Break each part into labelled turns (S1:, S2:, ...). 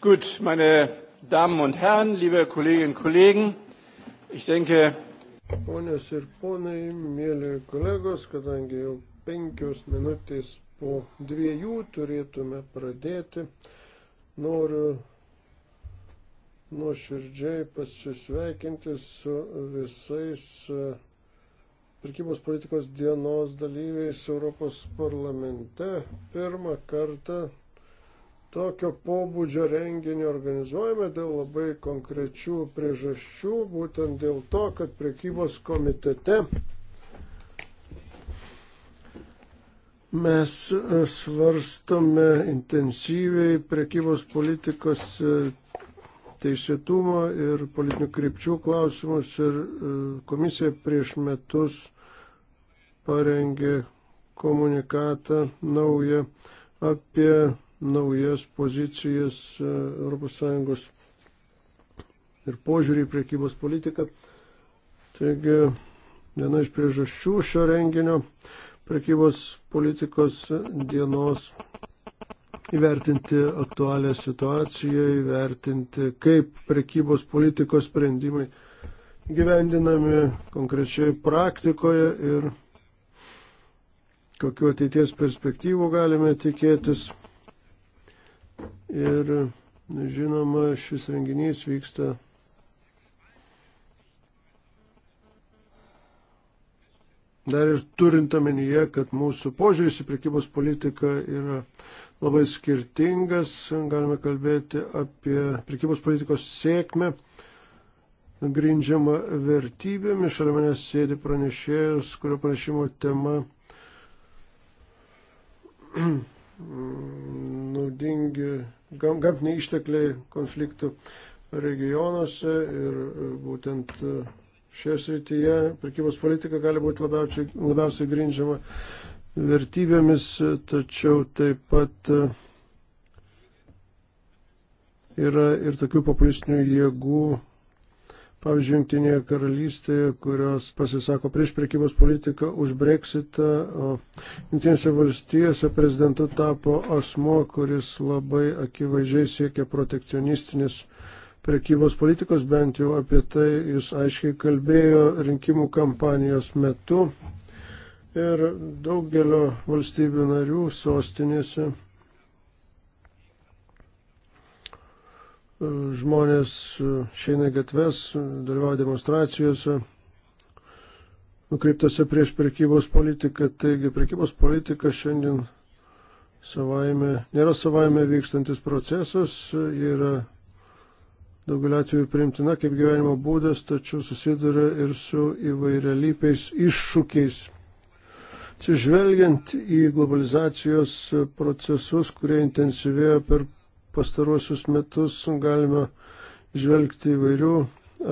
S1: Gut, meine Damen und Herren, liebe Kolleginnen und Kollegen, ich denke. Ponios ir ponai, mėly kolegos, kadangi jau penkios minutės po dviejų turėtume pradėti, noriu nuoširdžiai pasisveikinti su visais e, prekybos politikos dienos dalyviais Europos parlamente. Pirmą kartą tokio pobūdžio renginį organizuojame dėl labai konkrečių priežasčių, būtent dėl to, kad priekybos komitete mes e, svarstome intensyviai priekybos politikos e, teisėtumo ir politinių krypčių klausimus ir e, komisija prieš metus parengė komunikatą naują apie naujas pozicijas ES ir požiūrį į priekybos politiką. Taigi viena iš priežasčių šio renginio priekybos politikos dienos įvertinti aktualią situaciją, įvertinti, kaip priekybos politikos sprendimai gyvendinami konkrečiai praktikoje ir kokiu ateities perspektyvų galime tikėtis. Ir žinoma, šis renginys vyksta dar ir turint omenyje, kad mūsų požiūris į prekybos politiką yra labai skirtingas, galime kalbėti apie prekybos politikos sėkmę grindžiama vertybėmis. Šalia manęs sėdi pranešėjas, kurio pranešimo tema naudingi gam, gamtiniai ištekliai konfliktų regionuose ir e, būtent e, šioje srityje prekybos politika gali būti labiausiai, labiausiai grindžiama vertybėmis, tačiau taip pat e, yra ir tokių populistinių jėgų, Pavyzdžiui, Junktinėje karalystėje, kurios pasisako prieš prekybos politiką už Brexitą, o Junktinėse valstijose prezidentu tapo asmo, kuris labai akivaizdžiai siekia protekcionistinis prekybos politikos, bent jau apie tai jis aiškiai kalbėjo rinkimų kampanijos metu ir daugelio valstybių narių sostinėse žmonės e, šeina gatves, e, dalyvauja demonstracijose, nukreiptose prieš prekybos politiką. Taigi prekybos politika šiandien savaime, nėra savaime vykstantis procesas, e, yra daugelį atvejų priimtina kaip gyvenimo būdas, tačiau susiduria ir su įvairialypiais iššūkiais. Atsižvelgiant į globalizacijos procesus, kurie intensyvėjo per pastaruosius metus galima žvelgti įvairių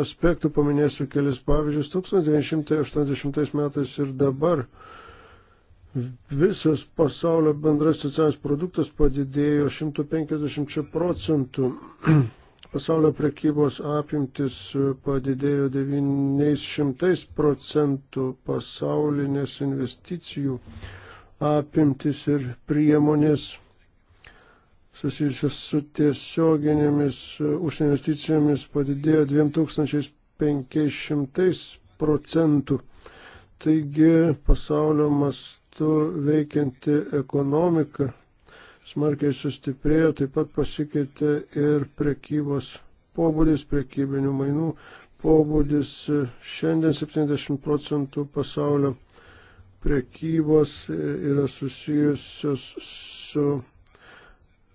S1: aspektų, paminėsiu kelis pavyzdžius. 1980 metais ir dabar visas pasaulio bendras socialinis produktas padidėjo 150 procentų. Pasaulio prekybos apimtis padidėjo 900 procentų pasaulinės investicijų apimtis ir priemonės susijusios su tiesioginėmis e, užsienio investicijomis padidėjo 2500 procentų. Taigi pasaulio mastu veikianti ekonomika smarkiai sustiprėjo, taip pat pasikeitė ir prekybos pobūdis, prekybinių mainų pobūdis. Šiandien 70 procentų pasaulio prekybos e, yra susijusios su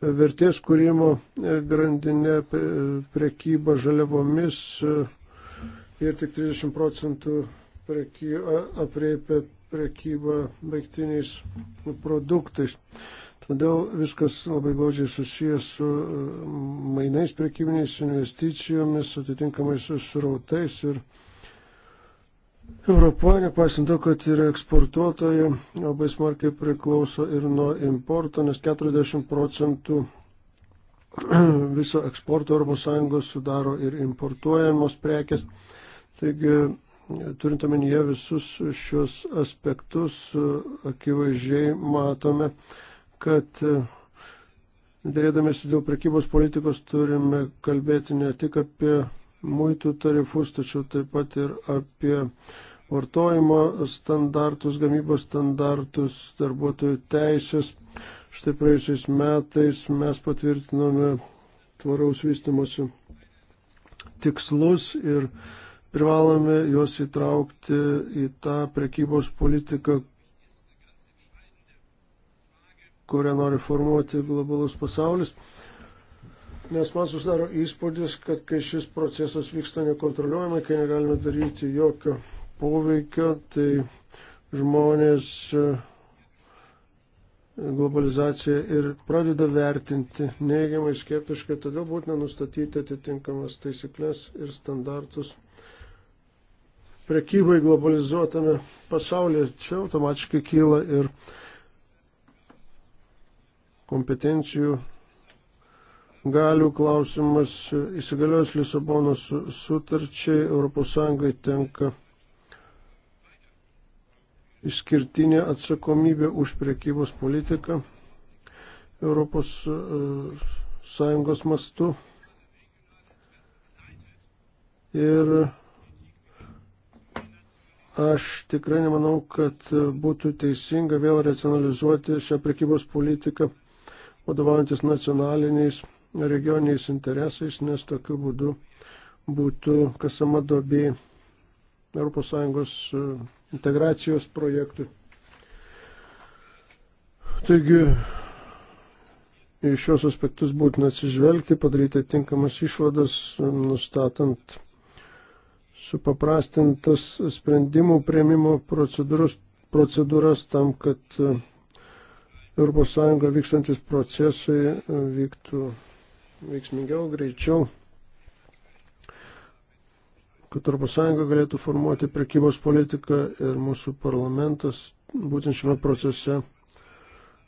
S1: vertės kūrimo grandinė, prekyba žaliavomis e, ir tik 30 procentų apriepia prekybą baigtiniais produktais. Todėl viskas labai glaudžiai susijęs su e, mainais prekybiniais investicijomis, atitinkamai su srautais ir Europa, nepaisant to, kad yra eksportuotoja, labai smarkiai priklauso ir nuo importo, nes 40 procentų viso eksporto ES sudaro ir importuojamos prekes. Taigi, turint omenyje visus šios aspektus, akivaizdžiai matome, kad dėrėdamėsi dėl prekybos politikos turime kalbėti ne tik apie muitų tarifus, tačiau taip pat ir apie vartojimo standartus, gamybos standartus, darbuotojų teisės. Štai praėjusiais metais mes patvirtinome tvaraus vystimosi tikslus ir privalome juos įtraukti į tą prekybos politiką, kurią nori formuoti globalus pasaulis nes man susidaro įspūdis, kad kai šis procesas vyksta nekontroliuojamai, kai negalime daryti jokio poveikio, tai žmonės e, globalizaciją ir pradeda vertinti neigiamai, skeptiškai, todėl būtina nustatyti atitinkamas taisyklės ir standartus prekybai globalizuotame pasaulyje. Čia automatiškai kyla ir kompetencijų galių klausimas. Įsigaliojus Lisabonos sutarčiai ES tenka išskirtinė atsakomybė už priekybos politiką ES e, mastu. Ir aš tikrai nemanau, kad būtų teisinga vėl racionalizuoti šią priekybos politiką vadovaujantis nacionaliniais regioniniais interesais, nes tokiu būdu būtų kasama dobė ES e, integracijos projektui. Taigi, į šios aspektus būtina atsižvelgti, padaryti tinkamas išvadas, e, nustatant supaprastintas sprendimų prieimimo procedūras tam, kad e, ES vykstantis procesai vyktų veiksmingiau, greičiau, kad Europos Sąjunga galėtų formuoti prekybos politiką ir mūsų parlamentas būtent šiame procese,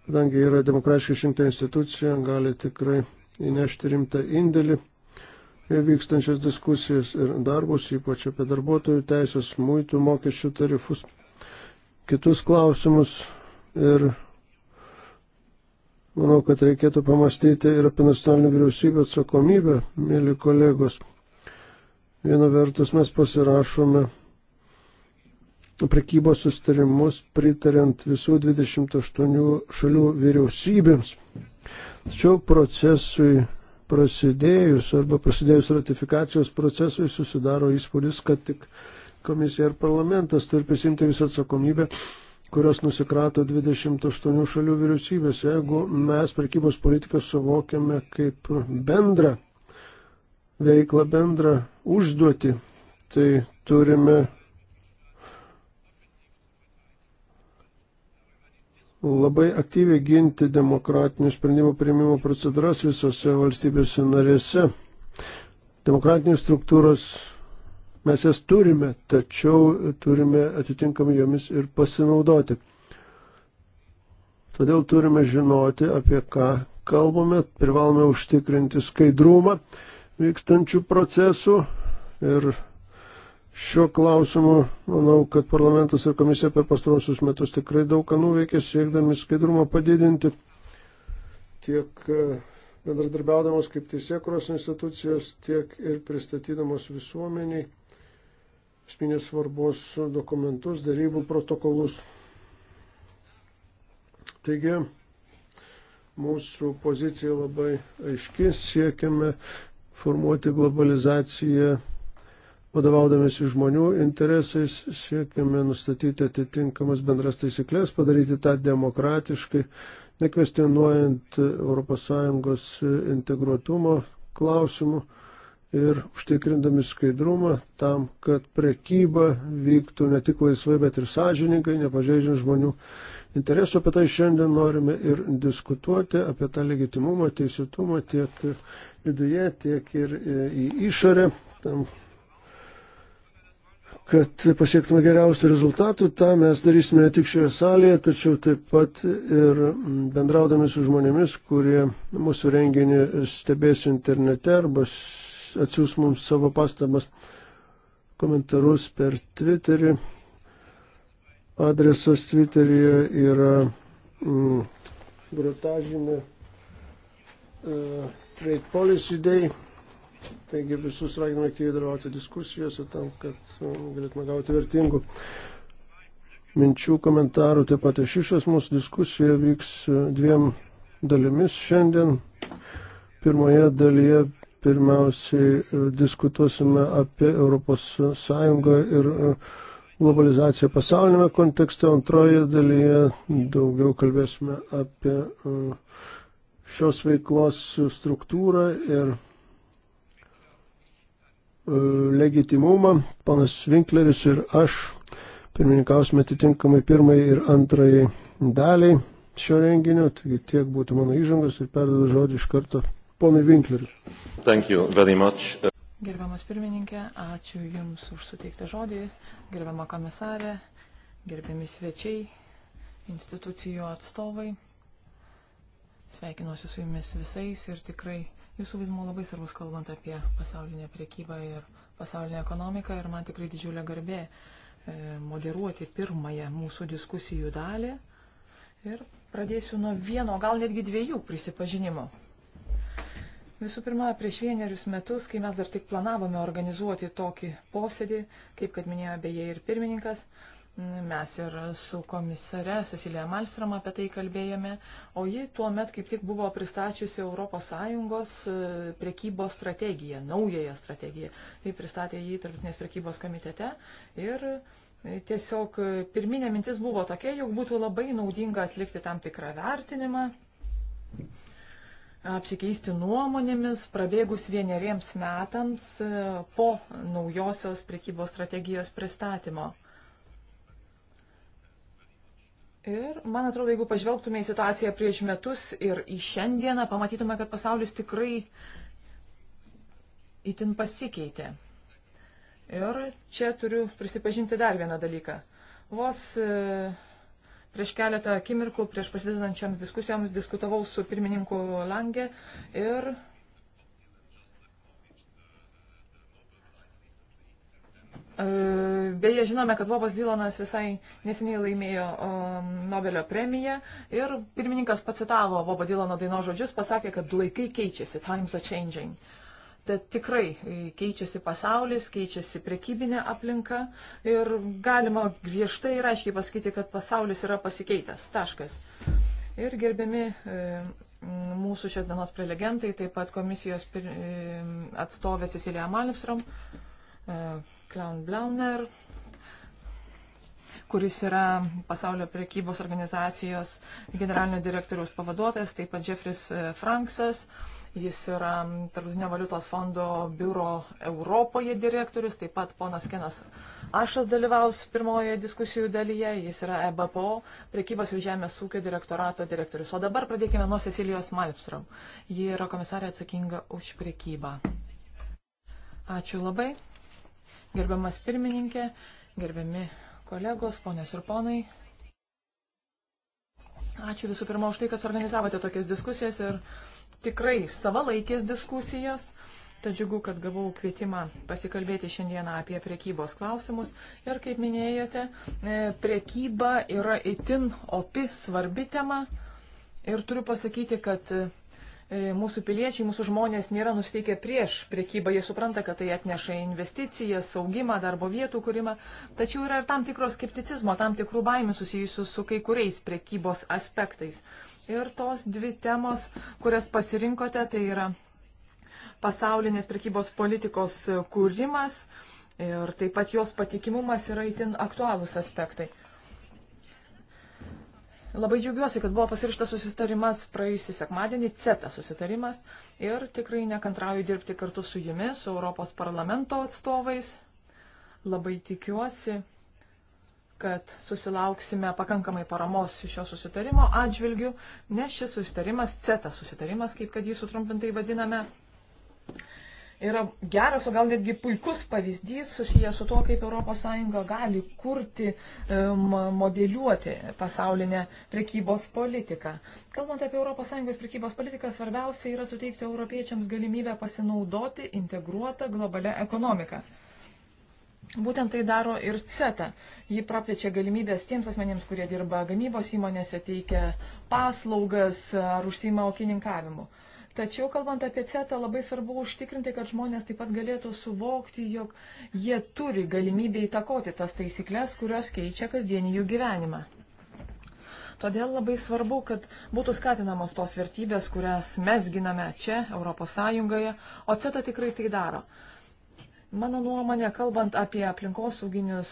S1: kadangi yra demokratiškai išrinkta institucija, gali tikrai įnešti rimtą indėlį vykstančias diskusijas ir darbus, ypač apie darbuotojų teisės, muitų mokesčių tarifus, kitus klausimus ir Manau, kad reikėtų pamastyti ir apie nacionalinių vyriausybių atsakomybę, mėly kolegos. Viena vertus mes pasirašome prekybos sustarimus, pritariant visų 28 šalių vyriausybėms. Tačiau procesui prasidėjus arba prasidėjus ratifikacijos procesui susidaro įspūdis, kad tik komisija ir parlamentas turi prisimti visą atsakomybę kurios nusikrato 28 šalių vyriausybės. Jeigu mes prekybos politiką suvokiame kaip bendrą veiklą, bendrą užduotį, tai turime labai aktyviai ginti demokratinių sprendimų priimimo procedūras visose valstybėse narėse. Demokratinės struktūros Mes jas turime, tačiau turime atitinkamai jomis ir pasinaudoti. Todėl turime žinoti, apie ką kalbame, privalome užtikrinti skaidrumą vykstančių procesų ir šiuo klausimu manau, kad parlamentas ir komisija per pastarosius metus tikrai daug ką nuveikė, siekdami skaidrumą padidinti tiek e, bendradarbiaudamos kaip teisėkuros institucijos, tiek ir pristatydamos visuomeniai esminės svarbos dokumentus, darybų protokolus. Taigi, mūsų pozicija labai aiški, siekiame formuoti globalizaciją vadovaudamėsi žmonių interesais, siekiame nustatyti atitinkamas bendras taisyklės, padaryti tą demokratiškai, nekvestionuojant ES integruotumo klausimų ir užtikrindami skaidrumą tam, kad prekyba vyktų ne tik laisvai, bet ir sąžininkai, nepažeidžiant žmonių interesų. Apie tai šiandien norime ir diskutuoti, apie tą legitimumą, teisėtumą tiek viduje, tiek ir e, į išorę, tam, kad pasiektume geriausių rezultatų. Ta mes darysime ne tik šioje salėje, tačiau taip pat ir bendraudami su žmonėmis, kurie mūsų renginį stebės internete arba atsiūs mums savo pastabas komentarus per Twitterį. Adresas Twitteryje yra mm, grotažinė uh, e, Trade Policy Day. Taigi visus raginame aktyviai dalyvauti diskusijose tam, kad e, galėtume gauti vertingų minčių, komentarų. Taip pat iš išės mūsų diskusija vyks e, dviem dalimis šiandien. Pirmoje dalyje pirmiausiai e, diskutuosime apie ES ir e, globalizaciją pasaulinėme kontekste, antroje dalyje daugiau kalbėsime apie e, šios veiklos struktūrą ir legitimumą. Panas Winkleris ir aš pirmininkausime atitinkamai pirmai ir antrai daliai šio renginio, taigi tiek būtų mano įžangos ir perdodu žodį iš karto ponui Winkleriu.
S2: Gerbiamas pirmininkė, ačiū Jums už suteiktą žodį, gerbiama komisarė, gerbiami svečiai, institucijų atstovai. Sveikinuosi su Jumis visais ir tikrai Jūsų vaidmuo labai svarbus, kalbant apie pasaulinę priekybą ir pasaulinę ekonomiką ir man tikrai didžiulė garbė e, moderuoti pirmąją mūsų diskusijų dalį. Ir pradėsiu nuo vieno, gal netgi dviejų prisipažinimo. Visų pirma, prieš vienerius metus, kai mes dar tik planavome organizuoti tokį posėdį, kaip kad minėjo beje ir pirmininkas, mes ir su komisare Cecilija Malstrom apie tai kalbėjome, o ji tuo met kaip tik buvo pristačiusi ES e, prekybos strategiją, naująją strategiją. Ji pristatė jį tarptautinės prekybos komitete ir e, tiesiog e, pirminė mintis buvo tokia, jog būtų labai naudinga atlikti tam tikrą vertinimą apsikeisti nuomonėmis prabėgus vieneriems metams e, po naujosios priekybos strategijos pristatymo. Ir, man atrodo, jeigu pažvelgtume į situaciją prieš metus ir į šiandieną, pamatytume, kad pasaulis tikrai itin pasikeitė. Ir čia turiu prisipažinti dar vieną dalyką. Vos e, Prieš keletą akimirkų, prieš prasidedančiams diskusijoms, diskutavau su pirmininku Langė ir e, Beje, žinome, kad Bobas Dylanas visai neseniai laimėjo Nobelio premiją ir pirmininkas pacitavo Bobo Dylano daino žodžius, pasakė, kad laikai keičiasi, times are changing. Tad tikrai e, keičiasi pasaulis, keičiasi prekybinė aplinka ir galima griežtai ir aiškiai pasakyti, kad pasaulis yra pasikeitęs. Taškas. Ir gerbiami e, mūsų šios dienos prelegentai, taip pat komisijos e, atstovė Cecilija Malmström, Klaun Blauner, kuris yra pasaulio prekybos organizacijos generalinio direktoriaus pavaduotojas, taip pat Jeffris Franksas. Uh, Jis yra Tarptautinio valiutos fondo biuro Europoje direktorius, taip pat ponas Kenas Ašas dalyvaus pirmojoje diskusijų dalyje, jis yra EBPO, priekybos ir žemės ūkio direktorato direktorius. O dabar pradėkime nuo Cecilijos Malmström. Ji yra komisarė atsakinga už priekybą. Ačiū labai. Gerbiamas pirmininkė, gerbiami kolegos, ponios ir ponai. Ačiū visų pirma už tai, kad suorganizavote tokias diskusijas ir tikrai savalaikės diskusijas. Tad džiugu, kad gavau kvietimą pasikalbėti šiandieną apie priekybos klausimus. Ir kaip minėjote, e, priekyba yra itin opi, svarbi tema. Ir turiu pasakyti, kad e, mūsų piliečiai, mūsų žmonės nėra nusteikę prieš priekybą. Jie supranta, kad tai atneša investicijas, saugimą, darbo vietų kūrimą. Tačiau yra ir tam tikro skepticizmo, tam tikrų baimių susijusių su kai kuriais priekybos aspektais. Ir tos dvi temos, kurias pasirinkote, tai yra pasaulinės prekybos politikos kūrimas ir taip pat jos patikimumas yra itin aktualūs aspektai. Labai džiaugiuosi, kad buvo pasirištas susitarimas praėjusį sekmadienį, CETA susitarimas, ir tikrai nekantrauju dirbti kartu su jumis, su Europos parlamento atstovais. Labai tikiuosi, kad susilauksime pakankamai paramos šio susitarimo atžvilgių, nes šis susitarimas, CETA susitarimas, kaip kad jį sutrumpintai vadiname, yra geras, o gal netgi puikus pavyzdys susijęs su to, kaip ES gali kurti, modeliuoti pasaulinę prekybos politiką. Kalbant apie ES prekybos politiką, svarbiausia yra suteikti europiečiams galimybę pasinaudoti integruotą globalią ekonomiką. Būtent tai daro ir CETA. Ji praplečia galimybės tiems asmenėms, kurie dirba gamybos įmonėse, teikia paslaugas ar užsima okininkavimu. Tačiau, kalbant apie CETA, labai svarbu užtikrinti, kad žmonės taip pat galėtų suvokti, jog jie turi galimybę įtakoti tas taisyklės, kurios keičia kasdienį jų gyvenimą. Todėl labai svarbu, kad būtų skatinamos tos vertybės, kurias mes giname čia, ES, o CETA tikrai tai daro. Mano nuomonė, kalbant apie aplinkosauginius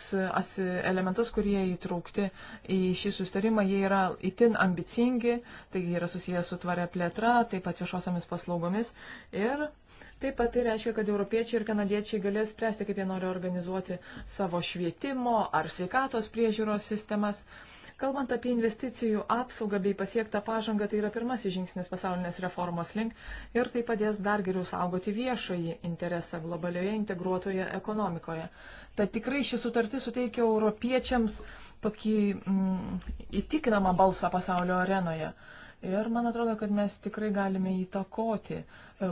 S2: elementus, kurie įtraukti į šį sustarimą, jie yra itin ambicingi, tai yra susijęs su tvaria plėtra, taip pat viešosiamis paslaugomis. Ir taip pat tai reiškia, kad europiečiai ir kanadiečiai galės spręsti, kaip jie nori organizuoti savo švietimo ar sveikatos priežiūros sistemas. Uh, Kalbant apie investicijų apsaugą bei pasiektą pažangą, tai yra pirmasis žingsnis pasaulinės reformos link ir tai padės dar geriau saugoti viešąjį interesą globalioje integruotoje ekonomikoje. Tad tikrai ši sutartis suteikia europiečiams tokį mm, įtikinamą balsą pasaulio arenoje. Uh, Ir man atrodo, kad mes tikrai galime įtakoti e,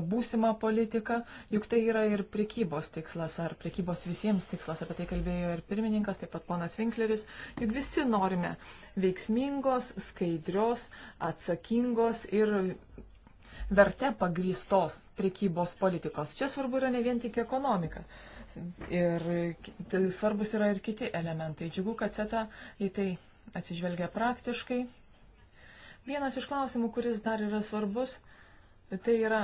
S2: būsimą politiką, juk tai yra ir prekybos tikslas, ar prekybos visiems tikslas, apie tai kalbėjo ir pirmininkas, taip pat ponas Winkleris, juk visi norime veiksmingos, skaidrios, atsakingos ir verte pagrįstos prekybos politikos. Čia svarbu yra ne vien tik ekonomika. Ir tai svarbus yra ir kiti elementai. Džiugu, kad CETA į tai atsižvelgia praktiškai. Vienas iš klausimų, kuris dar yra svarbus, tai yra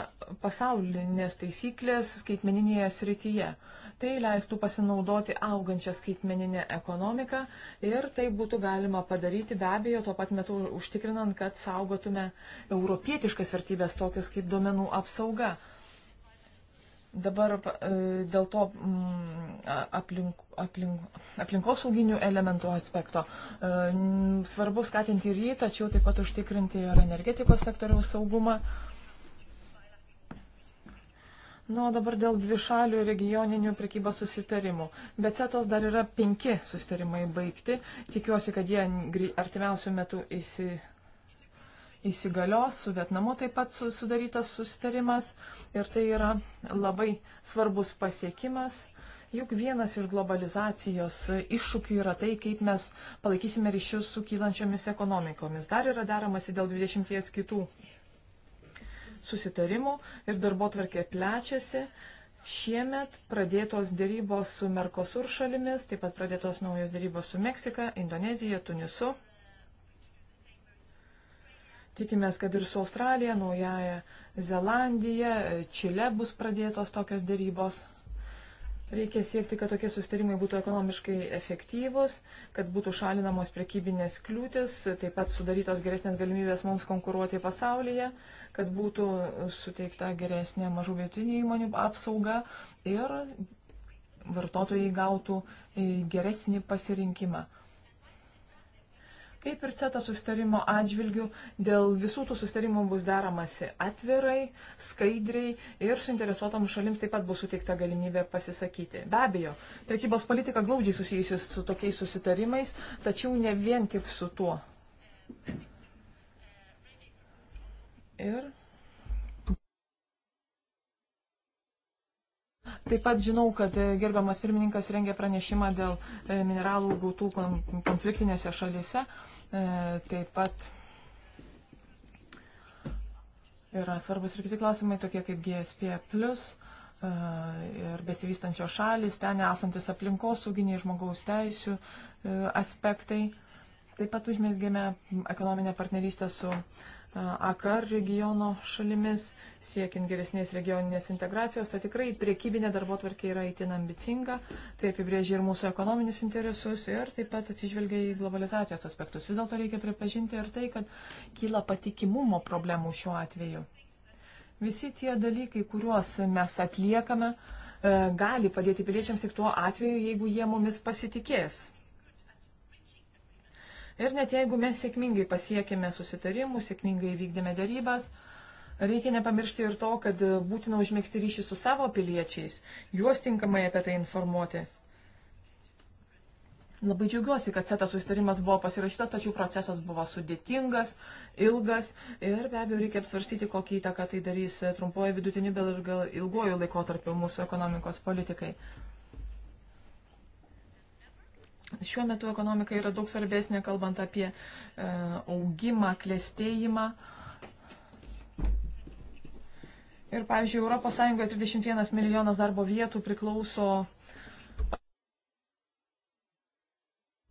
S2: pasaulinės taisyklės skaitmeninėje srityje. Tai leistų pasinaudoti augančią skaitmeninę ekonomiką ir tai būtų galima padaryti be abejo tuo pat metu užtikrinant, kad saugotume europietiškas vertybės tokias kaip duomenų apsauga. Dabar e, dėl to mm, aplink, aplink, aplinkosauginių elementų aspekto e, svarbu skatinti ir jį, tačiau taip pat užtikrinti ir energetikos sektoriaus saugumą. Na, nu, o dabar dėl dvišalių regioninių prekybos susitarimų. Be cetos dar yra penki susitarimai baigti. Tikiuosi, kad jie artimiausių metų įsitikės įsigalios, su Vietnamu taip pat sudarytas sustarimas ir tai yra labai svarbus pasiekimas. Juk vienas iš globalizacijos iššūkių yra tai, kaip mes palaikysime ryšius su kylančiomis ekonomikomis. Dar yra deramasi dėl 20 kitų susitarimų ir darbo tvarkė plečiasi. Šiemet pradėtos dėrybos su Merkosur šalimis, taip pat pradėtos naujos dėrybos su Meksika, Indonezija, Tunisu. Tikimės, kad ir su Australija, Naujaja Zelandija, Čile bus pradėtos tokios dėrybos. Reikia siekti, kad tokie sustarimai būtų ekonomiškai efektyvus, kad būtų šalinamos prekybinės kliūtis, taip pat sudarytos geresnės galimybės mums konkuruoti pasaulyje, kad būtų suteikta geresnė mažų vietinių įmonių apsauga ir vartotojai gautų e, geresnį pasirinkimą. Kaip ir CETA sustarimo atžvilgių, dėl visų tų sustarimų bus daromasi atvirai, skaidriai ir suinteresuotoms šalims taip pat bus suteikta galimybė pasisakyti. Be abejo, prekybos politika glaudžiai susijusi su tokiais susitarimais, tačiau ne vien tik su tuo. Ir Taip pat žinau, kad e, gerbiamas pirmininkas rengė pranešimą dėl e, mineralų gautų konfliktinėse šalyse. E, taip pat yra svarbus ir kiti klausimai, tokie kaip GSP ir besivystančios šalis, ten esantis aplinkosauginiai žmogaus teisų aspektai. Taip pat užmėsgėme ekonominę partnerystę su AKR regiono šalimis, siekiant geresnės regioninės integracijos, tai tikrai priekybinė darbo tvarkė yra įtin ambicinga, tai apibrėžia ir mūsų ekonominius interesus ir taip pat atsižvelgia į globalizacijos aspektus. Vis dėlto reikia pripažinti ir tai, kad kyla patikimumo problemų šiuo atveju. Visi tie dalykai, kuriuos mes atliekame, e, gali padėti piliečiams tik tuo atveju, jeigu jie mumis pasitikės. Ir net jeigu mes sėkmingai pasiekėme susitarimų, sėkmingai vykdėme darybas, reikia nepamiršti ir to, kad būtina užmėgsti ryšį su savo piliečiais, juos tinkamai apie tai informuoti. Labai džiaugiuosi, kad setas susitarimas buvo pasirašytas, tačiau procesas buvo sudėtingas, ilgas ir be abejo reikia apsvarstyti, kokį įtaką tai darys trumpuoju, vidutiniu, bet ir ilguoju laikotarpiu mūsų ekonomikos politikai šiuo metu ekonomika yra daug svarbesnė, kalbant apie e, augimą, klėstėjimą. Ir, pavyzdžiui, ES 31 milijonas darbo vietų priklauso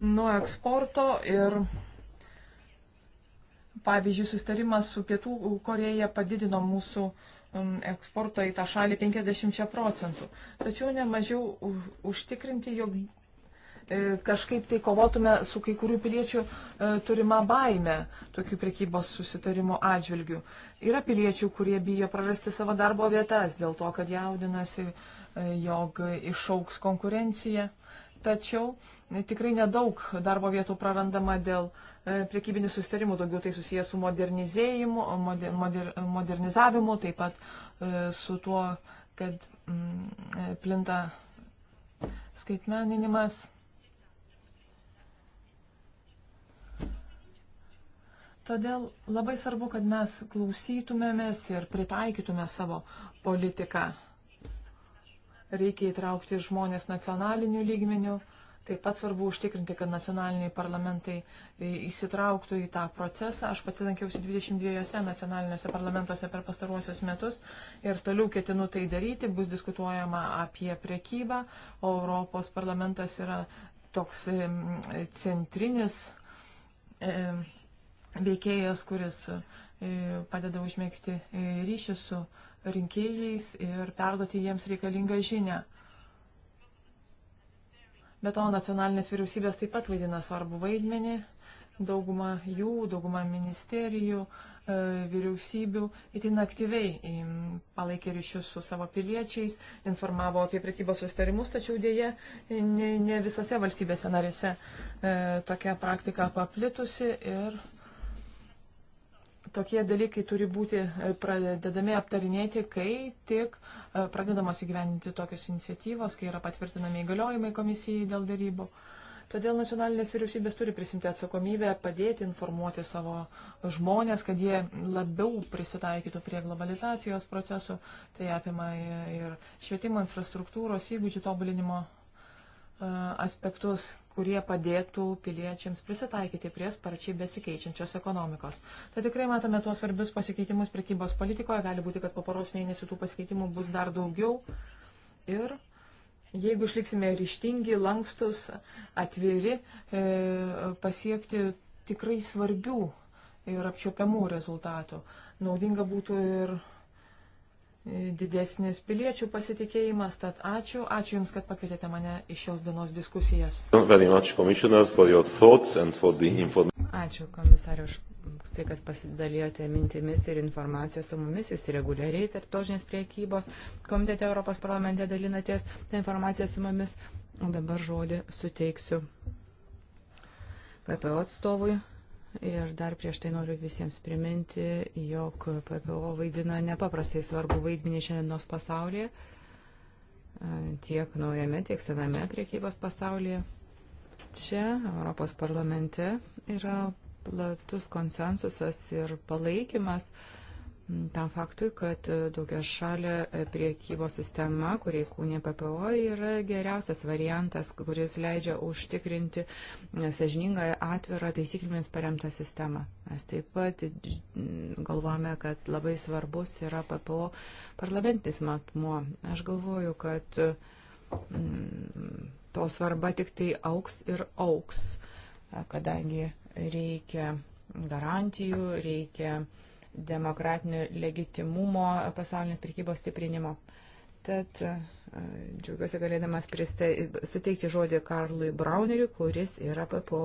S2: nuo eksporto ir, pavyzdžiui, sustarimas su Pietų Koreja padidino mūsų eksportą į tą šalį 50 procentų. Tačiau nemažiau užtikrinti, jog E, kažkaip tai kovotume su kai kurių piliečių e, turima baime tokių prekybos susitarimų atžvilgių. Yra piliečių, kurie bijo prarasti savo darbo vietas dėl to, kad jaudinasi, e, jog išauks konkurencija. Tačiau tikrai nedaug darbo vietų prarandama dėl priekybinių susitarimų, daugiau tai susijęs su modernizėjimu, moder, moder, modernizavimu, taip pat su tuo, kad mm, plinta skaitmeninimas. Todėl labai svarbu, kad mes klausytumėmės ir pritaikytume savo politiką. Reikia įtraukti žmonės nacionaliniu lygmeniu. Taip pat svarbu užtikrinti, kad nacionaliniai parlamentai įsitrauktų į tą procesą. Aš pati lankiausi 22 nacionaliniuose parlamentuose per pastaruosius metus ir toliau ketinu tai daryti. Bus diskutuojama apie priekybą, o Europos parlamentas yra toks centrinis veikėjas, kuris e, padeda užmėgsti e, ryšį su rinkėjais ir perduoti jiems reikalingą žinę. Be to, nacionalinės vyriausybės taip pat vaidina svarbu vaidmenį. Dauguma jų, dauguma ministerijų, e, vyriausybių itin aktyviai palaikė ryšius su savo piliečiais, informavo apie prekybos sustarimus, tačiau dėje ne, ne visose valstybėse narėse tokia praktika paplitusi ir tokie dalykai turi būti e, pradedami aptarinėti, kai tik e, pradedamos įgyveninti tokios iniciatyvos, kai yra patvirtinami įgaliojimai komisijai dėl darybų. Todėl nacionalinės vyriausybės turi prisimti atsakomybę, padėti informuoti savo žmonės, kad jie labiau prisitaikytų prie globalizacijos procesų. Tai apima ir švietimo infrastruktūros įgūdžių tobulinimo aspektus, kurie padėtų piliečiams prisitaikyti prie sparčiai besikeičiančios ekonomikos. Tad tikrai matome tuos svarbius pasikeitimus prekybos politikoje, gali būti, kad po poros mėnesių tų pasikeitimų bus dar daugiau. Ir jeigu išliksime ryštingi, lankstus, atviri, e, pasiekti tikrai svarbių ir apčiopiamų rezultatų. Naudinga būtų ir didesnis piliečių pasitikėjimas. Tad ačiū, ačiū Jums, kad pakvietėte mane į šios dienos diskusijas.
S3: Ačiū komisarė už tai, kad pasidalijote mintimis ir informaciją su mumis. Jūs reguliariai tarptautinės priekybos komitete Europos parlamente dalinatės tą informaciją su mumis. O dabar žodį suteiksiu PPO atstovui Ir dar prieš tai noriu visiems priminti, jog PPO vaidina nepaprastai svarbu vaidmenį šiandienos pasaulyje, tiek naujame, tiek sename priekybos pasaulyje. Čia, Europos parlamente, yra platus konsensusas ir palaikymas uh, tam faktui, kad e, daugia šalė e, priekybos sistema, kurie kūnė PPO, yra geriausias variantas, kuris leidžia užtikrinti e, sažiningą, atvirą, taisyklėmis paremtą sistemą. Mes taip pat galvojame, kad labai svarbus yra PPO parlamentinis matmuo. Aš galvoju, kad to svarba tik tai auks ir auks, kadangi reikia garantijų, reikia uh, demokratinio legitimumo pasaulinės prekybos stiprinimo. Tad e, džiaugiuosi galėdamas priste, suteikti žodį Karlui Brauneriui, kuris yra PPO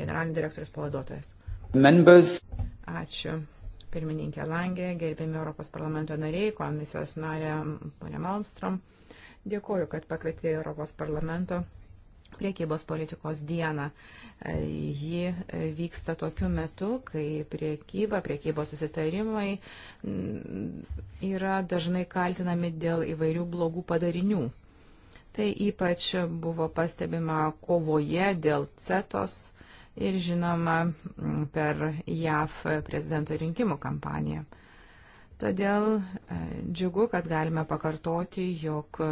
S3: generalinio direktorius pavaduotojas. Members. Ačiū. Pirmininkė Langė, gerbėmi Europos parlamento nariai, komisijos narė Marė Malmstrom. Dėkuoju, kad pakvietė Europos parlamento priekybos politikos dieną. E, ji e, vyksta tokiu metu, kai priekyba, priekybos susitarimai mm, yra dažnai kaltinami dėl įvairių blogų padarinių. Tai ypač buvo pastebima kovoje dėl CETOS ir žinoma mm, per JAV prezidento rinkimų kampaniją. Todėl e, džiugu, kad galime pakartoti, jog e,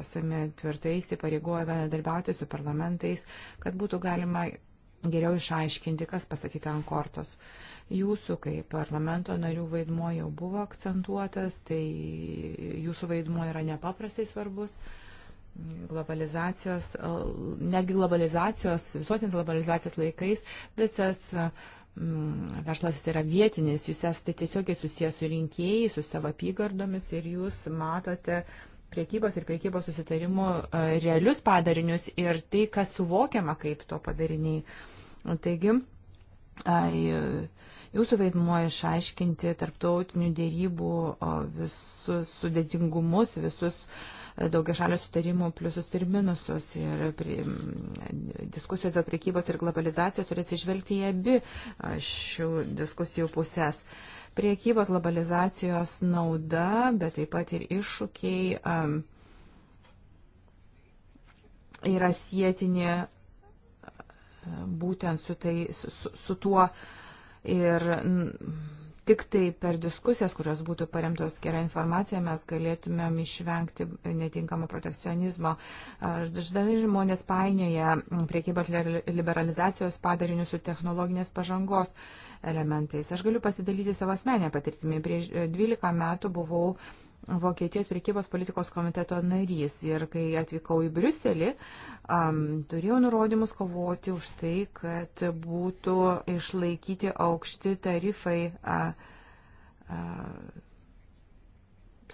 S3: esame tvirtai įsipareigoję bendradarbiauti su parlamentais, kad būtų galima geriau išaiškinti, kas pasakyta ant kortos. Jūsų kaip parlamento narių vaidmuo jau buvo akcentuotas, tai jūsų vaidmuo yra nepaprastai svarbus. Globalizacijos, e, netgi globalizacijos, visuotinės globalizacijos laikais visas Mm, verslas yra vietinis, jūs esate tiesiogiai susijęs su rinkėjai, su savo apygardomis ir jūs matote priekybos ir priekybos susitarimų e, realius padarinius ir tai, kas suvokiama kaip to padariniai. Taigi, jūsų vaidmuo išaiškinti tarptautinių dėrybų visus sudėtingumus, visus uh, daugia šalių sutarimų pliusus ir minusus. Ir prie, diskusijos dėl priekybos ir globalizacijos turės išvelgti į abi šių diskusijų pusės priekybos globalizacijos nauda, bet taip pat ir iššūkiai um, yra sėtini būtent su, tai, su, su tuo ir tik tai per diskusijas, kurios būtų paremtos gerą informaciją, mes galėtumėm išvengti netinkamo protekcionizmo. Dažnai žmonės painioja priekybos liberalizacijos padarinius su technologinės pažangos elementais. Aš galiu pasidalyti savo asmenę patirtimį. Prieš 12 metų buvau Vokietijos priekybos politikos komiteto narys ir kai atvykau į Briuselį, um, turėjau nurodymus kovoti už tai, kad būtų išlaikyti aukšti tarifai a, a,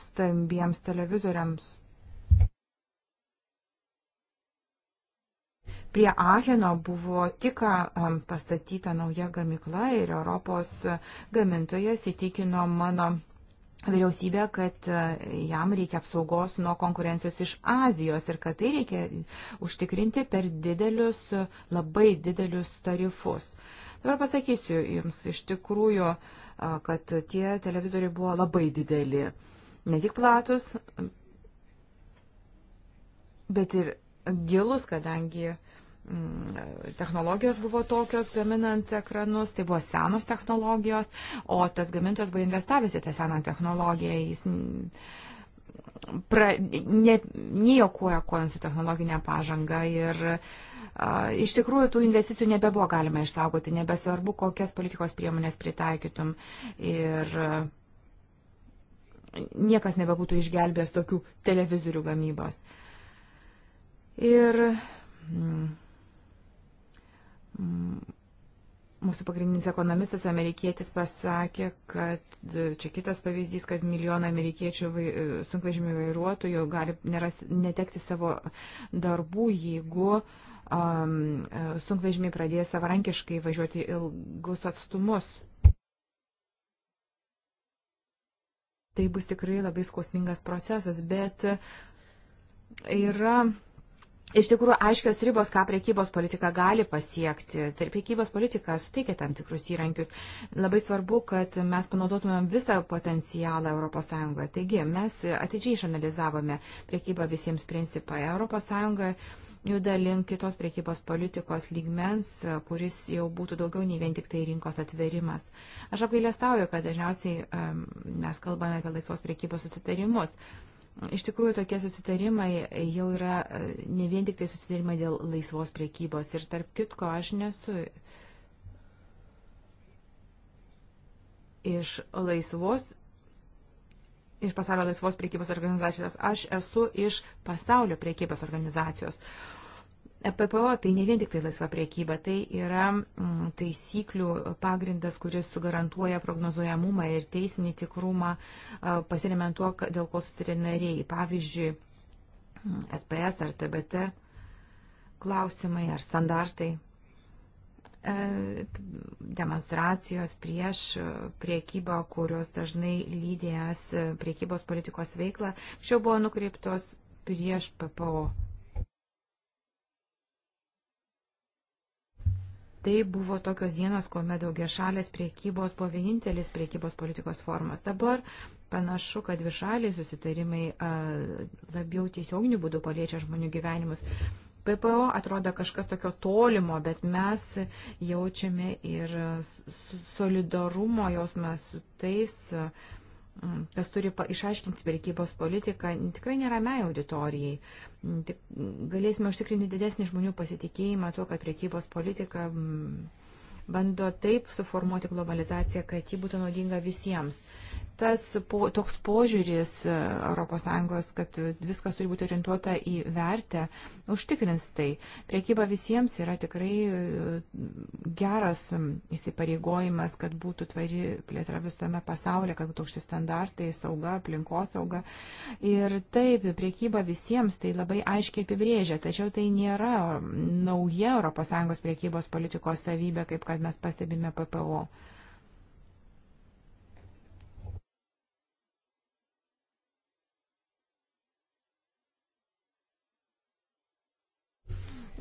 S3: stambiems televizoriams. Prie Acheno buvo tik pastatyta nauja gamikla ir Europos gamintojas įtikino mano vyriausybė, kad e, jam reikia apsaugos nuo konkurencijos iš Azijos ir kad tai reikia užtikrinti per didelius, labai didelius tarifus. Dabar pasakysiu jums iš tikrųjų, e, kad tie televizoriai buvo labai dideli. Ne tik platus, bet ir gilus, kadangi Mm, technologijos buvo tokios gaminant ekranus, tai buvo senos technologijos, o tas gamintojas buvo investavęs į tą seną technologiją. Jis pra, ne, nejokuoja kojant su technologinė pažanga ir a, iš tikrųjų tų investicijų nebebuvo galima išsaugoti, nebesvarbu, kokias politikos priemonės pritaikytum. Ir, a, Niekas nebebūtų išgelbėjęs tokių televizorių gamybos. Ir mm, Mm, mūsų pagrindinis ekonomistas amerikietis pasakė, kad e, čia kitas pavyzdys, kad milijonai amerikiečių vai, e, sunkvežimių vairuotojų gali neras, netekti savo darbų, jeigu um, sunkvežimiai pradės savarankiškai važiuoti ilgus atstumus. Tai bus tikrai labai skausmingas procesas, bet yra iš tikrųjų aiškios ribos, ką priekybos politika gali pasiekti. Tai priekybos politika suteikia tam tikrus įrankius. Labai svarbu, kad mes panaudotumėm visą potencialą ES. Taigi mes atidžiai išanalizavome priekybą visiems principai. ES juda link kitos priekybos politikos lygmens, kuris jau būtų daugiau nei vien tik tai rinkos atverimas. Aš apgailestauju, kad dažniausiai um, mes kalbame apie laisvos priekybos susitarimus. Um, Iš tikrųjų, tokie susitarimai jau yra e, ne vien tik tai susitarimai dėl laisvos priekybos. Ir tarp kitko, aš nesu iš laisvos, iš pasaulio laisvos priekybos organizacijos, aš esu iš pasaulio priekybos organizacijos. Uh, PPO tai ne vien tik tai laisva priekyba, tai yra mm, taisyklių pagrindas, kuris sugarantuoja prognozuojamumą ir teisinį tikrumą pasiremiant tuo, dėl ko sutarė nariai. Pavyzdžiui, SPS mm, ar TBT klausimai ar standartai e, demonstracijos prieš priekybą, kurios dažnai lydėjęs priekybos politikos veiklą, šiuo buvo nukreiptos prieš PPO Tai buvo tokios dienos, kuomet daugia šalės priekybos buvo vienintelis priekybos politikos formas. Dabar panašu, kad višaliai susitarimai labiau tiesioginių būdų paliečia žmonių gyvenimus. PPO atrodo kažkas tokio tolimo, bet mes jaučiame ir solidarumo jausmą su tais kas turi išaiškinti prekybos politiką, tikrai nėra mei auditorijai. Tik galėsime užtikrinti didesnį žmonių pasitikėjimą tuo, kad prekybos politika bando taip suformuoti globalizaciją, kad ji būtų naudinga visiems. Uh, tas po, toks požiūris ES, kad viskas turi būti orientuota į vertę, užtikrins tai. Priekyba visiems yra tikrai e, geras įsipareigojimas, kad būtų tvari plėtra visame pasaulyje, kad būtų aukšti standartai, sauga, aplinkosauga. Ir taip, priekyba visiems tai labai aiškiai apibrėžia, tačiau tai nėra nauja ES priekybos politikos savybė, kaip kad mes pastebime PPO.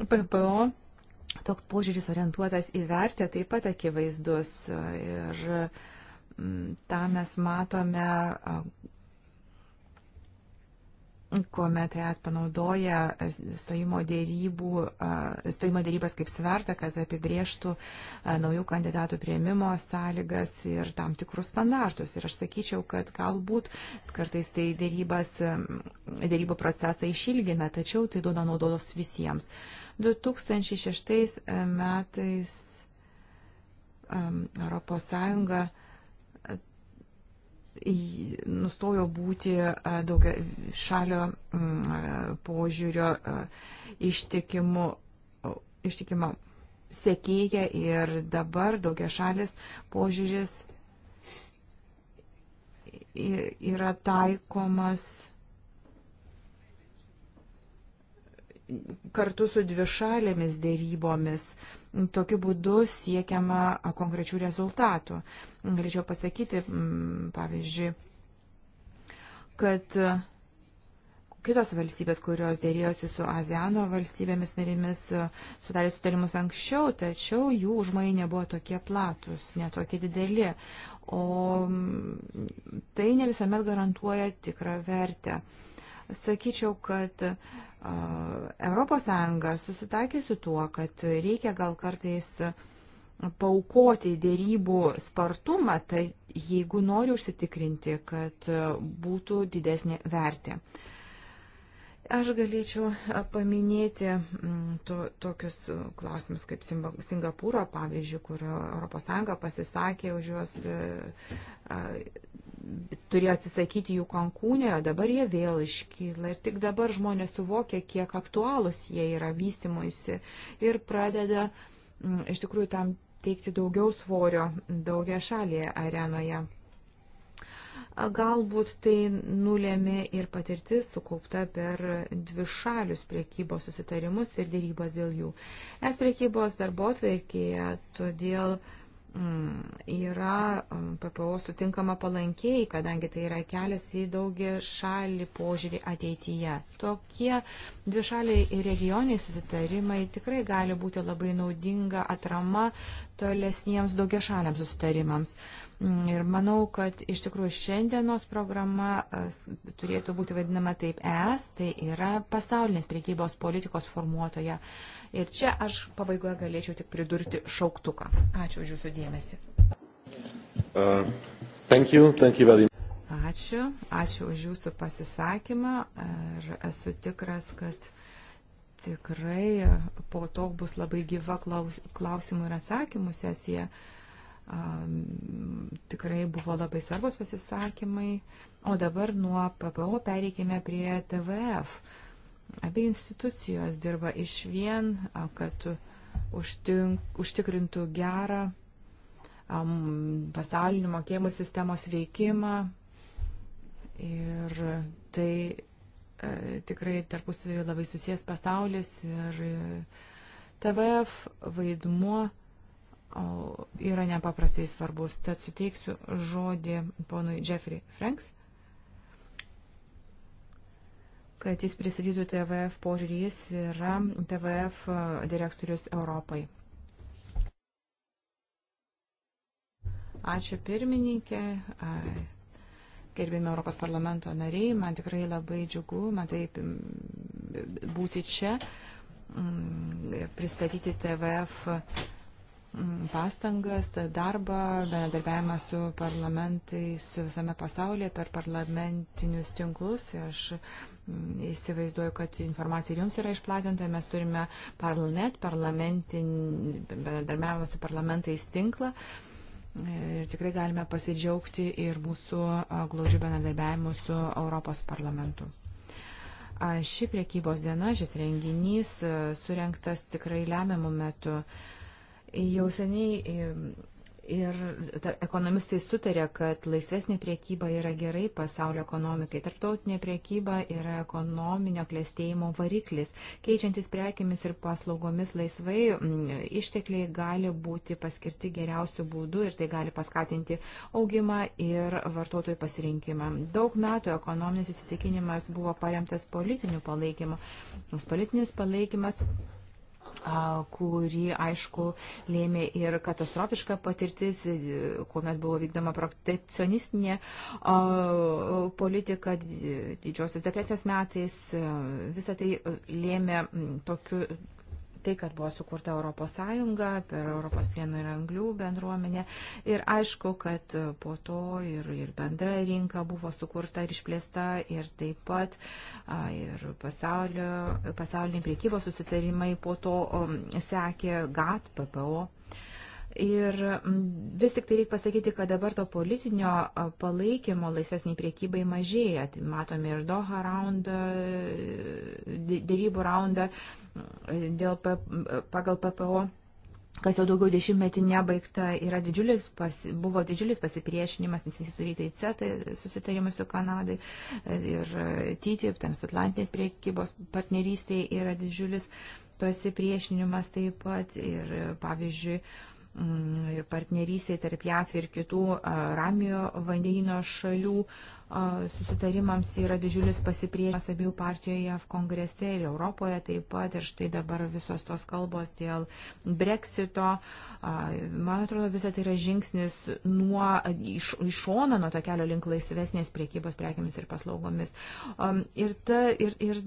S3: PPO toks požiūris orientuotas į vertę taip pat akivaizdus ir mm, tą mes matome kuomet es panaudoja stojimo, dėrybų, stojimo dėrybas kaip svertą, kad apibrieštų naujų kandidatų prieimimo sąlygas ir tam tikrus standartus. Ir aš sakyčiau, kad galbūt kartais tai dėrybas, dėrybų procesą išilgina, tačiau tai duoda naudos visiems. 2006 metais Europos Sąjunga nustojo būti daugia šalio požiūrio ištikimu, ištikimo sekėja ir dabar daugia šalis požiūris yra taikomas kartu su dvišalėmis dėrybomis. Tokiu būdu siekiama konkrečių rezultatų galėčiau pasakyti, mm, pavyzdžiui, kad e, kitos valstybės, kurios dėrėjosi su ASEANO valstybėmis narimis, e, sudarė sutarimus anksčiau, tačiau jų užmai nebuvo tokie platus, netokie dideli. O mm, tai ne visuomet garantuoja tikrą vertę. Sakyčiau, kad uh, e, ES susitakė su tuo, kad reikia gal kartais uh, paukoti dėrybų spartumą, tai jeigu nori užsitikrinti, kad būtų didesnė vertė. Aš galėčiau paminėti to, tokius klausimus kaip Singapūro, pavyzdžiui, kur ES pasisakė už juos, turėjo atsisakyti jų kankūnė, o dabar jie vėl iškyla. Ir tik dabar žmonės suvokia, kiek aktualūs jie yra vystimuisi ir pradeda iš tikrųjų tam teikti daugiau svorio daugia šalėje arenoje. Galbūt tai nulėmė ir patirtis sukaupta per dvišalius priekybos susitarimus ir dėrybas dėl jų. Es priekybos darbo atverkėje, todėl uh, Mm, yra mm, PPO sutinkama palankiai, kadangi tai yra kelias į daugia šalį požiūrį ateityje. Tokie dvišaliai ir regioniai susitarimai tikrai gali būti labai naudinga atrama tolesniems daugia šaliams susitarimams. Ir manau, kad iš tikrųjų šiandienos programa e, turėtų būti vadinama taip ES, tai yra pasaulinės priekybos politikos formuotoja. Ir čia aš pabaigoje galėčiau tik pridurti šauktuką. Ačiū už Jūsų dėmesį.
S1: Uh, thank you, thank you very
S3: much. Ačiū, ačiū už Jūsų pasisakymą ir esu tikras, kad tikrai po to bus labai gyva klausimų ir atsakymų sesija tikrai buvo labai svarbus pasisakymai. O dabar nuo PPO pereikime prie TVF. Abi institucijos dirba iš vien, kad užtink, užtikrintų gerą um, pasaulinių mokėjimų sistemos veikimą. Ir tai e, tikrai tarpusavį labai susijęs pasaulis ir e, TVF vaidmuo yra nepaprastai svarbus. Tad suteiksiu žodį ponui Jeffrey Franks, kad jis pristatytų TVF požiūrį. Jis yra TVF direktorius Europai. Ačiū pirmininkė. Gerbėmi Europos parlamento nariai, man tikrai labai džiugu, man taip būti čia ir pristatyti TVF Mm, pastangas, darbą, bendradarbiavimą su parlamentais visame pasaulyje per parlamentinius tinklus. Aš mm, įsivaizduoju, kad informacija ir jums yra išplatinta. Mes turime Parlanet, bendradarbiavimą su parlamentais tinklą. Ir tikrai galime pasidžiaugti ir mūsų glaudžių bendradarbiavimu su Europos parlamentu. Ši priekybos diena, šis renginys surinktas tikrai lemiamų metų. Uh, Jau seniai ir ekonomistai sutarė, kad laisvesnė priekyba yra gerai pasaulio ekonomikai. Tarptautinė priekyba yra ekonominio klėstėjimo variklis. Keičiantis prekiamis ir paslaugomis laisvai, ištekliai gali būti paskirti geriausių būdų ir tai gali paskatinti augimą ir vartotojų pasirinkimą. Daug metų ekonominis įsitikinimas buvo paremtas politiniu palaikymu. Politinis palaikymas kurį, aišku, lėmė ir katastrofiška patirtis, kuomet buvo vykdoma protekcionistinė politika didžiosios depresijos metais. Visą tai lėmė tokiu tai, kad buvo sukurta Europos Sąjunga per Europos plienų ir anglių bendruomenę. Ir aišku, kad po to ir, ir bendra rinka buvo sukurta ir išplėsta ir taip pat ir pasauliniai priekybos susitarimai po to sekė GAT, PPO. Ir vis tik tai reikia pasakyti, kad dabar to politinio palaikymo laisvesniai priekybai mažėja. Matome ir Doha raundą, dėrybų raundą, dėl, pagal PPO kas jau daugiau dešimtmetį nebaigta, yra didžiulis, pas, buvo didžiulis pasipriešinimas, nes jis turėjo į CETA susitarimą su Kanadai ir TTIP, transatlantinės priekybos partnerystėje yra didžiulis pasipriešinimas taip pat ir, pavyzdžiui, mm, ir partnerystėje tarp JAF ir kitų Ramio vandenino šalių susitarimams yra didžiulis pasipriešinimas abiejų partijų JAV kongrese ir Europoje taip pat. Ir štai dabar visos tos kalbos dėl breksito. Man atrodo, visa tai yra žingsnis nuo iš, iš šono, nuo to kelio link laisvesnės priekybos prekiamis ir paslaugomis. Ir, ta, ir, ir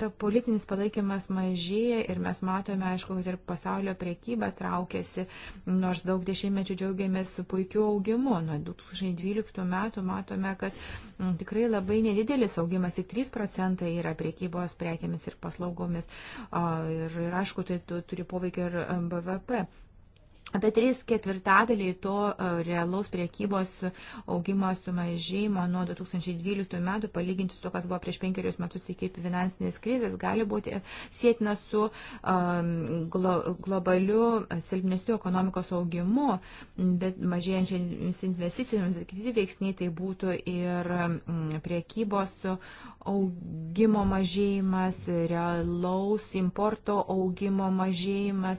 S3: ta politinis palaikymas mažėja ir mes matome, aišku, kad ir pasaulio priekyba traukiasi, nors daug dešimtmečių džiaugiamės puikiu augimu. Nuo 2012 metų matome, kad Mm, tikrai labai nedidelis augimas, tik 3 procentai yra priekybos prekiamis ir paslaugomis. Ir, ir aišku, tai turi poveikį ir BVP. Apie 3 ketvirtadaliai to e, realaus priekybos augimo sumažėjimo nuo 2012 metų, palyginti su to, kas buvo prieš penkerius metus iki finansinės krizės, gali būti e, sėtina su um, glo, globaliu e, silpnesniu ekonomikos augimu, bet mažėjančiams investicijoms, kiti veiksniai tai būtų ir mm, priekybos augimo mažėjimas, realaus importo augimo mažėjimas.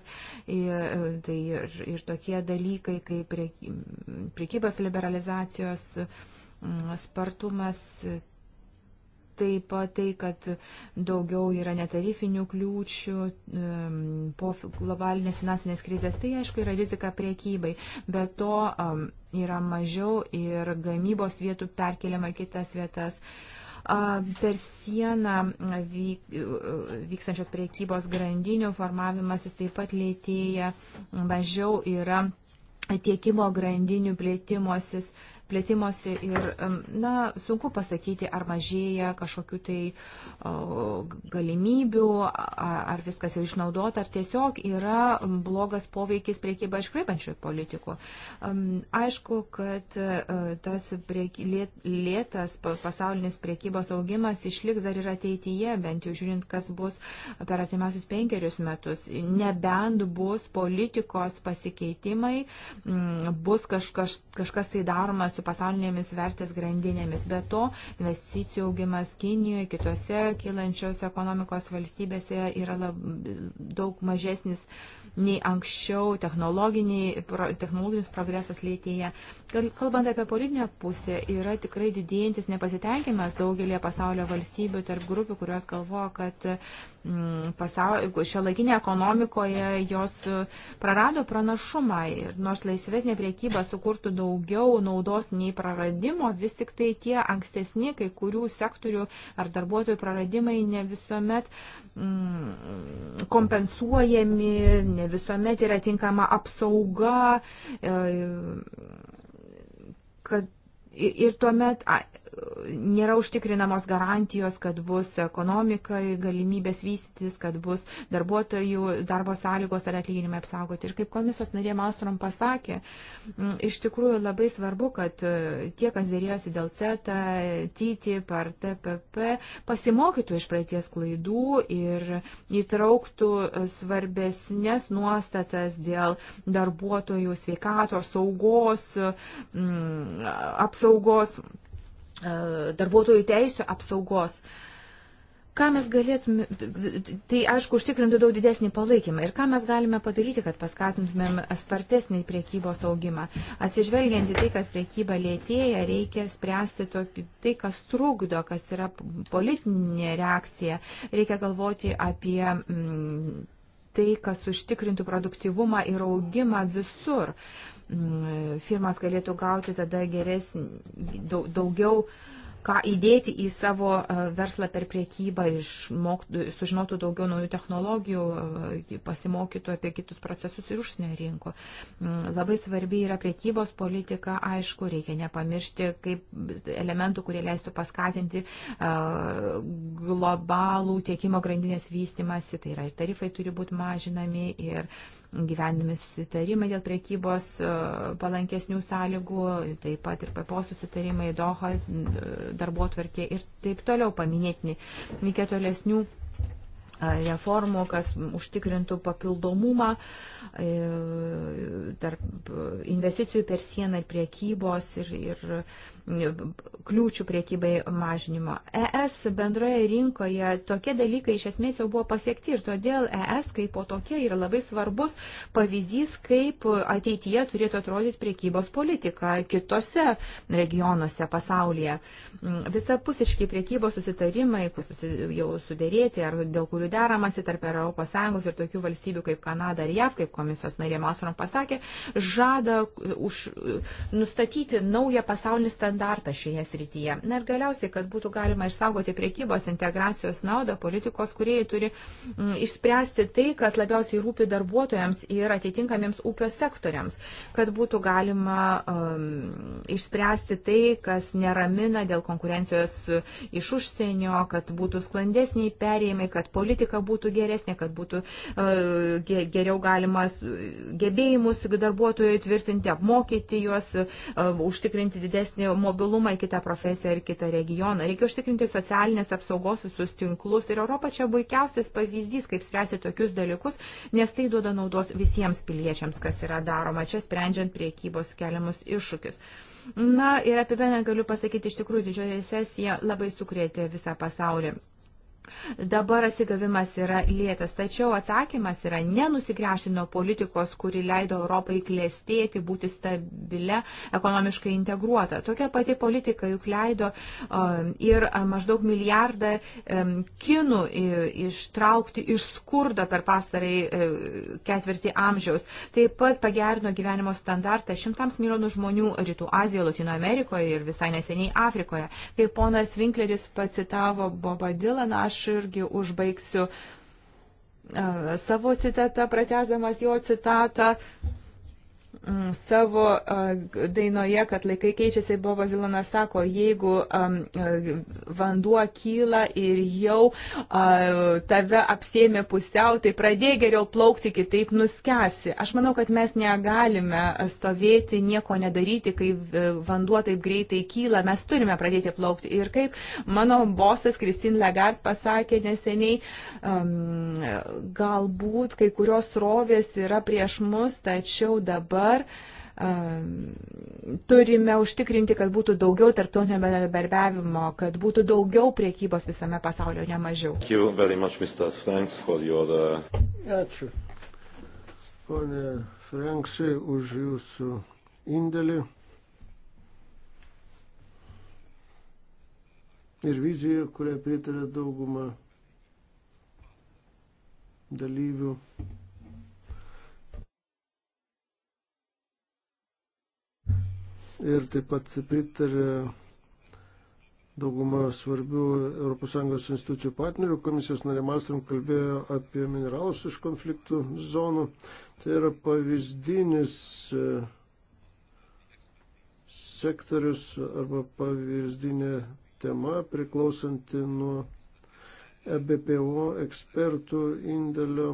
S3: Ir, tai ir, ir tokie dalykai kaip priekybos liberalizacijos mm, spartumas, taip pat tai, kad daugiau yra netarifinių kliūčių mm, po globalinės finansinės krizės, tai aišku yra rizika priekybai, bet to mm, yra mažiau ir gamybos vietų perkeliama kitas vietas. Um, per sieną vykstančios priekybos grandinių formavimasis taip pat lėtėja, mažiau yra tiekimo grandinių plėtimosis plėtimosi ir, na, sunku pasakyti, ar mažėja kažkokiu tai galimybių, ar viskas jau išnaudota, ar tiesiog yra blogas poveikis priekybą iškraipančių politikų. Aišku, kad e, tas lėtas pasaulinis priekybos augimas išliks dar ir ateityje, bent jau žiūrint, kas bus per atimiausius penkerius metus. Nebent bus politikos pasikeitimai, bus kaž, kaž, kažkas tai daroma su su pasaulinėmis vertės grandinėmis. Be to, investicijų augimas Kinijoje, kitose kylančios ekonomikos valstybėse yra lab, daug mažesnis nei anksčiau, pro, technologinis progresas lėtėja. Kalbant apie politinę pusę, yra tikrai didėjantis nepasitenkimas daugelį pasaulio valstybių tarp grupių, kurios galvoja, kad Mm, šio laikinė ekonomikoje jos e, prarado pranašumą ir nors laisvesnė priekyba sukurtų daugiau naudos nei praradimo, vis tik tai tie ankstesni kai kurių sektorių ar darbuotojų praradimai ne visuomet mm, kompensuojami, ne visuomet yra tinkama apsauga, e, kad ir tuomet nėra užtikrinamos garantijos, kad bus ekonomika, galimybės vystytis, kad bus darbuotojų darbo sąlygos ar atlyginimai apsaugoti. Ir kaip komisijos narė Malstrom pasakė, iš tikrųjų labai svarbu, kad tie, kas dėrėjosi dėl CETA, TTIP ar TPP, pasimokytų iš praeities klaidų ir įtrauktų svarbesnės nuostatas dėl darbuotojų sveikatos, saugos, apsaugos. E, darbuotojų teisų apsaugos. Ką mes galėtume, tai aišku, užtikrintų daug didesnį palaikymą ir ką mes galime padaryti, kad paskatintumėm spartesnį priekybos augimą. Atsižvelgiant į tai, kad priekyba lėtėja, reikia spręsti tokį, tai, kas trukdo, kas yra politinė reakcija. Reikia galvoti apie mm, tai, kas užtikrintų produktivumą ir augimą visur. Uh, Mm, firmas galėtų gauti tada geresnį, daugiau ką įdėti į savo e, verslą per priekybą, išmoktų, sužinotų daugiau naujų technologijų, e, pasimokytų apie kitus procesus ir užsienio rinko. Mm, labai svarbi yra priekybos politika, aišku, reikia nepamiršti kaip elementų, kurie leistų paskatinti e, globalų tiekimo grandinės vystimasi, tai yra ir tarifai turi būti mažinami ir gyvendami susitarimai dėl priekybos e, palankesnių sąlygų, taip pat ir PPO susitarimai, Doha e, darbo tvarkė ir taip toliau paminėtini. Reikia tolesnių e, reformų, kas užtikrintų papildomumą tarp investicijų per sieną ir priekybos ir, ir kliūčių priekybai mažinimo. ES bendroje rinkoje tokie dalykai iš esmės jau buvo pasiekti ir todėl ES kaip po tokia yra labai svarbus pavyzdys, kaip ateityje turėtų atrodyti priekybos politika kitose regionuose pasaulyje. Visapusiški priekybos susitarimai, jau sudėrėti ar dėl kurių deramasi tarp ES ir tokių valstybių kaip Kanada ir JAV, kaip komisijos narė Masron pasakė, žada už, nustatyti naują pasaulinį standartą standartą šioje srityje. Na ir galiausiai, kad būtų galima išsaugoti priekybos integracijos naudą, politikos kuriejai turi m, mm, išspręsti tai, kas labiausiai rūpi darbuotojams ir atitinkamiems ūkio sektoriams, kad būtų galima um, išspręsti tai, kas neramina dėl konkurencijos iš užsienio, kad būtų sklandesniai perėjimai, kad politika būtų geresnė, kad būtų uh, ge, geriau galima gebėjimus darbuotojų tvirtinti, apmokyti juos, uh, užtikrinti didesnį mobilumą į kitą profesiją ir kitą regioną. Reikia užtikrinti socialinės apsaugos visus tinklus. Ir Europa čia puikiausias pavyzdys, kaip spręsti tokius dalykus, nes tai duoda naudos visiems piliečiams, kas yra daroma čia sprendžiant priekybos keliamus iššūkius. Na ir apibendrinant galiu pasakyti, iš tikrųjų didžioji recesija labai sukrėtė visą pasaulį. Dabar atsigavimas yra lėtas, tačiau atsakymas yra nenusigręžino politikos, kuri leido Europai klėstėti, būti stabilia, ekonomiškai integruota. Tokia pati politika juk leido um, ir maždaug milijardą um, kinų ištraukti iš skurdo per pastarai um, e, ketvirtį amžiaus. Taip pat pagerino gyvenimo standartą šimtams milijonų žmonių Rytų Azijoje, Latino Amerikoje ir visai neseniai Afrikoje. Kai ponas Winkleris pacitavo Bobą Dylaną, aš irgi užbaigsiu e, savo citatą, pratesamas jo citatą. Mm, savo dainoje, kad laikai keičiasi, Bobo Zilonas sako, jeigu vanduo kyla ir jau tave apsėmė pusiau, tai pradėk geriau plaukti, kitaip nuskesi. Aš manau, kad mes negalime stovėti, nieko nedaryti, kai e, vanduo taip greitai kyla, mes turime pradėti plaukti. Ir kaip mano bosas Kristin Legard pasakė neseniai, galbūt kai kurios rovės yra prieš mus, tačiau dabar dabar ehm, turime užtikrinti, kad būtų daugiau tarptautinio bendradarbiavimo, kad būtų daugiau priekybos visame pasaulio, ne mažiau.
S2: Uh,
S1: Ačiū. Pone Frenksai, už jūsų indėlį ir viziją, kurią pritarė dauguma dalyvių. ir taip pat pritarė dauguma svarbių ES institucijų partnerių. Komisijos narė Malstrom kalbėjo apie mineralus iš konfliktų zonų. Tai yra pavyzdinis e, sektorius arba pavyzdinė tema priklausanti nuo EBPO ekspertų indėlio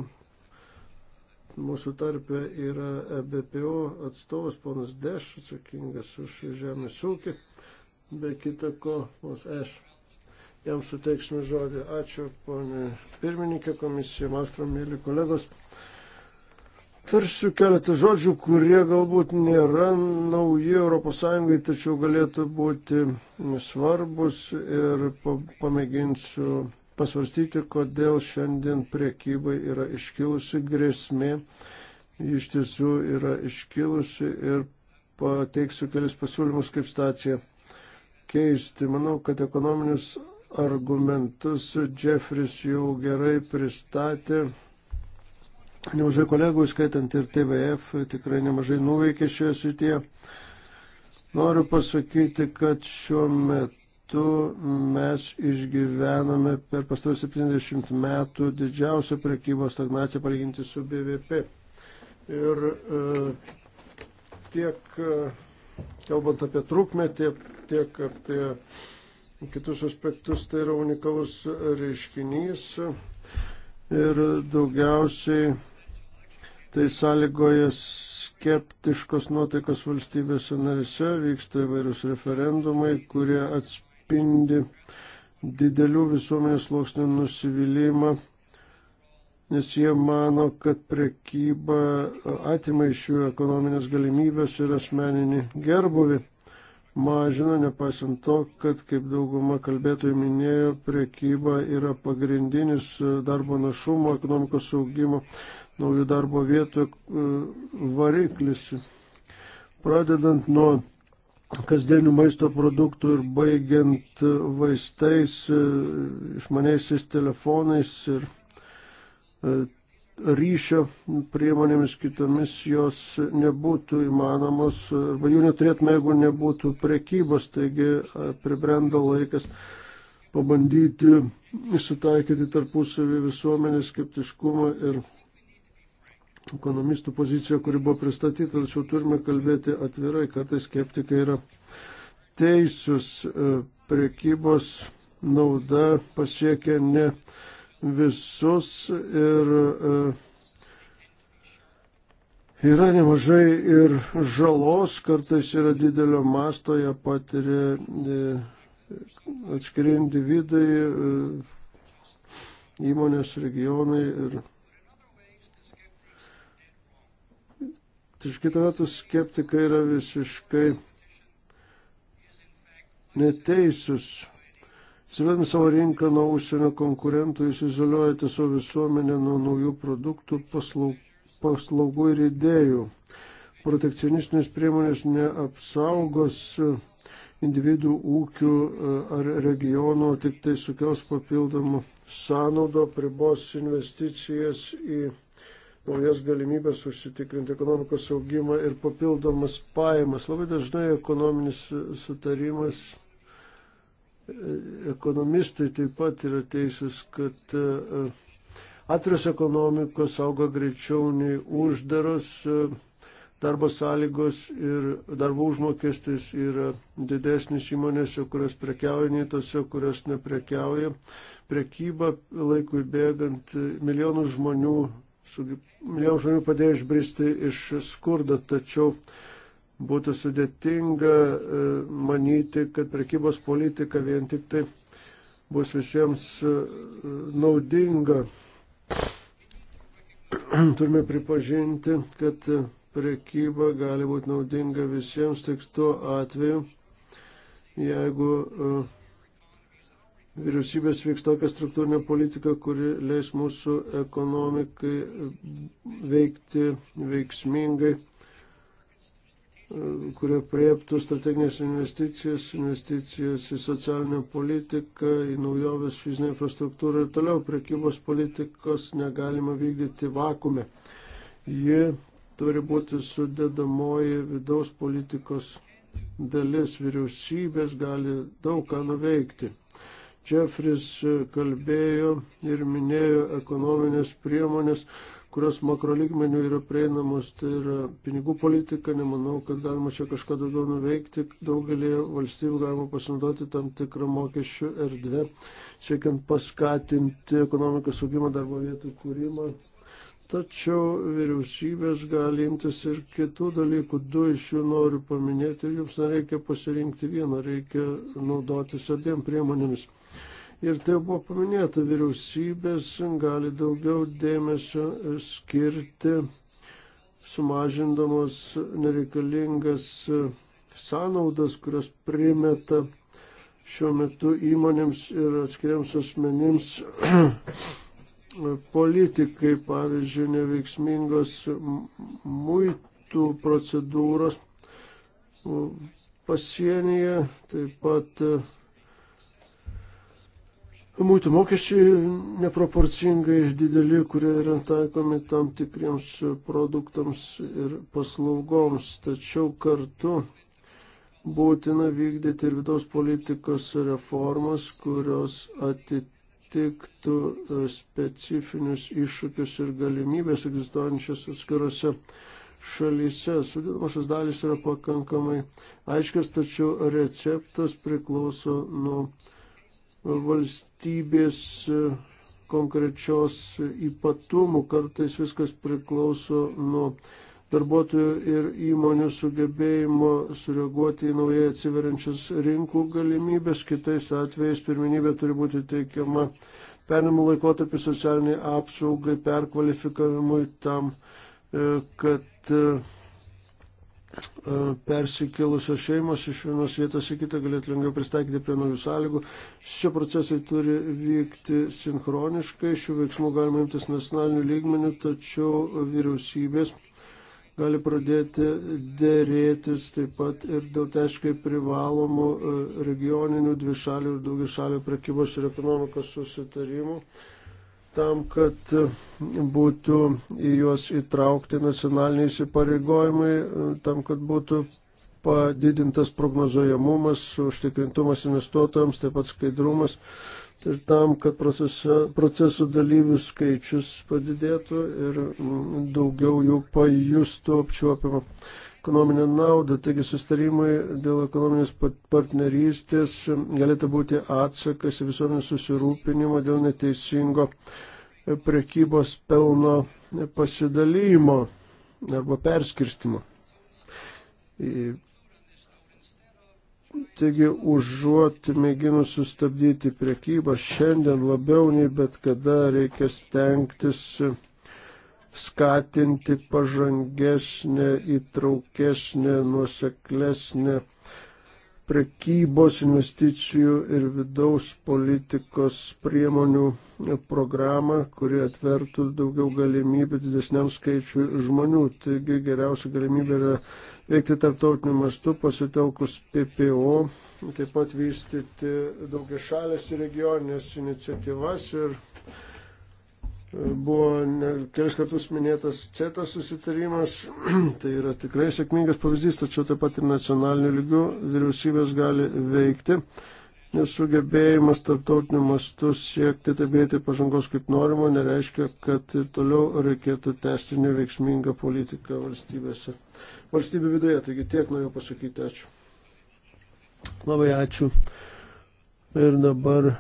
S1: Mūsų tarpe yra e BPO atstovas, ponas Deš, atsakingas už žemės ūkį, be kita ko, ponas Eš. Jam suteiksime žodį. Ačiū, ponė pirmininkė komisija, mastro, mėly kolegos. Tarsiu keletą žodžių, kurie galbūt nėra nauji ES, tačiau galėtų būti svarbus ir pamėginsiu pasvarstyti, kodėl šiandien priekybai yra iškilusi grėsmė, iš tiesų yra iškilusi ir pateiksiu kelis pasiūlymus, kaip staciją keisti. Manau, kad ekonominius argumentus Jeffris jau gerai pristatė. Nemažai kolegų, skaitant ir TVF, tikrai nemažai nuveikė šioje srityje. Noriu pasakyti, kad šiuo metu metu mes išgyvename per pastarus 70 metų didžiausią prekybos stagnaciją palyginti su BVP. Ir e, tiek, e, kalbant apie trukmę, tiek, tiek apie kitus aspektus, tai yra unikalus reiškinys. Ir daugiausiai tai sąlygoja skeptiškos nuotaikos valstybėse narise, vyksta įvairius referendumai, kurie atspindi atspindi didelių visuomenės sluoksnių nusivylimą, nes jie mano, kad prekyba atima iš jų ekonominės galimybės ir asmeninį gerbuvi. Mažina, nepaisant to, kad, kaip dauguma kalbėtojų minėjo, prekyba yra pagrindinis darbo našumo, ekonomikos saugimo, naujų darbo vietų e, variklis. Pradedant nuo kasdienių maisto produktų ir baigiant vaistais, e, išmaniaisiais telefonais ir e, ryšio priemonėmis kitomis jos nebūtų įmanomos arba jų neturėtume, jeigu nebūtų prekybos, taigi e, pribrendo laikas pabandyti sutaikyti tarpusavį visuomenės skeptiškumą ir ekonomistų poziciją, kuri buvo pristatyta, tačiau turime kalbėti atvirai, kartais skeptikai yra teisūs, e, priekybos nauda pasiekia ne visus ir e, yra nemažai ir žalos, kartais yra didelio masto, ją patiria e, atskiri individai, įmonės, regionai ir Tačiau kitą vertus skeptikai yra visiškai neteisus. Svedami savo rinką nuo užsienio konkurentų, jūs izoliuojate savo visuomenę nuo naujų produktų, paslaug, paslaugų ir idėjų. Protekcionistinės priemonės neapsaugos individų ūkių e, ar regionų, tik tai sukels papildomų sąnaudo, pribos investicijas į naujas galimybės užsitikrinti ekonomikos augimą ir papildomas pajamas. Labai dažnai ekonominis sutarimas, e, ekonomistai taip pat yra teisūs, kad e, atviros ekonomikos auga greičiau nei uždaros, e, darbo sąlygos ir darbo užmokestis yra didesnis įmonėse, kurios prekiauja, nei tose, kurios neprekiauja. Prekyba laikui bėgant milijonų žmonių milijonų žmonių padėjo išbristi iš skurdo, tačiau būtų sudėtinga e, manyti, kad prekybos politika vien tik tai bus visiems e, naudinga. Turime pripažinti, kad prekyba gali būti naudinga visiems tik tuo atveju, jeigu uh, vyriausybės vyks tokia struktūrinė politika, kuri leis mūsų ekonomikai veikti veiksmingai, kurie prieptų strateginės investicijas, investicijas į socialinę politiką, į naujoves fizinę infrastruktūrą ir toliau prekybos politikos negalima vykdyti vakume. Ji turi būti sudėdamoji vidaus politikos dalis, vyriausybės gali daug ką nuveikti. Jeffris kalbėjo ir minėjo ekonominės priemonės, kurios makrolygmenių yra prieinamos, tai yra pinigų politika, nemanau, kad galima čia kažką daugiau nuveikti, daugelį valstybių galima pasinaudoti tam tikrą mokesčių erdvę, siekiant paskatinti ekonomikos augimą, darbo vietų kūrimą. Tačiau vyriausybės gali imtis ir kitų dalykų, du iš jų noriu paminėti, jums nereikia pasirinkti vieną, reikia naudotis abiem priemonėmis. Ir tai buvo paminėta, vyriausybės gali daugiau dėmesio skirti sumažindamos nereikalingas sąnaudas, kurios primeta šiuo metu įmonėms ir atskiriams asmenims politikai, pavyzdžiui, neveiksmingos muitų procedūros pasienyje, taip pat Mūtų mokesčiai neproporcingai dideli, kurie yra taikomi tam tikriems produktams ir paslaugoms, tačiau kartu būtina vykdyti ir vidaus politikos reformas, kurios atitiktų specifinius iššūkius ir galimybės egzistuojančias atskirose šalyse. Sudėdamosios dalys yra pakankamai aiškios, tačiau receptas priklauso nuo valstybės konkrečios ypatumų, kartais viskas priklauso nuo darbuotojų ir įmonių sugebėjimo sureaguoti į naujai atsiveriančias rinkų galimybės, kitais atvejais pirminybė turi būti teikiama perimų laikotarpį socialiniai apsaugai, perkvalifikavimui tam, e, kad e, E, persikėlusios šeimos iš vienos vietos į kitą galėtų lengviau pristaikyti prie naujų sąlygų. Šie procesai turi vykti sinchroniškai, šių veiksmų galima imtis nacionalinių lygmenių, tačiau vyriausybės gali pradėti dėrėtis taip pat ir dėl teiškai privalomų e, regioninių dvišalių ir daugišalių prekybos ir ekonomikos susitarimų tam, kad būtų į juos įtraukti nacionaliniai įsipareigojimai, tam, kad būtų padidintas prognozojamumas, užtikrintumas investuotojams, taip pat skaidrumas ir tai tam, kad procesų dalyvių skaičius padidėtų ir daugiau jų pajustų apčiuopimą ekonominę naudą. Taigi sustarimai dėl ekonominės partnerystės galėtų būti atsakas į visuomenės susirūpinimą dėl neteisingo prekybos pelno pasidalymo arba perskirstimo. Taigi užuot mėginus sustabdyti priekybą, šiandien labiau nei bet kada reikia stengtis skatinti pažangesnę, įtraukesnę, nuoseklesnę prekybos, investicijų ir vidaus politikos priemonių programą, kuri atvertų daugiau galimybių didesniam skaičiui žmonių. Taigi geriausia galimybė yra veikti tarptautiniu mastu, pasitelkus PPO, taip pat vystyti daugia šalės ir regioninės iniciatyvas ir buvo kelis kartus minėtas CETA susitarimas, tai yra tikrai sėkmingas pavyzdys, tačiau taip pat ir nacionaliniu lygiu vyriausybės gali veikti, nesugebėjimas tarptautiniu mastu siekti taip greitai pažangos kaip norima, nereiškia, kad ir toliau reikėtų tęsti neveiksmingą politiką valstybėse. Valstybė viduje, taigi tiek noriu pasakyti, ačiū. Labai ačiū. Ir dabar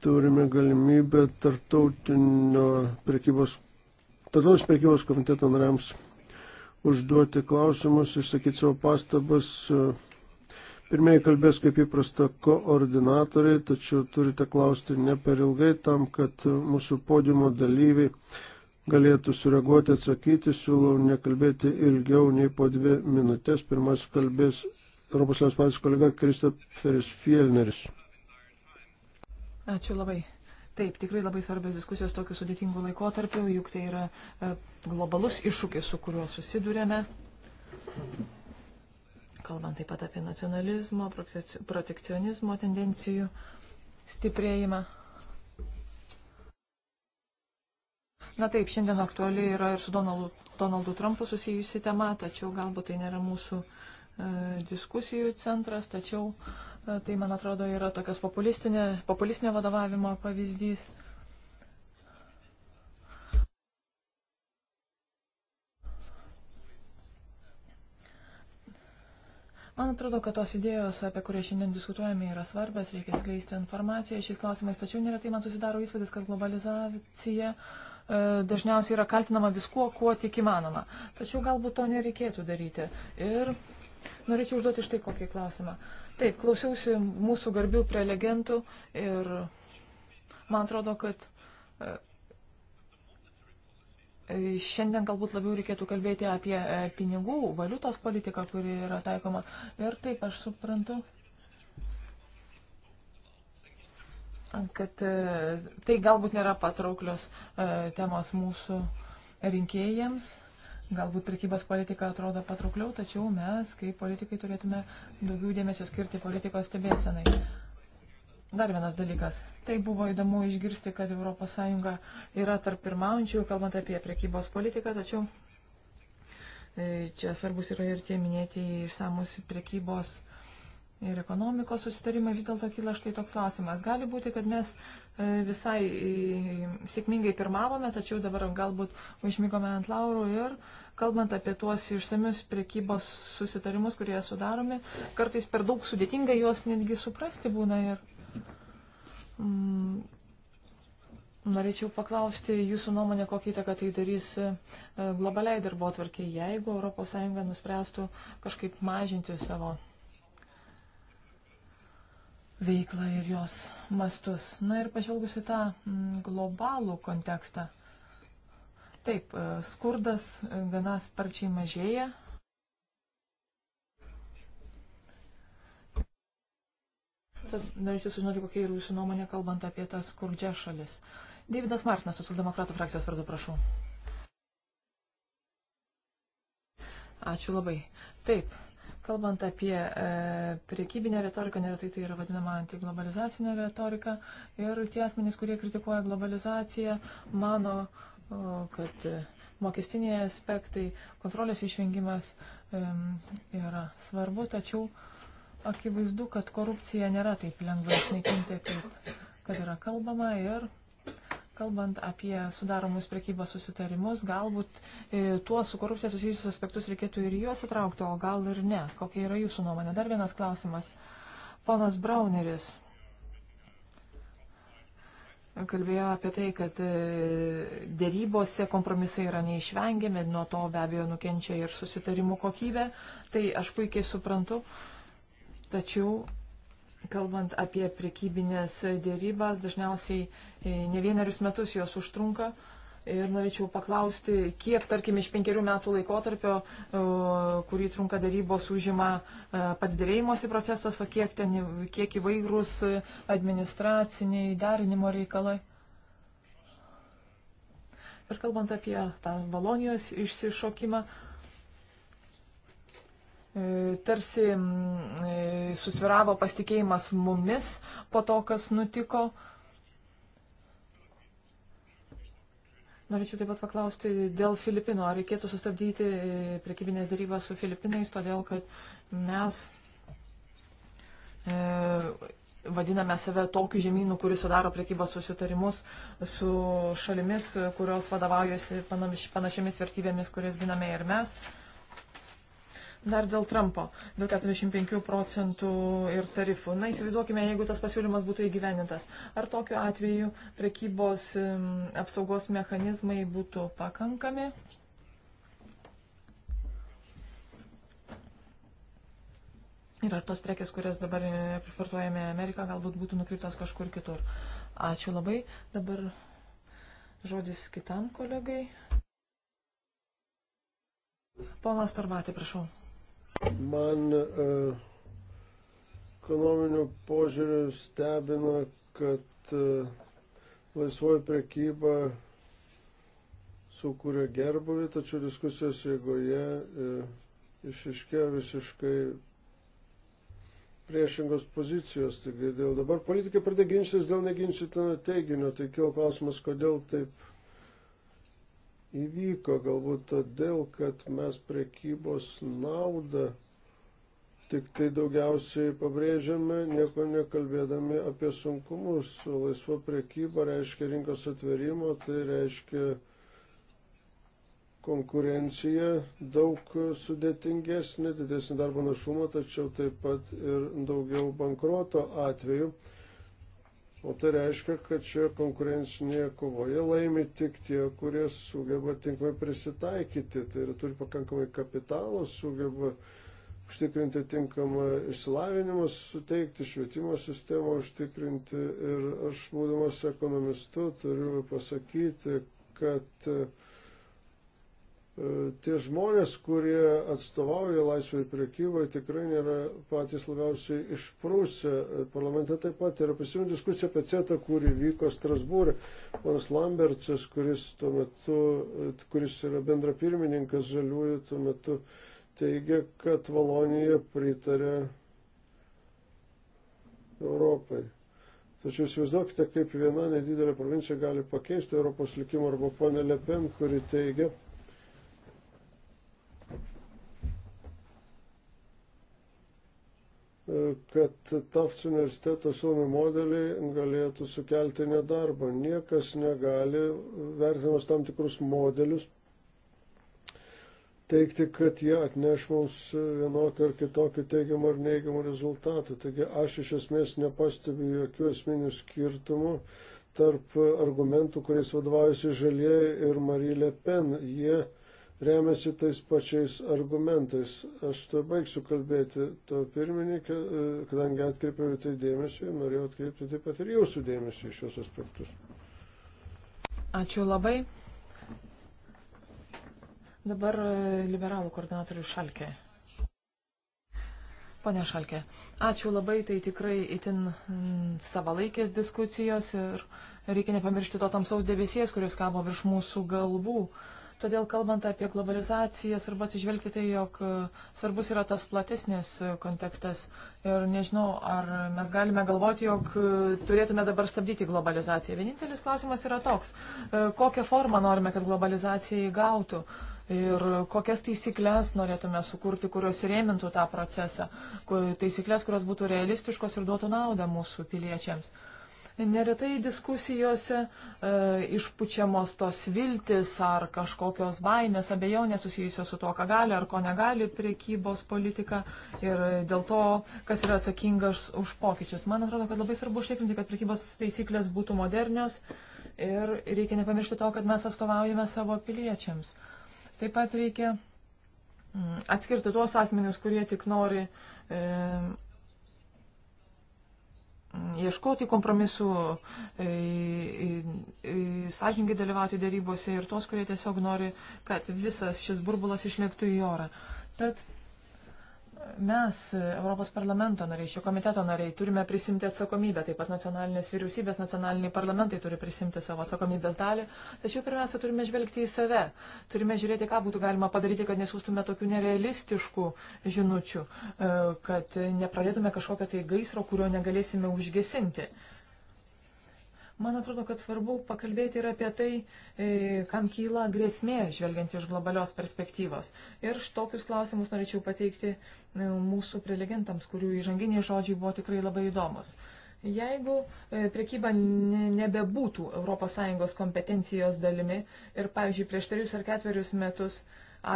S1: turime galimybę tarptautinio prekybos, tarptautinės prekybos komiteto nariams užduoti klausimus, išsakyti savo pastabas. Pirmieji kalbės kaip įprasta koordinatoriai, tačiau turite klausti ne per ilgai tam, kad mūsų podiumo dalyviai galėtų sureaguoti, atsakyti. Siūlau nekalbėti ilgiau nei po dvi minutės. Pirmas kalbės Europos Liaus partijos kolega Kristoferis Fielneris.
S2: Ačiū labai. Taip, tikrai labai svarbios diskusijos tokiu sudėtingu laikotarpiu, juk tai yra e, globalus iššūkis, su kuriuo susidurėme. Kalbant taip pat apie nacionalizmo, protekcionizmo tendencijų stiprėjimą. Na taip, šiandien aktuali yra ir su Donaldu, Donaldu Trumpu susijusi tema, tačiau galbūt tai nėra mūsų e, diskusijų centras, tačiau e, E, tai, man atrodo, yra tokios populistinio vadovavimo pavyzdys. Man atrodo, kad tos idėjos, apie kurias šiandien diskutuojame, yra svarbios, reikia skleisti informaciją šiais klausimais, tačiau neretai man susidaro įspūdis, kad globalizacija e, dažniausiai yra kaltinama viskuo, kuo tik įmanoma. Tačiau galbūt to nereikėtų daryti. Ir norėčiau užduoti štai kokį klausimą. Taip, klausiausi mūsų garbių prelegentų ir man atrodo, kad e, Šiandien galbūt labiau reikėtų kalbėti apie e, pinigų, valiutos politiką, kuri yra taikoma. Ir taip aš suprantu, kad e, tai galbūt nėra patrauklios temos mūsų rinkėjams. Galbūt prekybos politika atrodo patraukliau, tačiau mes, kaip politikai, turėtume daugiau dėmesio skirti politikos stebėsenai. Dar vienas dalykas. Tai buvo įdomu išgirsti, kad ES yra tarp pirmaujančių, kalbant apie prekybos politiką, tačiau e, čia svarbus yra ir tie minėti išsamus prekybos ir ekonomikos susitarimai, vis dėlto kyla štai toks klausimas. Gali būti, kad mes e, visai e, sėkmingai pirmavome, tačiau dabar galbūt užmygome ant laurų ir kalbant apie tuos išsamius priekybos susitarimus, kurie sudaromi, kartais per daug sudėtinga juos netgi suprasti būna ir. Mm, Norėčiau paklausti jūsų nuomonę, kokią įtaką tai darys e, globaliai darbo atvarkiai, jeigu ES nuspręstų kažkaip mažinti savo veiklą ir jos mastus. Na ir pažvelgus į tą mm, globalų kontekstą. Taip, e, skurdas e, gana sparčiai mažėja. Tas, norėčiau sužinoti, kokia yra jūsų nuomonė, kalbant apie tas skurdžias šalis. Davidas Martinas, socialdemokratų frakcijos vardu, prašau. Ačiū labai. Taip, Kalbant apie e, priekybinę retoriką, neretai tai yra vadinama antiglobalizacinė retorika. Ir tie asmenys, kurie kritikuoja globalizaciją, mano, o, kad mokestiniai aspektai, kontrolės išvengimas e, yra svarbu, tačiau akivaizdu, kad korupcija nėra taip lengva išnaikinti, kaip kad yra kalbama. Ir Kalbant apie sudaromus prekybos susitarimus, galbūt e, tuos su korupcija susijusius aspektus reikėtų ir juos įtraukti, o gal ir ne. Kokia yra jūsų nuomonė? Dar vienas klausimas. Ponas Brauneris kalbėjo apie tai, kad e, dėrybose kompromisai yra neišvengiami, nuo to be abejo nukenčia ir susitarimų kokybė. Tai aš puikiai suprantu. Tačiau Kalbant apie prekybinės dėrybas, dažniausiai e, ne vienerius metus jos užtrunka. Ir norėčiau paklausti, kiek, tarkim, iš penkerių metų laikotarpio, e, kurį trunka darybos, užima e, pats dėrėjimosi procesas, o kiek, ten, kiek įvairūs administraciniai derinimo reikalai. Ir kalbant apie tą Valonijos išsišokimą, E, tarsi e, susviravo pasitikėjimas mumis po to, kas nutiko. Norėčiau taip pat paklausti dėl Filipino. Ar reikėtų sustabdyti e, prekybinės darybas su Filipinais, todėl kad mes e, vadiname save tokiu žemynu, kuris sudaro prekybos susitarimus su šalimis, kurios vadovaujasi panašiamis vertybėmis, kurias giname ir mes. E, Dar dėl Trumpo, dėl 45 procentų ir tarifų. Na, įsivaizduokime, jeigu tas pasiūlymas būtų įgyvenintas. Ar tokiu atveju prekybos apsaugos mechanizmai būtų pakankami? Ir ar tos prekes, kurias dabar e, eksportuojame į Ameriką, galbūt būtų nukreiptos kažkur kitur. Ačiū labai. Dabar žodis kitam kolegai. Ponas Torbatė, prašau.
S1: Man e, ekonominių požiūrių stebina, kad e, laisvoji prekyba sukūrė gerbuvį, tačiau diskusijos eigoje e, išiškėjo visiškai priešingos pozicijos. Taigi dėl dabar politikai pradėjo ginčytis dėl neginčytino teiginio, tai kil klausimas, kodėl taip įvyko galbūt todėl, kad mes prekybos naudą tik tai daugiausiai pabrėžiame, nieko nekalbėdami apie sunkumus. Laisva prekyba reiškia rinkos atverimo, tai reiškia konkurencija daug sudėtingesnė, didesnį darbo našumą, tačiau taip pat ir daugiau bankroto atveju. O tai reiškia, kad šioje konkurencinėje kovoje laimi tik tie, kurie sugeba tinkamai prisitaikyti, tai yra turi pakankamai kapitalo, sugeba užtikrinti tinkamą išsilavinimą, suteikti švietimo sistemą, užtikrinti. Ir aš, būdamas ekonomistu, turiu pasakyti, kad uh, E, tie žmonės, kurie atstovauja laisvai priekybai, tikrai nėra patys labiausiai išprūsę. E, parlamente taip pat yra prisimint diskusija apie CETA, kuri vyko Strasbūrė. Ponas Lambertsas, kuris, tuo metu, e, kuris yra bendra pirmininkas žaliųjų, tuo metu teigia, kad Valonija pritarė Europai. Tačiau įsivaizduokite, kaip viena nedidelė provincija gali pakeisti Europos likimą arba ponė Lepen, kuri teigia, kad TAFS universiteto siūlomi modeliai galėtų sukelti nedarbą. Niekas negali, vertinamas tam tikrus modelius, teikti, kad jie atneš mums vienokį ar kitokį teigiamą ar neigiamą rezultatą. Taigi aš iš esmės nepastebiu jokių esminių skirtumų tarp argumentų, kuriais vadovaujasi žalieji ir Marie Le Pen. Jie remiasi tais pačiais argumentais. Aš to baigsiu kalbėti to pirmininkę, e, kadangi atkreipiau tai dėmesį, norėjau atkreipti taip pat ir jūsų dėmesį į šios aspektus.
S2: Ačiū labai. Dabar e, liberalų koordinatorių Šalkė. Pone Šalkė, ačiū labai, tai tikrai itin mm, savalaikės diskusijos ir reikia nepamiršti to tamsaus debesies, kuris kabo virš mūsų galvų. Uh, Todėl, kalbant apie globalizaciją, svarbu atsižvelgti tai, jog e, svarbus yra tas platesnis e, kontekstas. Ir nežinau, ar mes galime galvoti, jog e, turėtume dabar stabdyti globalizaciją. Vienintelis klausimas yra toks, kokią formą norime, kad globalizacija įgautų. Ir kokias taisyklės norėtume sukurti, kurios rėmintų tą procesą, taisyklės, kurios būtų realistiškos ir duotų naudą mūsų piliečiams. Neretai diskusijose e, išpučiamos tos viltis ar kažkokios baimės, abejonės susijusios su tuo, ką gali ar ko negali priekybos politika ir dėl to, kas yra atsakingas už pokyčius. Man atrodo, kad labai svarbu užtikrinti, kad priekybos taisyklės būtų modernios ir reikia nepamiršti to, kad mes atstovaujame savo piliečiams. Taip pat reikia mm, atskirti tuos asmenius, kurie tik nori e, ieškoti kompromisų, e, e, e, sąžininkai dalyvauti dėrybose ir tos, kurie tiesiog nori, kad visas šis burbulas išliktų į orą. Tad mes, Europos parlamento nariai, šio komiteto nariai, turime prisimti atsakomybę, taip pat nacionalinės vyriausybės, nacionaliniai parlamentai turi prisimti savo atsakomybės dalį, tačiau pirmiausia, turime žvelgti į save, turime žiūrėti, ką būtų galima padaryti, kad nesiūstume tokių nerealistiškų žinučių, e, kad nepradėtume kažkokio tai gaisro, kurio negalėsime užgesinti. Man atrodo, kad svarbu pakalbėti ir apie tai, e, kam kyla grėsmė, žvelgiant iš globalios perspektyvos. Ir štokius klausimus norėčiau pateikti e, mūsų prelegentams, kurių įžanginiai žodžiai buvo tikrai labai įdomus. Jeigu e, priekyba nebebūtų ES kompetencijos dalimi ir, pavyzdžiui, prieš trejus ar ketverius metus,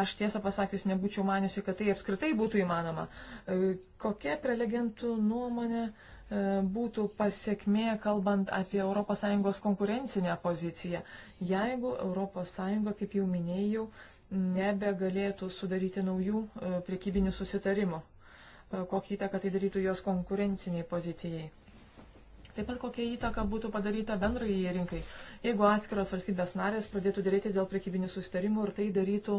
S2: aš tiesą pasakius nebūčiau maniusi, kad tai apskritai būtų įmanoma, kokia prelegentų nuomonė E, būtų pasiekmė, kalbant apie ES konkurencinę poziciją. Jeigu ES, kaip jau minėjau, nebegalėtų sudaryti naujų e, priekybinių susitarimų, e, kokią įtaką tai darytų jos konkurenciniai pozicijai. Taip pat kokia įtaka būtų padaryta bendrai rinkai, jeigu atskiros valstybės narės pradėtų dėrėtis dėl priekybinių susitarimų ir tai darytų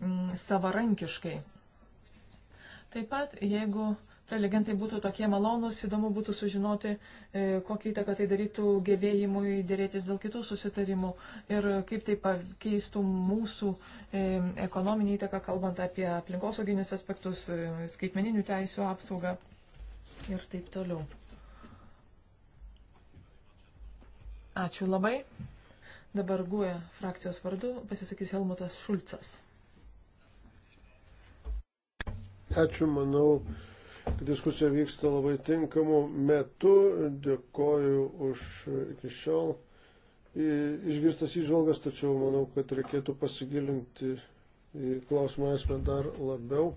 S2: mm, savarankiškai. Taip pat, jeigu prelegentai būtų tokie malonūs, įdomu būtų sužinoti, e, kokią įtaką tai darytų gebėjimui dėrėtis dėl kitų susitarimų ir kaip tai pakeistų mūsų e, ekonominį įtaką, kalbant apie aplinkosauginius aspektus, e, skaitmeninių teisų apsaugą ir taip toliau. Ačiū labai. Dabar guoja frakcijos vardu pasisakys Helmutas Šulcas.
S1: Ačiū, manau, Diskusija vyksta labai tinkamu metu. Dėkoju už iki šiol išgirstas įžvalgas, tačiau manau, kad reikėtų pasigilinti į klausimą esmę dar labiau.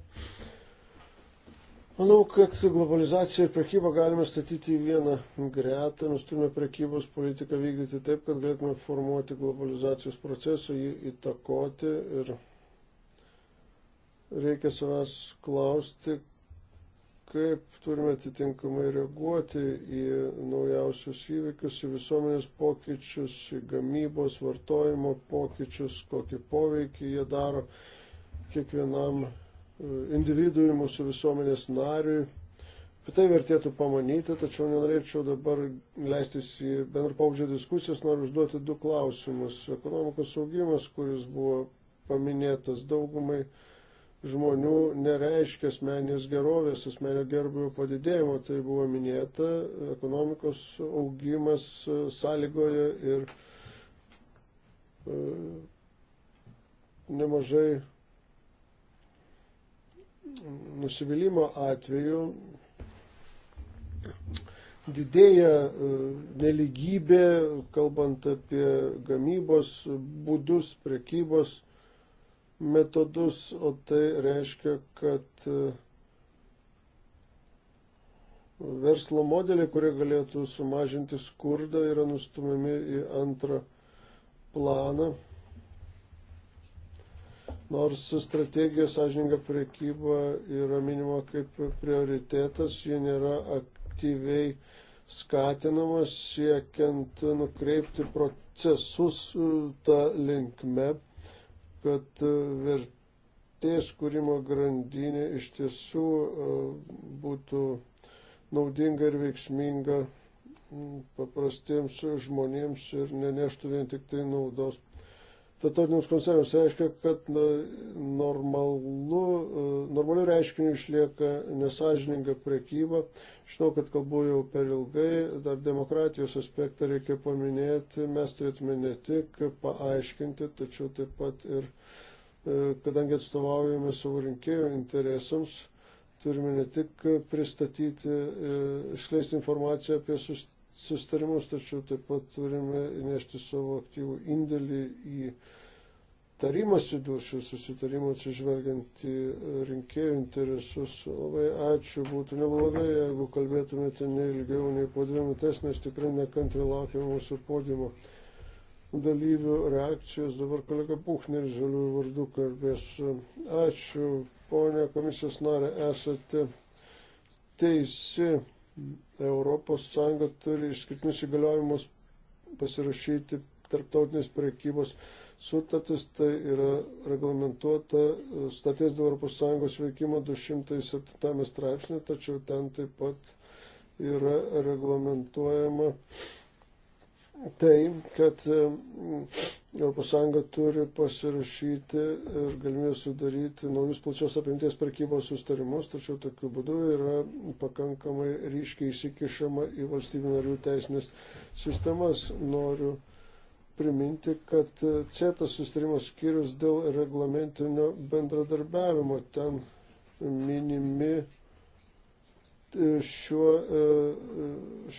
S1: Manau, kad globalizaciją ir prekybą galime statyti į vieną gretą. Mes turime prekybos politiką vykdyti taip, kad galėtume formuoti globalizacijos procesą, jį įtakoti. Ir reikia savęs klausti, kaip turime atitinkamai reaguoti į naujausius įvykius, į visuomenės pokyčius, į gamybos, vartojimo pokyčius, kokį poveikį jie daro kiekvienam e, individui, mūsų visuomenės nariui. Apie tai vertėtų pamanyti, tačiau nenorėčiau dabar leistis į bendrą paudžio diskusijas, noriu užduoti du klausimus. Ekonomikos augimas, kuris buvo paminėtas daugumai žmonių nereiškia asmenės gerovės, asmenio gerbėjų padidėjimo, tai buvo minėta, ekonomikos augimas e, sąlygoja ir e, nemažai nusivylimų atveju didėja e, neligybė, kalbant apie gamybos būdus, prekybos metodus, o tai reiškia, kad e, verslo modeliai, kurie galėtų sumažinti skurdą, yra nustumiami į antrą planą. Nors strategija sąžininga priekyba yra minima kaip prioritetas, ji nėra aktyviai skatinamas siekiant nukreipti procesus e, tą linkme, kad e, vertės kūrimo grandinė iš tiesų e, būtų naudinga ir veiksminga paprastiems žmonėms ir neneštų vien tik tai naudos tarptautiniams koncernams reiškia, kad na, normalu, e, normaliu reiškiniu išlieka nesažininga prekyba. Žinau, kad kalbu jau per ilgai, dar demokratijos aspektą reikia paminėti. Mes turėtume ne tik paaiškinti, tačiau taip pat ir, e, kadangi atstovaujame savo rinkėjų interesams, turime ne tik pristatyti, e, išskleisti informaciją apie susitarimą sustarimus, tačiau taip pat turime įnešti savo aktyvų indėlį į tarimasi dėl šių susitarimų atsižvelgiant į rinkėjų interesus. Labai ačiū, būtų neblogai, jeigu kalbėtumėte ne ilgiau nei po dvi minutės, nes tikrai nekantri laukia mūsų podimo dalyvių reakcijos. Dabar kolega Puchneris žalių vardų kalbės. Ačiū, ponė komisijos narė, esate teisi. ES turi išskirtinius įgaliojimus pasirašyti tarptautinės prekybos sutartis, tai yra reglamentuota e, statės dėl ES veikimo 207 straipsnė, tačiau ten taip pat yra reglamentuojama tai, kad e, ES turi pasirašyti ir galimybę sudaryti naujus plačios apimties prekybos sustarimus, tačiau tokiu būdu yra pakankamai ryškiai įsikišama į valstybių narių teisinės sistemas. Noriu priminti, kad CETA sustarimas skyrius dėl reglamentinio bendradarbiavimo ten minimi šiuo,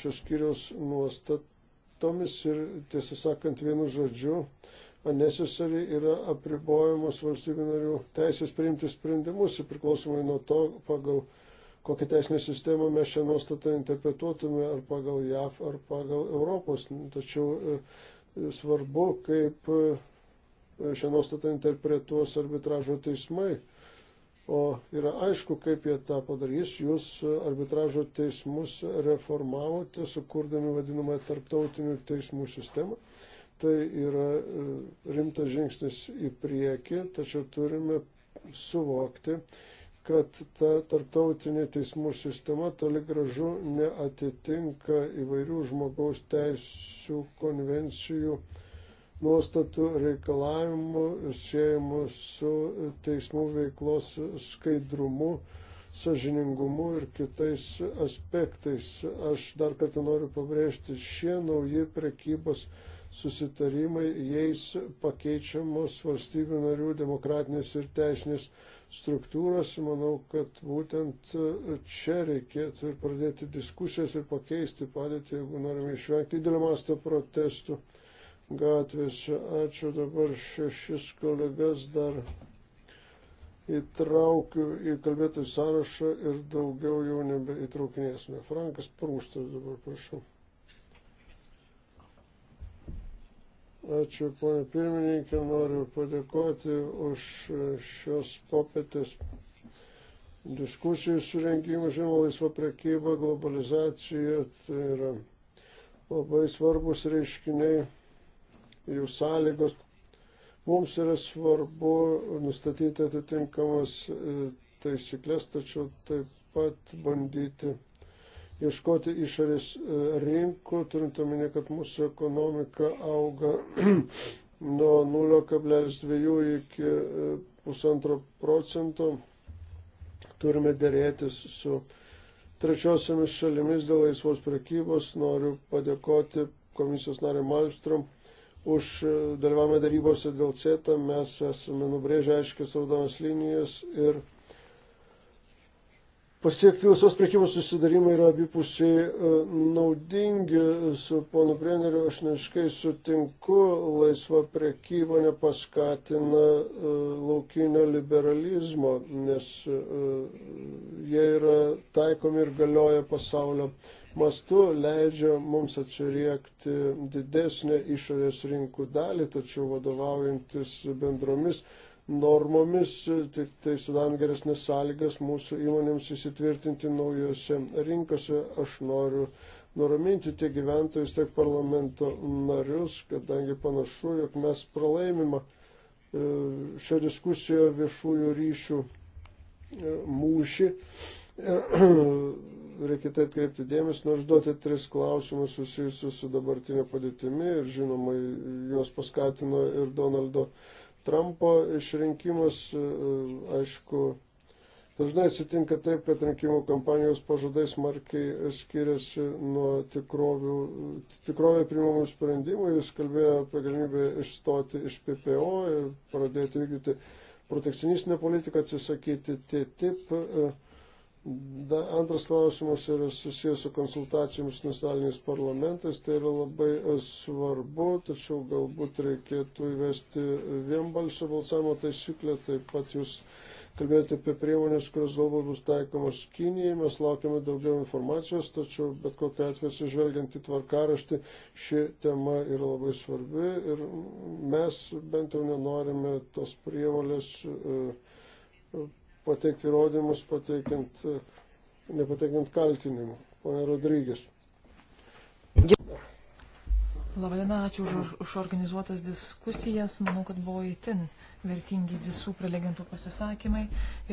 S1: šios skyrius nuostat tomis ir, tiesą sakant, vienu žodžiu, anesesari yra apribojamos valstybių narių teisės priimti sprendimus ir priklausomai nuo to, pagal kokią teisinę sistemą mes šią nuostatą interpretuotume, ar pagal JAV, ar pagal Europos. Tačiau e, svarbu, kaip e, šią nuostatą interpretuos arbitražo teismai. O yra aišku, kaip jie tą padarys. Jūs arbitražo teismus reformavote, sukurdami vadinamą tarptautinių teismų sistemą. Tai yra e, rimtas žingsnis į priekį, tačiau turime suvokti, kad ta tarptautinė teismų sistema toli gražu neatitinka įvairių žmogaus teisų konvencijų nuostatų reikalavimų siejamų su teismų veiklos skaidrumu, sažiningumu ir kitais aspektais. Aš dar kartą noriu pabrėžti, šie nauji prekybos susitarimai, jais pakeičiamos valstybių narių demokratinės ir teisinės struktūros. Manau, kad būtent čia reikėtų ir pradėti diskusijas ir pakeisti padėtį, jeigu norime išvengti didelio masto protestų gatvėse. Ačiū dabar šešis kolegas dar įtraukiu į kalbėtojų sąrašą ir daugiau jau nebeįtraukinėsime. Frankas Prūstas dabar, prašau. Ačiū, ponė pirmininkė, noriu padėkoti už šios popietės diskusijų surengimą, žinoma, laisva prekyba, globalizacija, tai yra labai svarbus reiškiniai ir jų sąlygos. Mums yra svarbu nustatyti atitinkamas e, taisyklės, tačiau taip pat bandyti ieškoti išorės e, rinkų, turint omenyje, kad mūsų ekonomika auga nuo 0,2 iki e, pusantro procento. Turime dėrėtis su trečiosiamis šalimis dėl laisvos prekybos. Noriu padėkoti komisijos nariai Malmström už e, dalyvavimą darybose dėl CETA mes esame nubrėžę aiškias raudonas linijas ir pasiekti visos priekybos susidarimai yra abipusiai e, naudingi su ponu Breneriu, aš neiškai sutinku, laisva priekyba nepaskatina e, laukinio liberalizmo, nes jie yra taikomi ir galioja pasaulio mastu leidžia mums atsiriekti didesnę išorės rinkų dalį, tačiau vadovaujantis bendromis normomis, tik tai sudam geresnės sąlygas mūsų įmonėms įsitvirtinti naujose rinkose. Aš noriu nuraminti tiek gyventojus, tiek parlamento narius, kadangi panašu, jog mes pralaimimą e, šią diskusiją viešųjų ryšių e, mūšį. Ir e, reikia tai atkreipti dėmesį, nors duoti tris klausimus susijusius su dabartinė padėtimi ir žinoma, juos paskatino ir Donaldo Trumpo išrinkimas, aišku, dažnai atsitinka taip, kad rinkimų kampanijos pažadai smarkiai skiriasi nuo tikrovių, tikrovė primamų sprendimų, jis kalbėjo apie galimybę išstoti iš PPO ir pradėti vykdyti protekcionistinę politiką, atsisakyti TTIP. Te Da, antras klausimas yra susijęs su konsultacijomis nacionaliniais parlamentais, tai yra labai e, svarbu, tačiau galbūt reikėtų įvesti vienbalsio balsavimo taisyklę, taip pat jūs kalbėjote apie priemonės, kurios galbūt bus taikomos Kinijai, mes laukiame daugiau informacijos, tačiau bet kokia atveju, sužvelgiant į tvarkaraštį, ši tema yra labai svarbi ir mes bent jau nenorime tos prievolės. Uh, pateikti įrodymus, pateikiant, nepateikiant kaltinimų. Pane Rodrygės.
S2: Labadiena, ačiū už, už organizuotas diskusijas. Manau, kad buvo įtin vertingi visų prelegentų pasisakymai.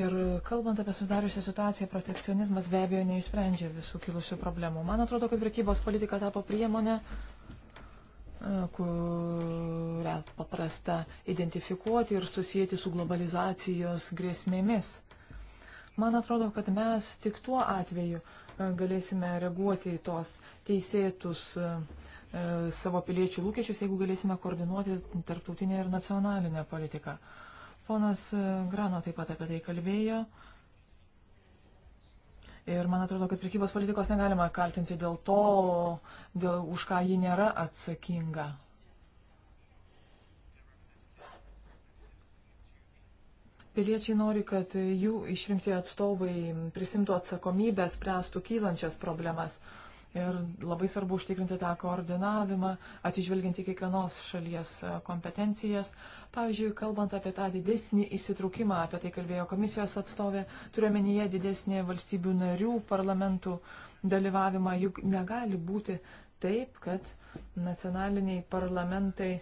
S2: Ir kalbant apie susidariusią situaciją, protekcionizmas be abejo neišsprendžia visų kilusių problemų. Man atrodo, kad prekybos politika tapo priemonė, kurią paprasta identifikuoti ir susijęti su globalizacijos grėsmėmis. Man atrodo, kad mes tik tuo atveju e, galėsime reaguoti į tos teisėtus e, e, savo piliečių lūkesčius, jeigu galėsime koordinuoti tarptautinę ir nacionalinę politiką. Ponas Grano taip pat apie tai kalbėjo. Ir man atrodo, kad prekybos politikos negalima kaltinti dėl to, dėl, už ką ji nėra atsakinga. Piliečiai nori, kad jų išrinkti atstovai prisimtų atsakomybę, spręstų kylančias problemas. Ir labai svarbu užtikrinti tą koordinavimą, atsižvelgiant į kiekvienos šalies e, kompetencijas. Pavyzdžiui, kalbant apie tą didesnį įsitraukimą, apie tai kalbėjo komisijos atstovė, turiuomenyje didesnį valstybių narių parlamentų dalyvavimą, juk negali būti taip, kad nacionaliniai parlamentai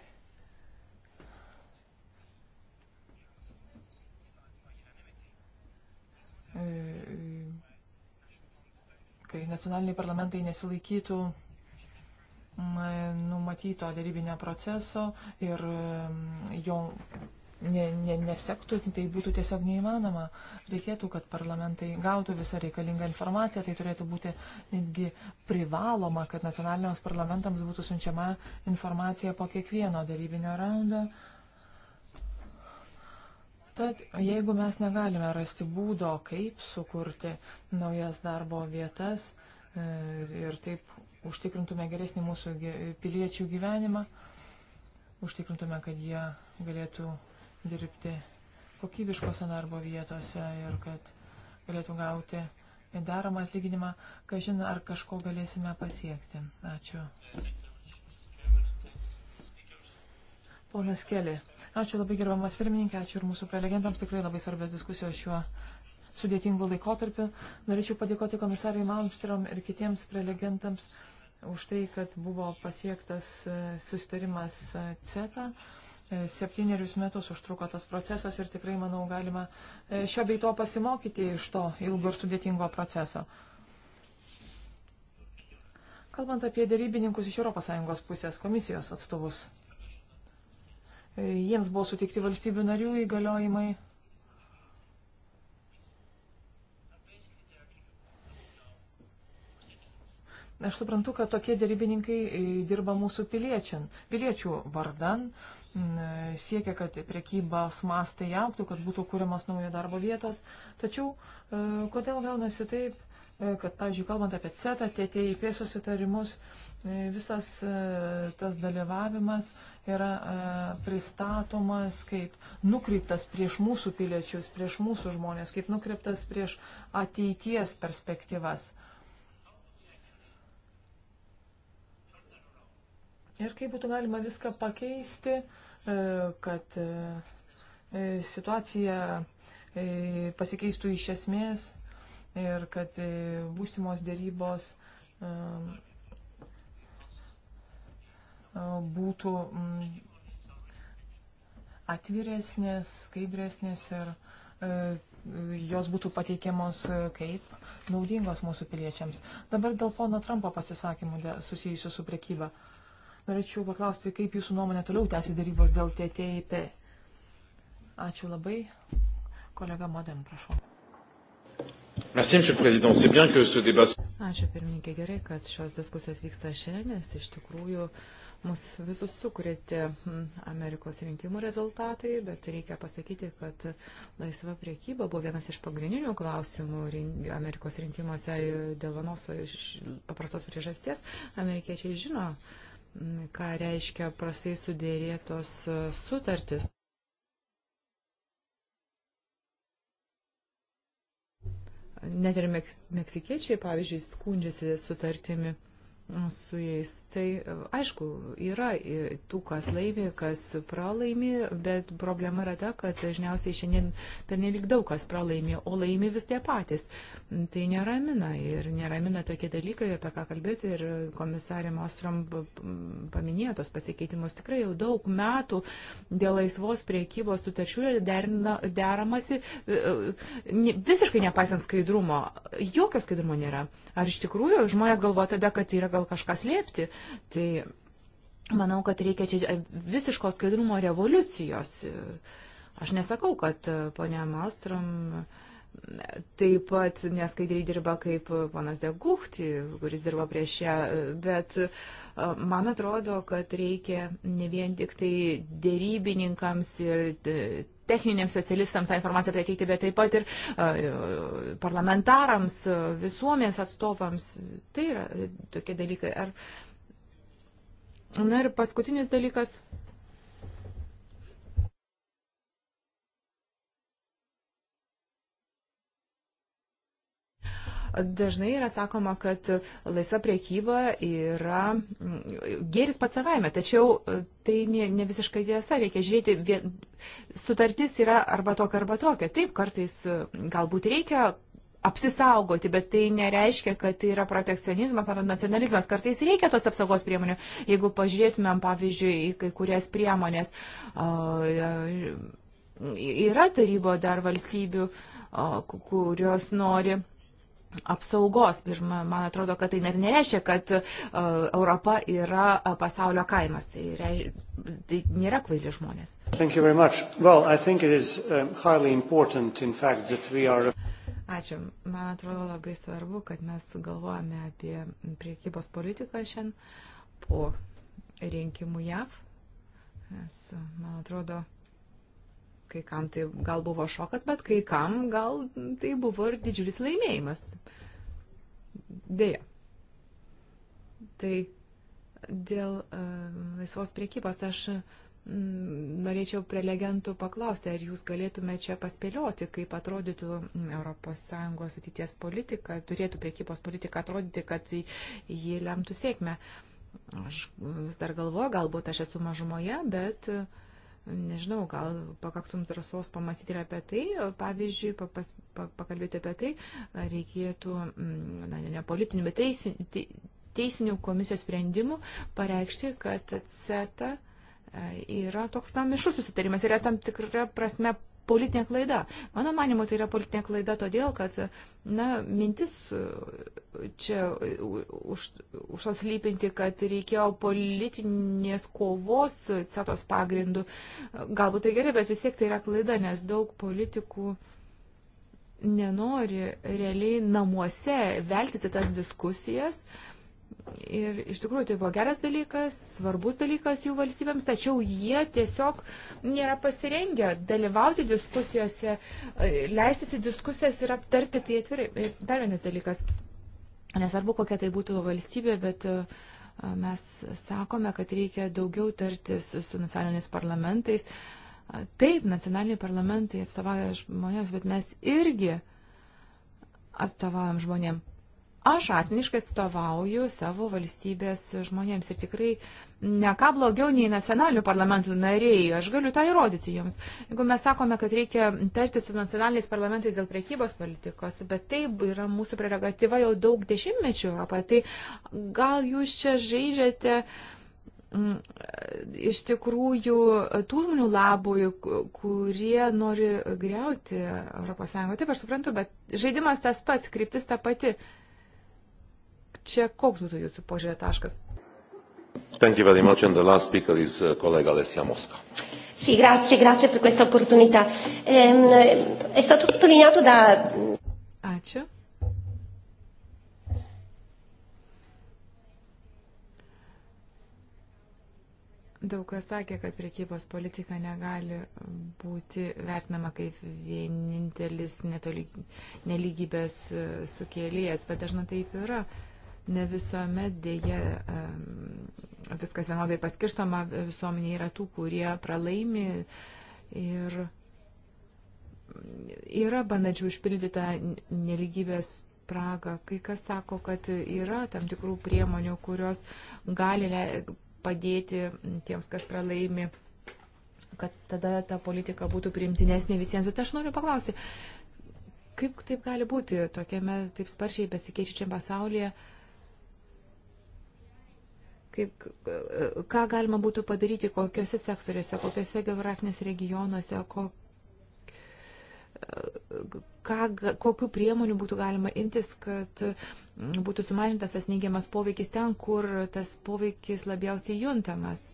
S2: kai nacionaliniai parlamentai nesilaikytų numatyto dėrybinio proceso ir jo ne, ne, nesektų, tai būtų tiesiog neįmanoma. Reikėtų, kad parlamentai gautų visą reikalingą informaciją, tai turėtų būti netgi privaloma, kad nacionaliniams parlamentams būtų siunčiama informacija po kiekvieno dėrybinio raundo. Tad jeigu mes negalime rasti būdo, kaip sukurti naujas darbo vietas e, ir taip užtikrintume geresnį mūsų piliečių gyvenimą, užtikrintume, kad jie galėtų dirbti kokybiškose darbo vietose ir kad galėtų gauti deramą atlyginimą, kažin ar kažko galėsime pasiekti. Ačiū. Ponas Kelė. Ačiū labai gerbamas pirmininkė, ačiū ir mūsų prelegentams, tikrai labai svarbios diskusijos šiuo sudėtingu laikotarpiu. Norėčiau padėkoti komisarai Malmström ir kitiems prelegentams už tai, kad buvo pasiektas e, sustarimas e, CETA. E, septynerius metus užtruko tas procesas ir tikrai, manau, galima šio bei to pasimokyti iš to ilgo ir sudėtingo proceso. Kalbant apie dėrybininkus iš ES pusės, komisijos atstovus jiems buvo sutikti valstybių narių įgaliojimai. Aš suprantu, kad tokie dėrybininkai e, dirba mūsų piliečiam, piliečių vardan, e, siekia, kad prekybos mastai auktų, kad būtų kūriamas naujo darbo vietos. Tačiau e, kodėl gaunasi taip, E, kad, pavyzdžiui, kalbant apie CETA, TTIP susitarimus, e, visas e, tas dalyvavimas yra pristatomas kaip nukreiptas prieš mūsų piliečius, prieš mūsų žmonės, kaip nukreiptas prieš ateities perspektyvas. Ir kaip būtų galima viską pakeisti, kad situacija pasikeistų iš esmės ir kad e, būsimos dėrybos um, e, būtų mm, atviresnės, skaidresnės ir e, jos būtų pateikiamos kaip naudingos mūsų piliečiams. Dabar dėl pono Trumpo pasisakymų susijusių su priekyba. Norėčiau paklausti, kaip jūsų nuomonė toliau tęsis darybos dėl TTIP. Ačiū labai.
S3: Kolega Modem, prašau.
S2: Merci, Monsieur le Président. C'est bien que ce débat.
S3: Ačiū pirmininkė, gerai, kad šios diskusijos vyksta šiandien, nes iš tikrųjų mus visus sukrėtė hm, Amerikos rinkimų rezultatai, bet reikia pasakyti, kad laisva priekyba buvo vienas iš pagrindinių klausimų rink, Amerikos rinkimuose dėl vienos paprastos priežasties. Amerikiečiai žino, hm, ką reiškia prastai sudėrėtos hm, sutartis. Net ir meksikiečiai, pavyzdžiui, skundžiasi sutartimi su jais. Tai aišku, yra tų, kas laimi, kas pralaimi, bet problema yra ta, kad dažniausiai šiandien per nelik daug kas pralaimi, o laimi vis tie patys. Tai neramina ir neramina tokie dalykai, apie ką kalbėti ir komisarė Mostrom paminėjo tos pasikeitimus. Tikrai jau daug metų dėl laisvos priekybos sutarčių deramasi e, e, visiškai nepaisant skaidrumo. Jokio skaidrumo nėra. Ar iš tikrųjų žmonės galvoja tada, kad yra gal kažką slėpti. Tai manau, kad reikia čia visiškos skaidrumo revoliucijos. Aš nesakau, kad e, ponia Malstrom taip pat neskaidriai dirba kaip ponas Degukti, kuris dirba prieš ją, bet e, man atrodo, kad reikia ne vien tik tai dėrybininkams ir e, techniniams specialistams tą informaciją pateikti, bet taip pat ir e, parlamentarams, e, visuomenės atstovams. Tai yra tokie dalykai. Ar... Na ir paskutinis dalykas Dažnai yra sakoma, kad laisva priekyba yra mm, geris pats savaime, tačiau e, tai ne, ne visiškai tiesa. Reikia žiūrėti, vien, sutartis yra arba tokia, arba tokia. Taip, kartais e, galbūt reikia apsisaugoti, bet tai nereiškia, kad tai yra protekcionizmas ar nacionalizmas. Kartais reikia tos apsaugos priemonių. Jeigu pažiūrėtumėm, pavyzdžiui, į kai kurias priemonės, e, yra tarybo dar valstybių, kurios nori apsaugos. Ir man atrodo, kad tai ir nereiškia, kad e, Europa yra e, pasaulio kaimas. Tai, rei, tai nėra kvaili žmonės.
S1: Well, is, um,
S2: fact, we are...
S3: Ačiū. Man atrodo labai svarbu, kad mes galvojame apie priekybos politiką šiandien po rinkimų JAV. Nes, man atrodo, Kai kam tai gal buvo šokas, bet kai kam gal tai buvo ir didžiulis laimėjimas. Deja. Tai dėl uh, laisvos priekybos aš mm, norėčiau prelegentų paklausti, ar jūs galėtume čia paspėlioti, kaip atrodytų ES ateities politika, turėtų priekybos politika atrodyti, kad jį lemtų sėkmę. Aš vis dar galvoju, galbūt aš esu mažumoje, bet uh, nežinau, gal pakaktum drąsos pamastyti ir apie tai, pavyzdžiui, papas, pakalbėti apie tai, reikėtų, mm, na, ne, ne politinių, bet teisinių, teisinių komisijos sprendimų pareikšti, kad CETA e, yra toks na, mišus susitarimas, yra tam tikra prasme politinė klaida. Mano manimu, tai yra politinė klaida todėl, kad na, mintis e, čia už, už tos lypinti, kad reikėjo politinės kovos cetos pagrindų. E, galbūt tai gerai, bet vis tiek tai yra klaida, nes daug politikų nenori realiai namuose veltis į tas diskusijas. Uh, Ir iš tikrųjų tai buvo geras dalykas, svarbus dalykas jų valstybėms, tačiau jie tiesiog nėra pasirengę dalyvauti diskusijose, e, leistis į diskusijas ir aptarti tai atvirai. Ir e, dar vienas dalykas, nesvarbu kokia tai būtų valstybė, bet e, mes sakome, kad reikia daugiau tartis su nacionaliniais parlamentais. Taip, nacionaliniai parlamentai atstovauja žmonėms, bet mes irgi atstovaujam žmonėms. Aš asmeniškai atstovauju savo valstybės žmonėms ir tikrai ne ką blogiau nei nacionalinių parlamentų nariai. Aš galiu tą įrodyti jums. Jeigu mes sakome, kad reikia tarti su nacionaliniais parlamentais dėl priekybos politikos, bet tai yra mūsų prerogatyva jau daug dešimtmečių Europoje, tai gal jūs čia žaidžiate mm, iš tikrųjų tų žmonių labui, kurie nori greuti ES. Taip aš suprantu, bet žaidimas tas pats, kryptis ta pati. Čia koks būtų jūsų požiūrė taškas?
S1: Thank you very much and the last speaker is uh, collega
S2: Alessia Mosca. Sì, grazie, grazie per questa opportunità. Ehm, è stato
S3: sottolineato da... Ačiū. Daug kas sakė, kad priekybos politika negali um, būti vertinama kaip vienintelis netoli, nelygybės uh, sukėlėjas, bet dažnai taip yra. Uh, ne visuomet dėje viskas vienodai paskirstoma, visuomenė yra tų, kurie pralaimi ir yra bandančių užpildytą neligybės spragą. Kai kas sako, kad yra tam tikrų priemonių, kurios gali padėti tiems, kas pralaimi, kad tada ta politika būtų priimtinesnė visiems. Bet aš noriu paklausti, kaip taip gali būti tokiame taip sparčiai besikeičiančiame pasaulyje? Uh, kaip, e, ką galima būtų padaryti, kokiuose sektoriuose, kokiuose geografinėse regionuose, ko, e, ką, kokiu priemonių būtų galima imtis, kad būtų sumažintas tas neigiamas poveikis ten, kur tas poveikis labiausiai juntamas,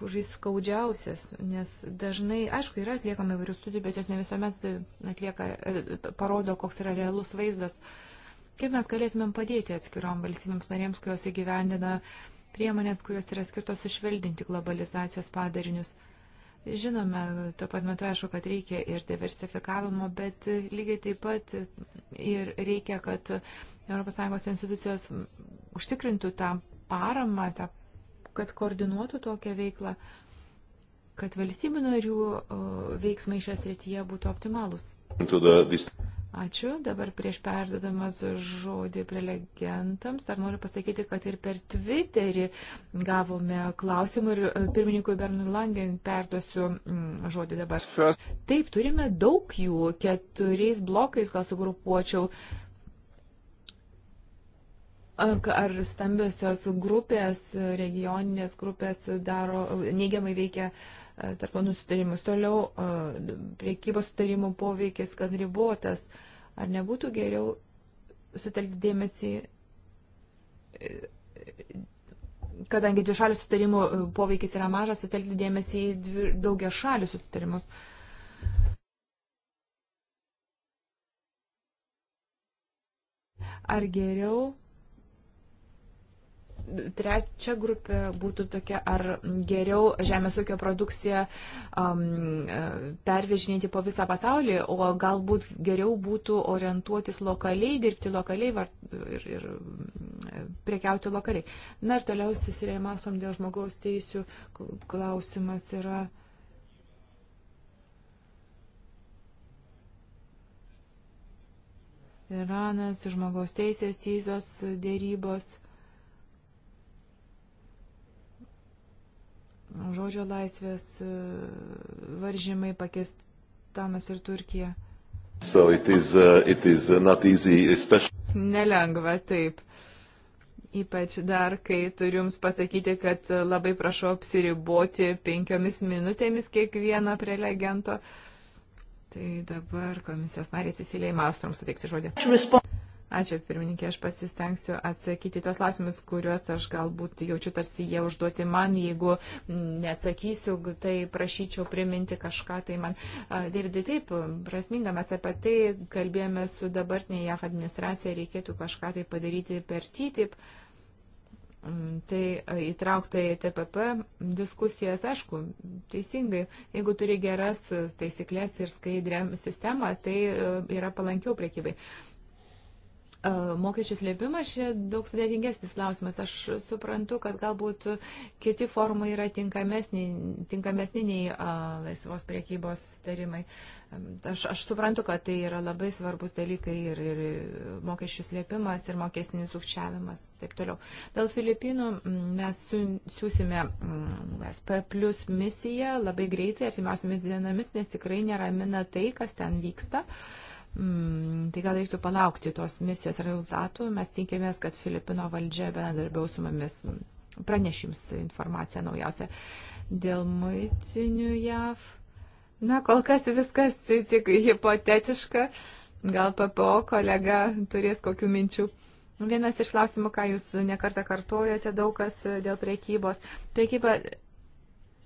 S3: kuris skaudžiausias, nes dažnai, aišku, yra atliekama įvairių studijų, bet jos ne visuomet atlieka, e, parodo, koks yra realus vaizdas. Uh, Kaip mes galėtumėm padėti atskirom valstybėms narėms, kai jos įgyvendina priemonės, kurios yra skirtos išveldinti globalizacijos padarinius? Žinome, tuo pat metu aišku, kad reikia ir diversifikavimo, bet lygiai taip pat ir reikia, kad ES institucijos užtikrintų tą paramą, tą, kad koordinuotų tokią veiklą, kad valstybių narių veiksmai šią srityje būtų optimalūs. Ačiū. Dabar prieš perdodamas žodį prelegentams, dar noriu pasakyti, kad ir per Twitterį gavome klausimų ir e, pirmininkui Bernui Langen perduosiu mm, žodį dabar. Taip, turime daug jų, keturiais blokais gal sugrupuočiau. E, ar stambiosios grupės, regioninės grupės daro, neigiamai veikia uh, tarp manų sutarimus. Toliau priekybos sutarimų poveikis gan ribotas. Ar nebūtų geriau sutelkti dėmesį, e, kadangi dvišalių sutarimų e, poveikis yra mažas, sutelkti dėmesį į daugia šalių sutarimus? Ar geriau trečia grupė būtų tokia, ar geriau žemės ūkio produkciją um, pervežinėti po visą pasaulį, o galbūt geriau būtų orientuotis lokaliai, dirbti lokaliai var, ir, ir mm, prekiauti lokaliai. Na ir toliau susirėmasom dėl žmogaus teisų klausimas yra. Iranas, žmogaus teisės, teisės dėrybos. žodžio laisvės e, varžymai Pakistanas ir Turkija.
S1: So it is, uh, it is uh, not easy, especially...
S3: Nelengva, taip. Ypač dar, kai turiu Jums pasakyti, kad e, labai prašau apsiriboti penkiomis minutėmis kiekvieno prelegento. Tai dabar komisijos narės įsiliai Malstrom suteiksiu žodį. Ačiū, pirmininkė, aš pasistengsiu atsakyti tos klausimus, kuriuos aš galbūt jaučiu tarsi jie užduoti man. Jeigu neatsakysiu, tai prašyčiau priminti kažką. Tai man, Davidai, taip, prasminga, mes apie tai kalbėjome su dabartinė JAH administracija, reikėtų kažką tai padaryti per TTIP. Mm, tai įtraukta į TPP diskusijas, aišku, teisingai, jeigu turi geras taisyklės ir skaidrę sistemą, tai yra palankiau priekybai. Uh, E, mokesčių slėpimas čia daug sudėtingesnis klausimas. Aš suprantu, kad galbūt kiti formai yra tinkamesni, tinkamesni nei a, e, laisvos priekybos sutarimai. Aš, aš suprantu, kad tai yra labai svarbus dalykai ir, ir mokesčių slėpimas, ir mokestinis sukčiavimas, taip toliau. Dėl Filipinų mes siūsime SP plus misiją labai greitai, artimiausiamis dienomis, nes tikrai neramina tai, kas ten vyksta. Uh, Mm, tai gal reiktų palaukti tos misijos rezultatų. Mes tinkėmės, kad Filipino valdžia bendradarbiaus su mumis mm, pranešims informaciją naujausią dėl muitinių JAV. Na, kol kas viskas tai tik hipotetiška. Gal PPO kolega turės kokių minčių. Vienas iš klausimų, ką jūs nekartą kartojate daug kas dėl priekybos. Priekyba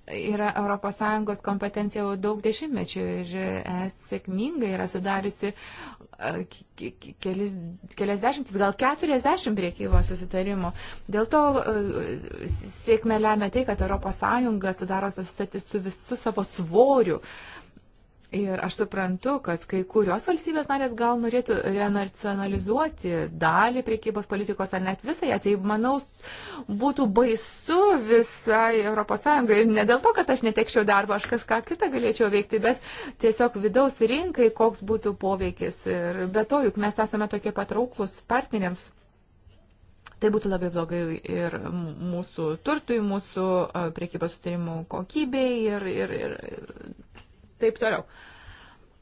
S3: yra ES kompetencija jau daug dešimtmečių ir es sėkmingai yra sudariusi kelis, kelias dešimtis, gal keturiasdešimt priekybos susitarimų. Dėl to sėkmė lemia tai, kad ES sudaro sutartis su visu savo svoriu. Uh, Ir aš suprantu, kad kai kurios valstybės narės gal norėtų renacionalizuoti dalį priekybos politikos ar net visai, tai manau, būtų baisu visai ES. Ne dėl to, kad aš netekčiau darbo, aš kažką kitą galėčiau veikti, bet tiesiog vidaus rinkai koks būtų poveikis. Ir be to, juk mes esame tokie patrauklus partneriams. Tai būtų labai blogai ir mūsų turtui, mūsų priekybos sutarimų kokybei ir, ir, ir taip toliau.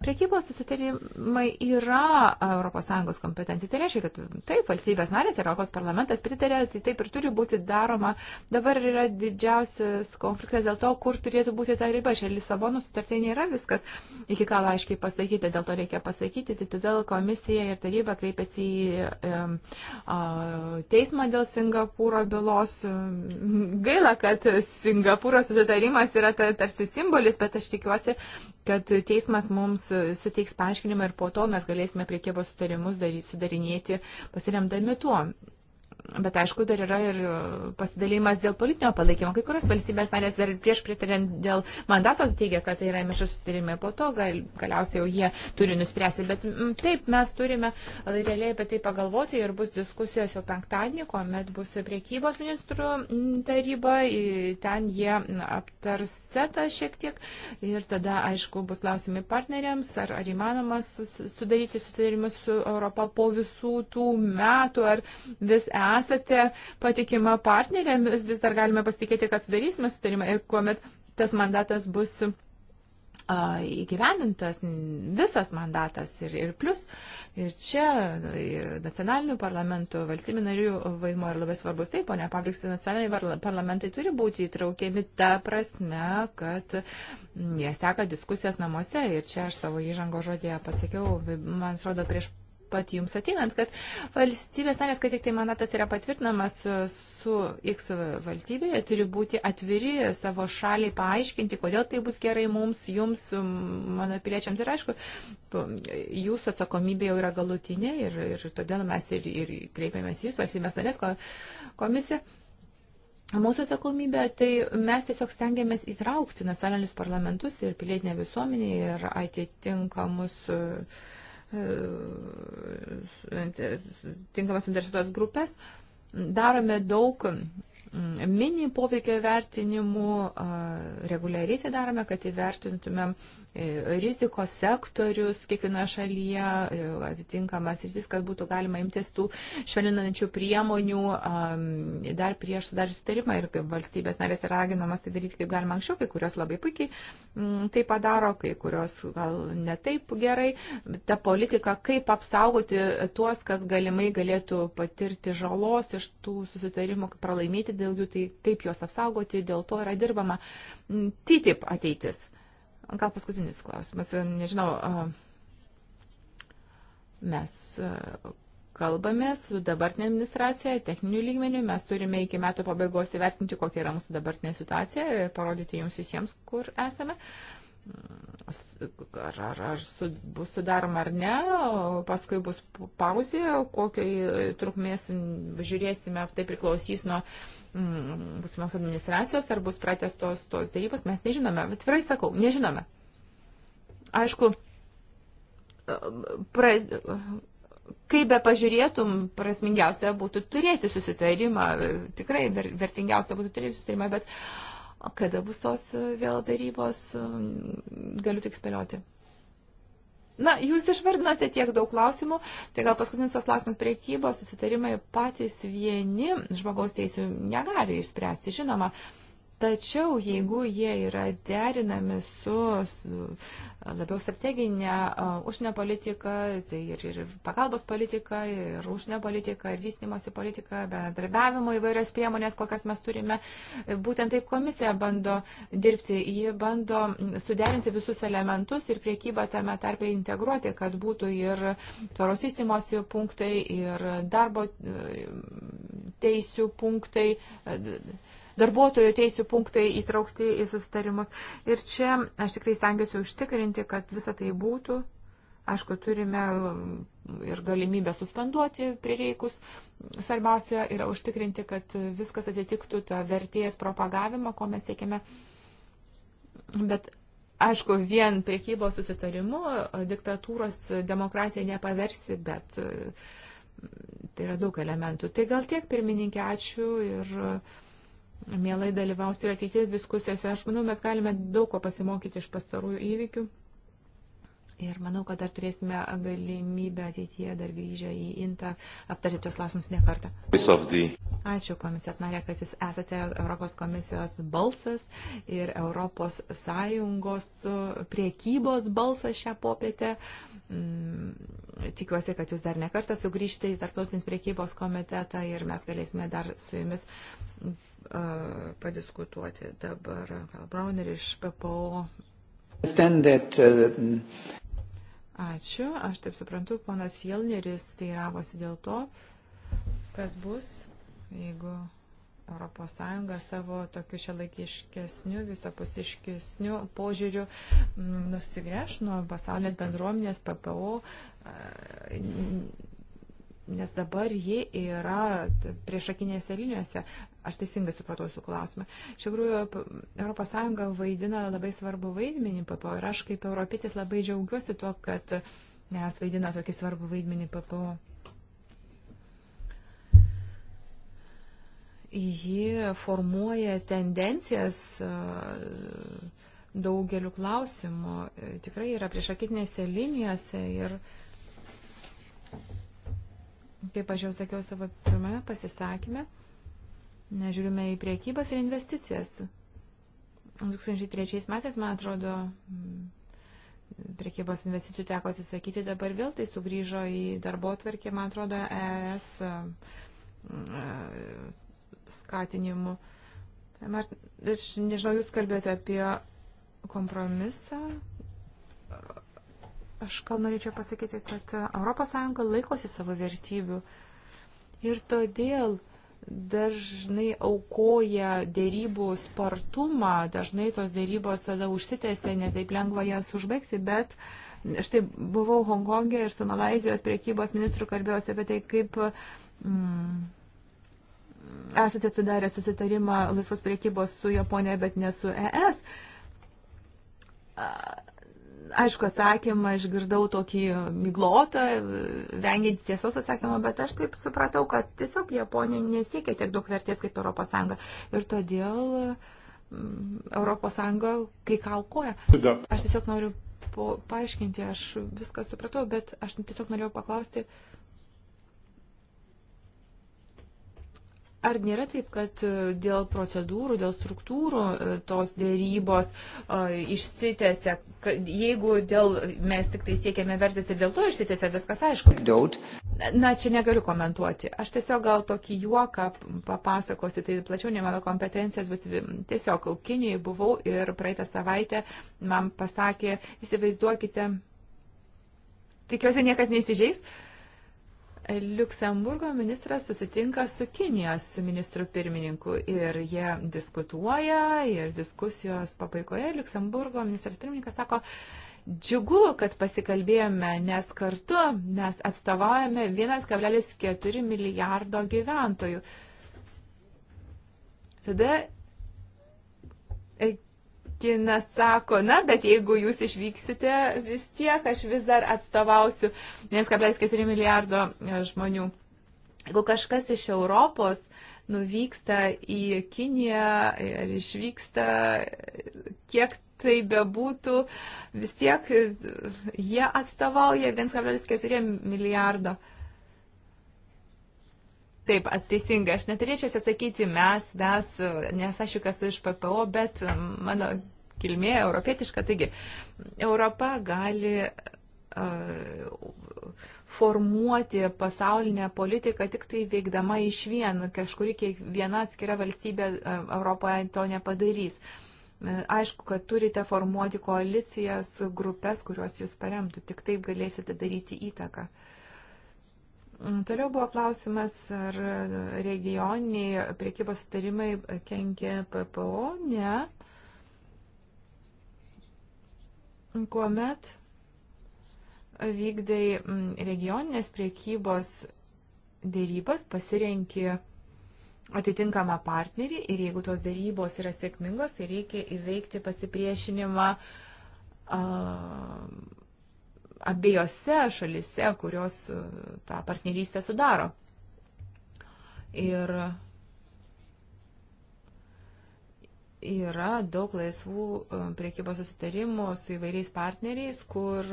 S3: Priekybos susitarimai yra ES kompetencija. Tai reiškia, kad taip, valstybės narės, Europos parlamentas pritarė, tai taip ir turi būti daroma. Dabar yra didžiausias konfliktas dėl to, kur turėtų būti ta riba. Šia Lisabonų sutartė nėra viskas iki galo aiškiai pasakyti, dėl to reikia pasakyti. Tai todėl komisija ir taryba kreipėsi į um, uh, teismą dėl Singapūro bylos. Gaila, kad Singapūro susitarimas yra tarsi simbolis, bet aš tikiuosi, kad teismas mums suteiks paaiškinimą ir po to mes galėsime priekybos sutarimus sudarinėti pasiremdami tuo. Bet aišku, dar yra ir e, pasidalėjimas dėl politinio palaikymo. Kai kurios valstybės narės dar ir prieš pritariant dėl mandato teigia, kad tai yra mišus sutarimai, po to gal, galiausiai jau jie turi nuspręsti. Bet m, taip, mes turime realiai apie tai pagalvoti ir bus diskusijos jau penktadienį, kuomet bus priekybos ministrų taryba, ten jie aptars setą šiek tiek ir tada, aišku, bus klausimai partneriams, ar, ar įmanoma sudaryti sutarimus su Europa po visų tų metų, ar vis esame nesate patikima partnerė, vis dar galime pasitikėti, kad sudarysime sutarimą ir kuomet tas mandatas bus įgyvendintas visas mandatas ir, ir plus. Ir čia e, nacionalinių parlamentų, valstybių narių vaidmo yra labai svarbus. Taip, ponia Pabriksti, nacionaliniai parlamentai turi būti įtraukiami ta prasme, kad jie seka diskusijas namuose. Ir čia aš savo įžango žodėje pasakiau, man atrodo, prieš pat jums atinant, kad valstybės narės, kad tik tai manatas yra patvirtinamas su X valstybėje, turi būti atviri savo šaliai paaiškinti, kodėl tai bus gerai mums, jums, mano piliečiams. Ir aišku, jūsų atsakomybė jau yra galutinė ir, ir todėl mes ir, ir kreipiamės jūs, valstybės narės komisija. Mūsų atsakomybė, tai mes tiesiog stengiamės įtraukti nacionalinius parlamentus ir pilietinę visuomenį ir atitinkamus uh, tinkamas interesuotas grupės. Darome daug mini poveikio vertinimų, reguliariai tai darome, kad įvertintumėm E, rizikos sektorius kiekvienoje šalyje, e, atitinkamas rytis, kad būtų galima imtis tų švelninančių priemonių dar prieš sudarius sutarimą ir valstybės narės yra raginamas tai daryti kaip galima anksčiau, kai kurios labai puikiai mm, tai padaro, kai kurios gal netaip gerai. Ta politika, kaip apsaugoti tuos, kas galimai galėtų patirti žalos iš tų susitarimų, pralaimėti dėl jų, tai kaip juos apsaugoti, dėl to yra dirbama. Mm, TTIP ateitis Gal paskutinis klausimas. Nežinau, mes kalbame su dabartinė administracija, techninių lygmenių, mes turime iki metų pabaigos įvertinti, kokia yra mūsų dabartinė situacija, parodyti jums visiems, kur esame. Uh, ar, ar, ar su, bus sudaroma ar ne, paskui bus pauzė, kokiai trukmės žiūrėsime, tai priklausys nuo mm, būsimos administracijos, ar bus pratestos tos dėrybos, mes nežinome, atvirai sakau, nežinome. Aišku, e, pra, kaip be pažiūrėtum, prasmingiausia būtų turėti susitarimą, e, tikrai ver, vertingiausia būtų turėti susitarimą, bet uh, Kada bus tos e, vėl darybos, e, galiu tik spėlioti. Na, jūs išvardinote tiek daug klausimų, tai gal paskutinis tas klausimas priekybos susitarimai patys vieni žmogaus teisų negali išspręsti. Žinoma, uh, Tačiau jeigu jie yra derinami su, su labiau strateginė užsienio politika, tai ir, ir pagalbos politika, ir užsienio politika, ir vystimosi politika, bendradarbiavimo įvairios priemonės, kokias mes turime, būtent taip komisija bando dirbti. Ji bando suderinti visus elementus ir priekybą tame tarpe integruoti, kad būtų ir tvaros vystimosi punktai, ir darbo e, teisių punktai darbuotojų teisų punktai įtraukti į sustarimus. Ir čia aš tikrai stengiuosi užtikrinti, kad visa tai būtų. Aišku, turime ir galimybę suspenduoti prireikus. Svarbiausia yra užtikrinti, kad viskas atitiktų tą vertėjas propagavimą, ko mes siekime. Bet aišku, vien priekybos susitarimu diktatūros demokratija nepaversi, bet e, tai yra daug elementų. Tai gal tiek, pirmininkė, ačiū ir mielai dalyvausiu ir ateities diskusijose. Aš manau, mes galime daug ko pasimokyti iš pastarųjų įvykių. Ir manau, kad dar turėsime galimybę ateityje dar grįžę į Intą aptarti tuos klausimus ne kartą. Ačiū komisijos narė, kad jūs esate Europos komisijos balsas ir Europos Sąjungos priekybos balsas šią popietę. Mm, tikiuosi, kad jūs dar ne kartą sugrįžtate į Tarptautinis priekybos komitetą ir mes galėsime dar su jumis padiskutuoti dabar. Brauner iš PPO. Uh, Ačiū. Aš taip suprantu, ponas Fielneris teiravosi dėl to, kas bus, jeigu ES savo tokiu čia laikiškesniu, visapusiškesniu požiūriu mm, nusigręš nuo pasaulinės bendruomenės PPO nes dabar ji yra priešakinėse linijose. Aš teisingai supratau jūsų klausimą. Iš tikrųjų, ES vaidina labai svarbu vaidmenį PPO ir aš kaip europietis labai džiaugiuosi tuo, kad mes vaidina tokį svarbų vaidmenį PPO. Ji formuoja tendencijas daugeliu klausimų, e, tikrai yra priešakitinėse linijose ir kaip aš jau sakiau savo pirmame pasisakymė, Nežiūrime į priekybas ir investicijas. 2003 metais, man atrodo, mm, priekybos investicijų teko atsisakyti, dabar vėl tai sugrįžo į darbo tvarkį, man atrodo, ES mm, e, skatinimu. Aš nežinau, jūs kalbėjote apie kompromisą. Aš gal norėčiau pasakyti, kad ES laikosi savo vertybių. Ir todėl dažnai aukoja dėrybų spartumą, dažnai tos dėrybos tada užsitęsia, netaip lengva jas užbaigti, bet štai buvau Hongkongė ir su Malazijos priekybos ministru kalbėjausi apie tai, kaip mm, esate sudarę susitarimą laisvos priekybos su Japonija, bet ne su ES. Aišku, atsakymą išgirdau tokį miglotą, vengiant tiesos atsakymą, bet aš taip supratau, kad tiesiog Japonija nesiekia tiek daug vertės kaip ES. Ir todėl mm, ES kai ką aukoja. Aš tiesiog noriu paaiškinti, aš viską supratau, bet aš tiesiog norėjau paklausti. Uh, Ar nėra taip, kad e, dėl procedūrų, dėl struktūrų e, tos dėrybos e, išsitėse, jeigu dėl, mes tik tai siekėme vertės ir dėl to išsitėse, viskas aišku. Daut. Na, čia negaliu komentuoti. Aš tiesiog gal tokį juoką papasakosiu, tai plačiau ne mano kompetencijos, bet tiesiog Kinijoje buvau ir praeitą savaitę man pasakė, įsivaizduokite, tikiuosi niekas neįsižeis. Uh, Liuksemburgo ministras susitinka su Kinijos ministru pirmininku ir jie diskutuoja ir diskusijos pabaigoje Liuksemburgo ministras pirmininkas sako, džiugu, kad pasikalbėjome, nes kartu mes atstovaujame 1,4 milijardo gyventojų. Tada Kina sako, na, bet jeigu jūs išvyksite, vis tiek aš vis dar atstovausiu 1,4 milijardo e, žmonių. Jeigu kažkas iš Europos nuvyksta į Kiniją ir išvyksta, kiek tai bebūtų, vis tiek e, jie atstovauja 1,4 milijardo. Taip, teisingai, aš neturėčiau čia sakyti mes, mes, nes aš juk esu iš PPO, bet mano kilmė europietiška, taigi Europa gali uh, formuoti pasaulinę politiką tik tai veikdama iš vien, kažkuri kiekviena atskira valstybė Europoje to nepadarys. E, aišku, kad turite formuoti koalicijas, grupės, kurios jūs paremtų, tik taip galėsite daryti įtaką. Uh, Toliau buvo klausimas, ar regioniniai priekybos sutarimai kenkia PPO. Ne. Kuomet vykdai mm, regioninės priekybos dėrybas, pasirenki atitinkamą partnerį ir jeigu tos dėrybos yra sėkmingos, tai reikia įveikti pasipriešinimą. Uh, abiejose šalise, kurios e, tą partnerystę sudaro. Ir yra daug laisvų e, priekybos susitarimų su įvairiais partneriais, kur,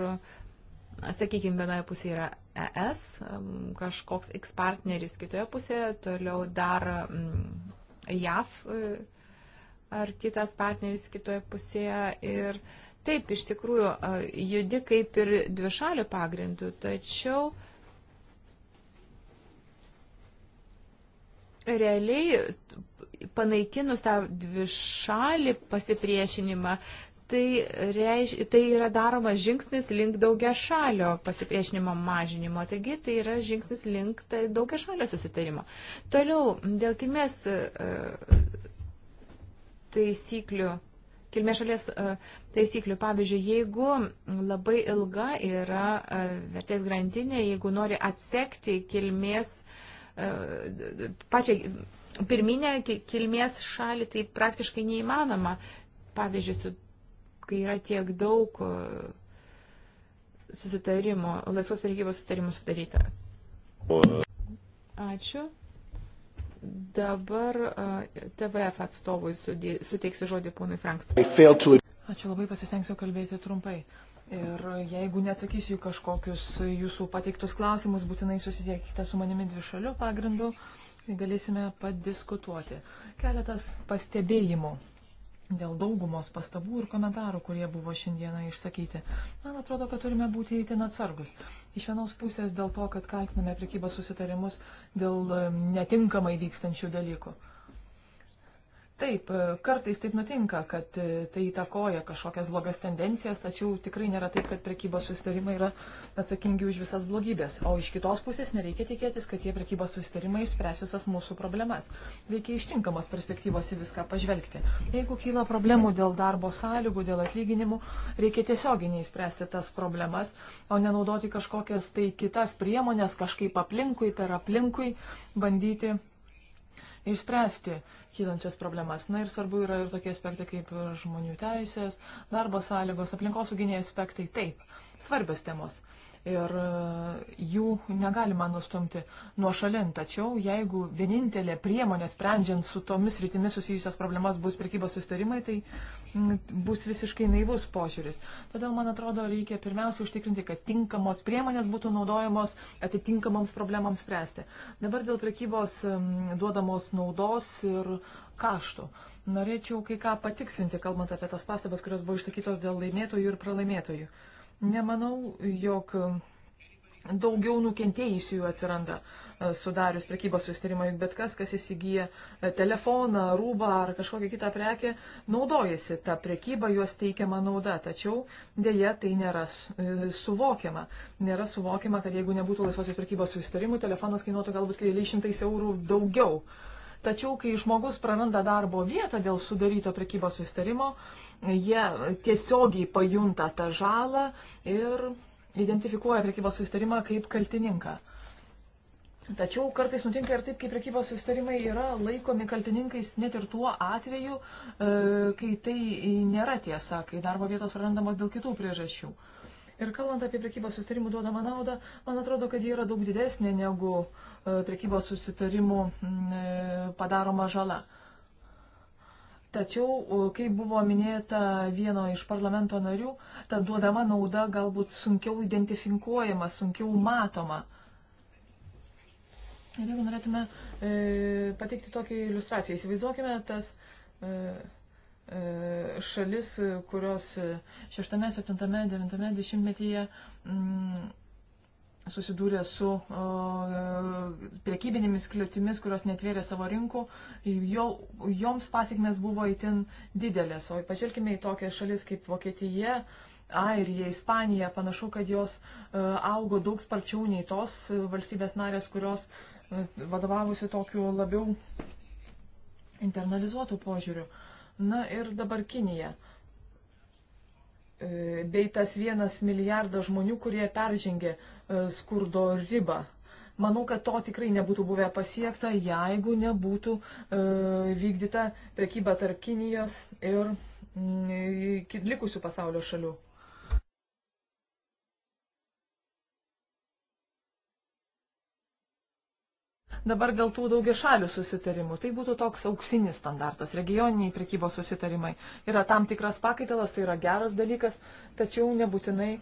S3: sakykime, vienoje pusėje yra ES, e, kažkoks X partneris kitoje pusėje, toliau dar mm, JAV ar kitas partneris kitoje pusėje. Ir, uh, Taip, iš tikrųjų, judi kaip ir dvišalių pagrindų, tačiau realiai panaikinus tą dvišalį pasipriešinimą, tai, reiš, tai yra daromas žingsnis link daugia šalio pasipriešinimo mažinimo, taigi tai yra žingsnis link tai daugia šalio susitarimo. Toliau, dėl kilmės taisyklių kilmės šalies e, taisyklių. Pavyzdžiui, jeigu labai ilga yra e, vertės grandinė, jeigu nori atsekti kilmės, e, pačią pirminę kilmės šalį, tai praktiškai neįmanoma. Pavyzdžiui, kai yra tiek daug susitarimų, laisvos prekybos sutarimų sudaryta. Ačiū. Dabar TVF atstovui suteiksiu
S2: žodį ponui Franks. Ačiū labai, pasistengsiu kalbėti trumpai. Ir jeigu neatsakysiu kažkokius jūsų pateiktus klausimus, būtinai susisiekite su manimi dvišaliu pagrindu, galėsime padiskutuoti. Keletas pastebėjimų dėl daugumos pastabų ir komentarų, kurie buvo šiandieną išsakyti. Man atrodo, kad turime būti įtin atsargus. Iš vienos pusės dėl to, kad kaltiname prekybos susitarimus dėl e, netinkamai vykstančių dalykų. Taip, e, kartais taip nutinka, kad e, tai įtakoja kažkokias blogas tendencijas, tačiau tikrai nėra taip, kad prekybos susitarimai yra atsakingi už visas blogybės. O iš kitos pusės nereikia tikėtis, kad tie prekybos susitarimai išspręs visas mūsų problemas. Reikia ištinkamos perspektyvos į viską pažvelgti. Jeigu kyla problemų dėl darbo sąlygų, dėl atlyginimų, reikia tiesioginiai spręsti tas problemas, o nenaudoti kažkokias tai kitas priemonės kažkaip aplinkui, per aplinkui, bandyti išspręsti kylančias problemas. Na ir svarbu yra ir tokie aspektai kaip žmonių teisės, darbo sąlygos, aplinkosauginiai aspektai. Taip, svarbios temos ir e, jų negalima nustumti nuo šalin. Tačiau jeigu vienintelė priemonė sprendžiant su tomis rytimis susijusias problemas bus prekybos sustarimai, tai bus visiškai naivus požiūris. Todėl, man atrodo, reikia pirmiausia užtikrinti, kad tinkamos priemonės būtų naudojamos atitinkamoms problemams spręsti. Dabar dėl prekybos duodamos naudos ir kaštų. Norėčiau kai ką patikslinti, kalbant apie tas pastabas, kurios buvo išsakytos dėl laimėtojų ir pralaimėtojų. Uh, Nemanau, jog daugiau nukentėjusiųjų atsiranda e, sudarius prekybos sustarimą, bet kas, kas įsigyja e, telefoną, rūbą ar kažkokią kitą prekę, naudojasi tą prekybą, juos teikiama nauda, tačiau dėja tai nėra e, suvokiama. Nėra suvokiama, kad jeigu nebūtų laisvosios prekybos sustarimų, telefonas kainuotų galbūt keliais šimtais eurų daugiau. Uh, Tačiau, kai žmogus praranda darbo vietą dėl sudaryto prekybos sustarimo, jie tiesiogiai pajunta tą žalą ir identifikuoja prekybos sustarimą kaip kaltininką. Tačiau kartais nutinka ir taip, kai prekybos sustarimai yra laikomi kaltininkais net ir tuo atveju, e, kai tai nėra tiesa, kai darbo vietos prarandamos dėl kitų priežasčių. Ir kalbant apie prekybos susitarimų duodamą naudą, man atrodo, kad ji yra daug didesnė negu e, prekybos susitarimų mm, e, padaroma žala. Tačiau, kaip buvo minėta vieno iš parlamento narių, ta duodama nauda galbūt sunkiau identifikuojama, sunkiau matoma. Ir jeigu norėtume e, pateikti tokią iliustraciją, įsivaizduokime tas e, E, šalis, kurios 6, 7, 9 dešimtmetyje mm, susidūrė su priekybinėmis kliūtimis, kurios netvėrė savo rinkų, jo, joms pasiekmes buvo įtin didelės. O pažvelkime į tokias šalis kaip Vokietija, Airija, Ispanija, panašu, kad jos e, augo daug sparčiau nei tos valstybės narės, kurios e, vadovavusi tokiu labiau internalizuotų požiūrių. Uh, Na ir dabar Kinija. E, bei tas vienas milijardas žmonių, kurie peržengė e, skurdo ribą. Manau, kad to tikrai nebūtų buvę pasiekta, jeigu nebūtų e, vykdyta prekyba tarp Kinijos ir mm, likusių pasaulio šalių. dabar dėl tų daugia šalių susitarimų. Tai būtų toks auksinis standartas. Regioniniai prekybos susitarimai yra tam tikras pakaitalas, tai yra geras dalykas, tačiau nebūtinai e,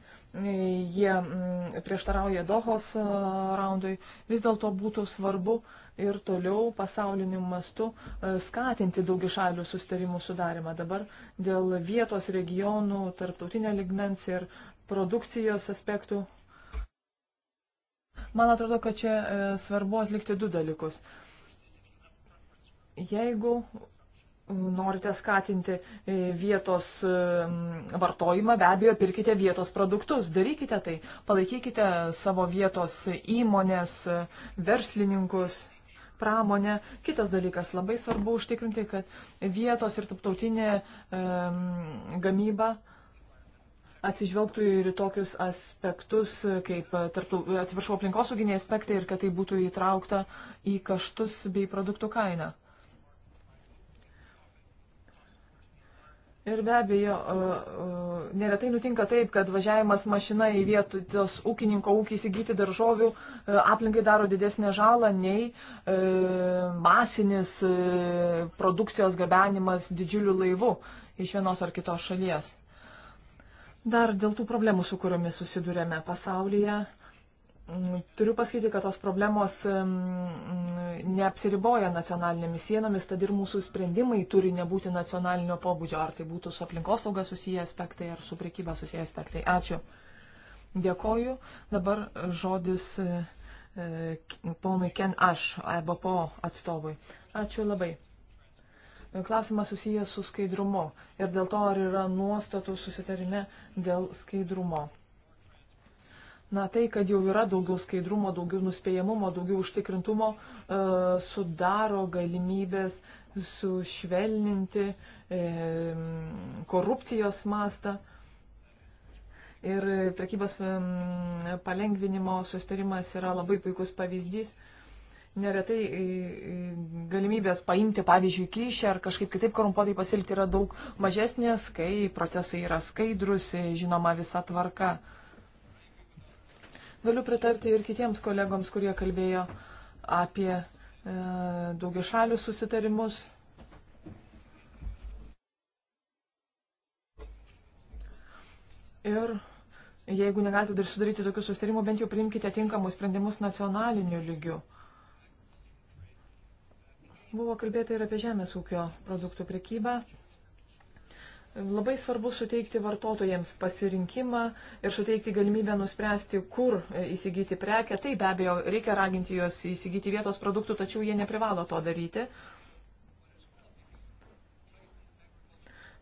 S2: jie mm, prieštarauja Dohos e, raundui. Vis dėlto būtų svarbu ir toliau pasauliniu mastu e, skatinti daugia šalių susitarimų sudarimą. Dabar dėl vietos regionų, tarptautinio ligmens ir produkcijos aspektų Man atrodo, kad čia e, svarbu atlikti du dalykus. Jeigu norite skatinti e, vietos e, vartojimą, be abejo, pirkite vietos produktus, darykite tai, palaikykite savo vietos įmonės, verslininkus, pramonę. Kitas dalykas, labai svarbu užtikrinti, kad vietos ir taptautinė gamyba atsižvelgtų ir į tokius aspektus, kaip, e, tarptų, atsiprašau, aplinkosauginiai aspektai ir kad tai būtų įtraukta į kaštus bei produktų kainą. Ir be abejo, e, e, neretai nutinka taip, kad važiavimas mašina į vietos ūkininko ūkį įsigyti daržovių aplinkai daro didesnę žalą nei masinis produkcijos gabenimas didžiuliu laivu iš vienos ar kitos šalies. Dar dėl tų problemų, su kuriomis susidurėme pasaulyje, turiu pasakyti, kad tos problemos neapsiriboja nacionalinėmis sienomis, tad ir mūsų sprendimai turi nebūti nacionalinio pobūdžio, ar tai būtų su aplinkosauga susiję aspektai, ar su priekyba susiję aspektai. Ačiū. Dėkoju. Dabar žodis e, ponui Ken Aš, EBPO atstovui. Ačiū labai. Klausimas susijęs su skaidrumu ir dėl to, ar yra nuostatų susitarime dėl skaidrumo. Na tai, kad jau yra daugiau skaidrumo, daugiau nuspėjamumo, daugiau užtikrintumo, e, sudaro galimybės sušvelninti e, korupcijos mastą. Ir prekybos palengvinimo sustarimas yra labai puikus pavyzdys. E, Neretai galimybės paimti, pavyzdžiui, kyšį ar kažkaip kitaip korumpuotai pasilgti yra daug mažesnės, kai procesai yra skaidrus, žinoma visa tvarka. Galiu pritarti ir kitiems kolegoms, kurie kalbėjo apie e, daugiašalius susitarimus. Ir jeigu negalite dar sudaryti tokių susitarimų, bent jau priimkite tinkamus sprendimus nacionaliniu lygiu. Buvo kalbėta ir apie žemės ūkio produktų prekybą. Labai svarbu suteikti vartotojams pasirinkimą ir suteikti galimybę nuspręsti, kur įsigyti prekę. Tai be abejo, reikia raginti juos įsigyti vietos produktų, tačiau jie neprivalo to daryti.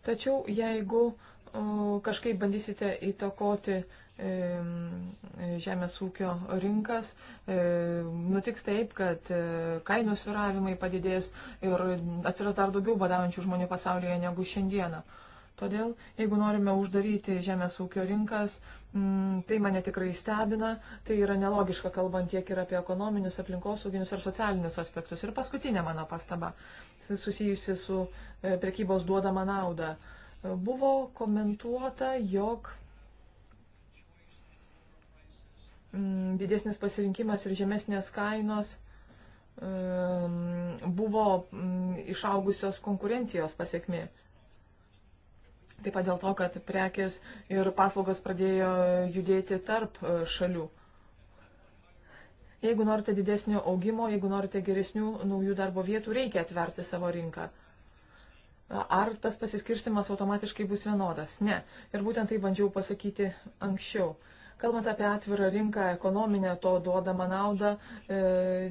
S2: Tačiau jeigu o, kažkaip bandysite įtakoti žemės ūkio rinkas, e, nutiks taip, kad e, kainų sviravimai padidės ir atsiras dar daugiau badaujančių žmonių pasaulyje negu šiandieną. Todėl, jeigu norime uždaryti žemės ūkio rinkas, tai mane tikrai stebina, tai yra nelogiška kalbant tiek ir apie ekonominius, aplinkosauginius ar socialinius aspektus. Ir paskutinė mano pastaba, susijusi su e, prekybos duodama nauda. Buvo komentuota, jog Mm, didesnis pasirinkimas ir žemesnės kainos mm, buvo mm, išaugusios konkurencijos pasiekmi. Taip pat dėl to, kad prekės ir paslaugos pradėjo judėti tarp e, šalių. Jeigu norite didesnio augimo, jeigu norite geresnių naujų darbo vietų, reikia atverti savo rinką. Ar tas pasiskirstimas automatiškai bus vienodas? Ne. Ir būtent tai bandžiau pasakyti anksčiau. Kalbant apie atvirą rinką, ekonominę to duodamą naudą, e,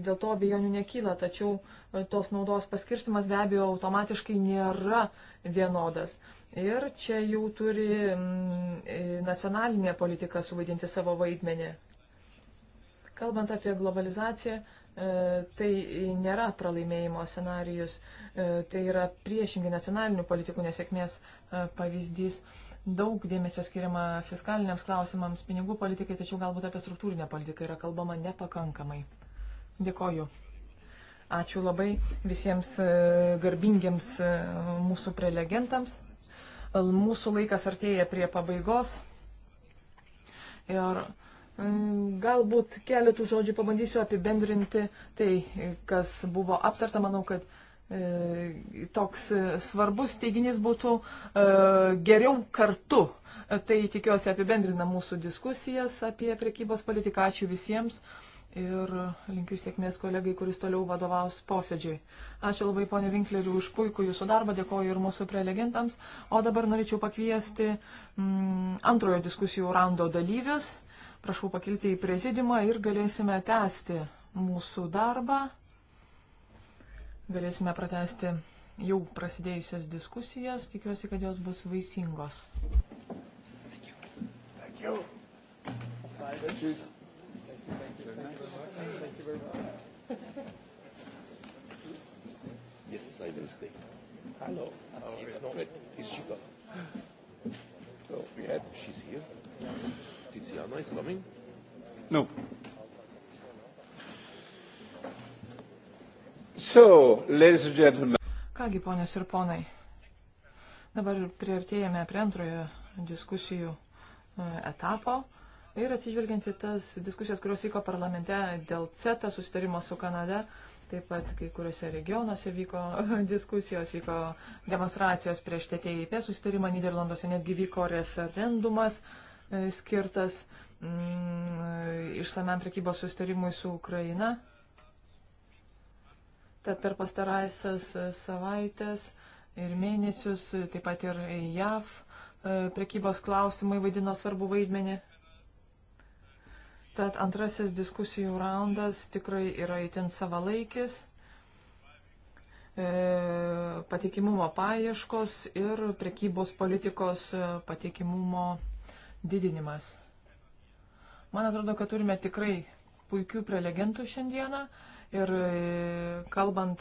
S2: dėl to abejonių nekyla, tačiau e, tos naudos paskirstimas be abejo automatiškai nėra vienodas. Ir čia jau turi e, nacionalinė politika suvaidinti savo vaidmenį. Kalbant apie globalizaciją, tai nėra pralaimėjimo scenarijus, tai yra priešingai nacionalinių politikų nesėkmės pavyzdys daug dėmesio skiriama fiskaliniams klausimams, pinigų politikai, tačiau galbūt apie struktūrinę politiką yra kalbama nepakankamai. Dėkoju. Ačiū labai visiems e, garbingiams e, mūsų prelegentams. E, mūsų laikas artėja prie pabaigos. Ir galbūt keletų žodžių pabandysiu apibendrinti tai, kas buvo aptarta. Manau, kad E, toks e, svarbus teiginys būtų e, geriau kartu. Tai tikiuosi apibendrina mūsų diskusijas apie prekybos politiką. Ačiū visiems ir linkiu sėkmės kolegai, kuris toliau vadovaus posėdžiui. Ačiū labai ponė Vinkleriu už puikų jūsų darbą, dėkoju ir mūsų prelegentams. O dabar norėčiau pakviesti mm, antrojo diskusijų raundo dalyvius. Prašau pakilti į prezidiumą ir galėsime tęsti mūsų darbą galėsime pratesti jau prasidėjusias diskusijas. Tikiuosi, kad jos bus vaisingos. Thank you. Thank you. Thank you. Thank you. Thank you very much.
S3: Yes, I will stay. Hello.
S2: Hello. Oh, no, wait. Is
S3: she gone? So we had. She's here. Tiziana is coming.
S2: No.
S1: So, ladies and gentlemen.
S2: Kągi, ponios ir ponai, dabar priartėjame prie antrojo diskusijų e, etapo ir atsižvelgiant į tas diskusijas, kurios vyko parlamente dėl CETA susitarimo su Kanada, taip pat kai kuriuose regionuose vyko diskusijos, vyko demonstracijos prieš TTIP susitarimą, Niderlanduose netgi vyko referendumas e, skirtas mm, išsamiam prekybos susitarimui su Ukraina. Tad per pastarąsias e, savaitės ir mėnesius, e, taip pat ir JAV e, prekybos klausimai vaidino svarbu vaidmenį. Tad antrasis diskusijų raundas tikrai yra itin savalaikis. E, patikimumo paieškos ir prekybos politikos patikimumo didinimas. Man atrodo, kad turime tikrai puikių prelegentų šiandieną. E, Ir e, kalbant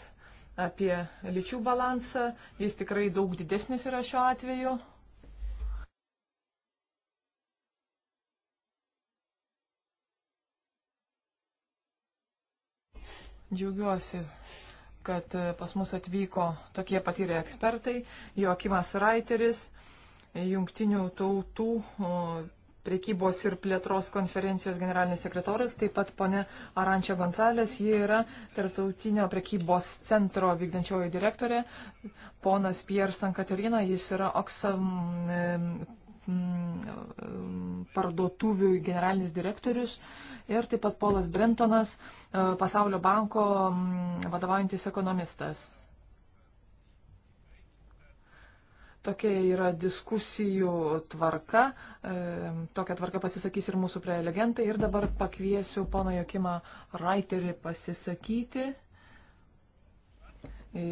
S2: apie lyčių balansą, jis tikrai daug didesnis yra šiuo atveju. Džiaugiuosi, kad e, pas mus atvyko tokie patyrę ekspertai, Joakimas Raiteris, jungtinių tautų prekybos ir plėtros konferencijos generalinis sekretorius, taip pat ponė Arančia Gonzalės, ji yra tarptautinio prekybos centro vykdančioji direktorė, ponas Pierre Sankaterina, jis yra Oksam parduotuvių generalinis direktorius ir taip pat Polas Brentonas, e, Pasaulio banko vadovaujantis ekonomistas. Tokia yra diskusijų tvarka. E, tokia tvarka pasisakys ir mūsų prelegentai. Ir dabar pakviesiu pono Jokimą Raiterį pasisakyti e,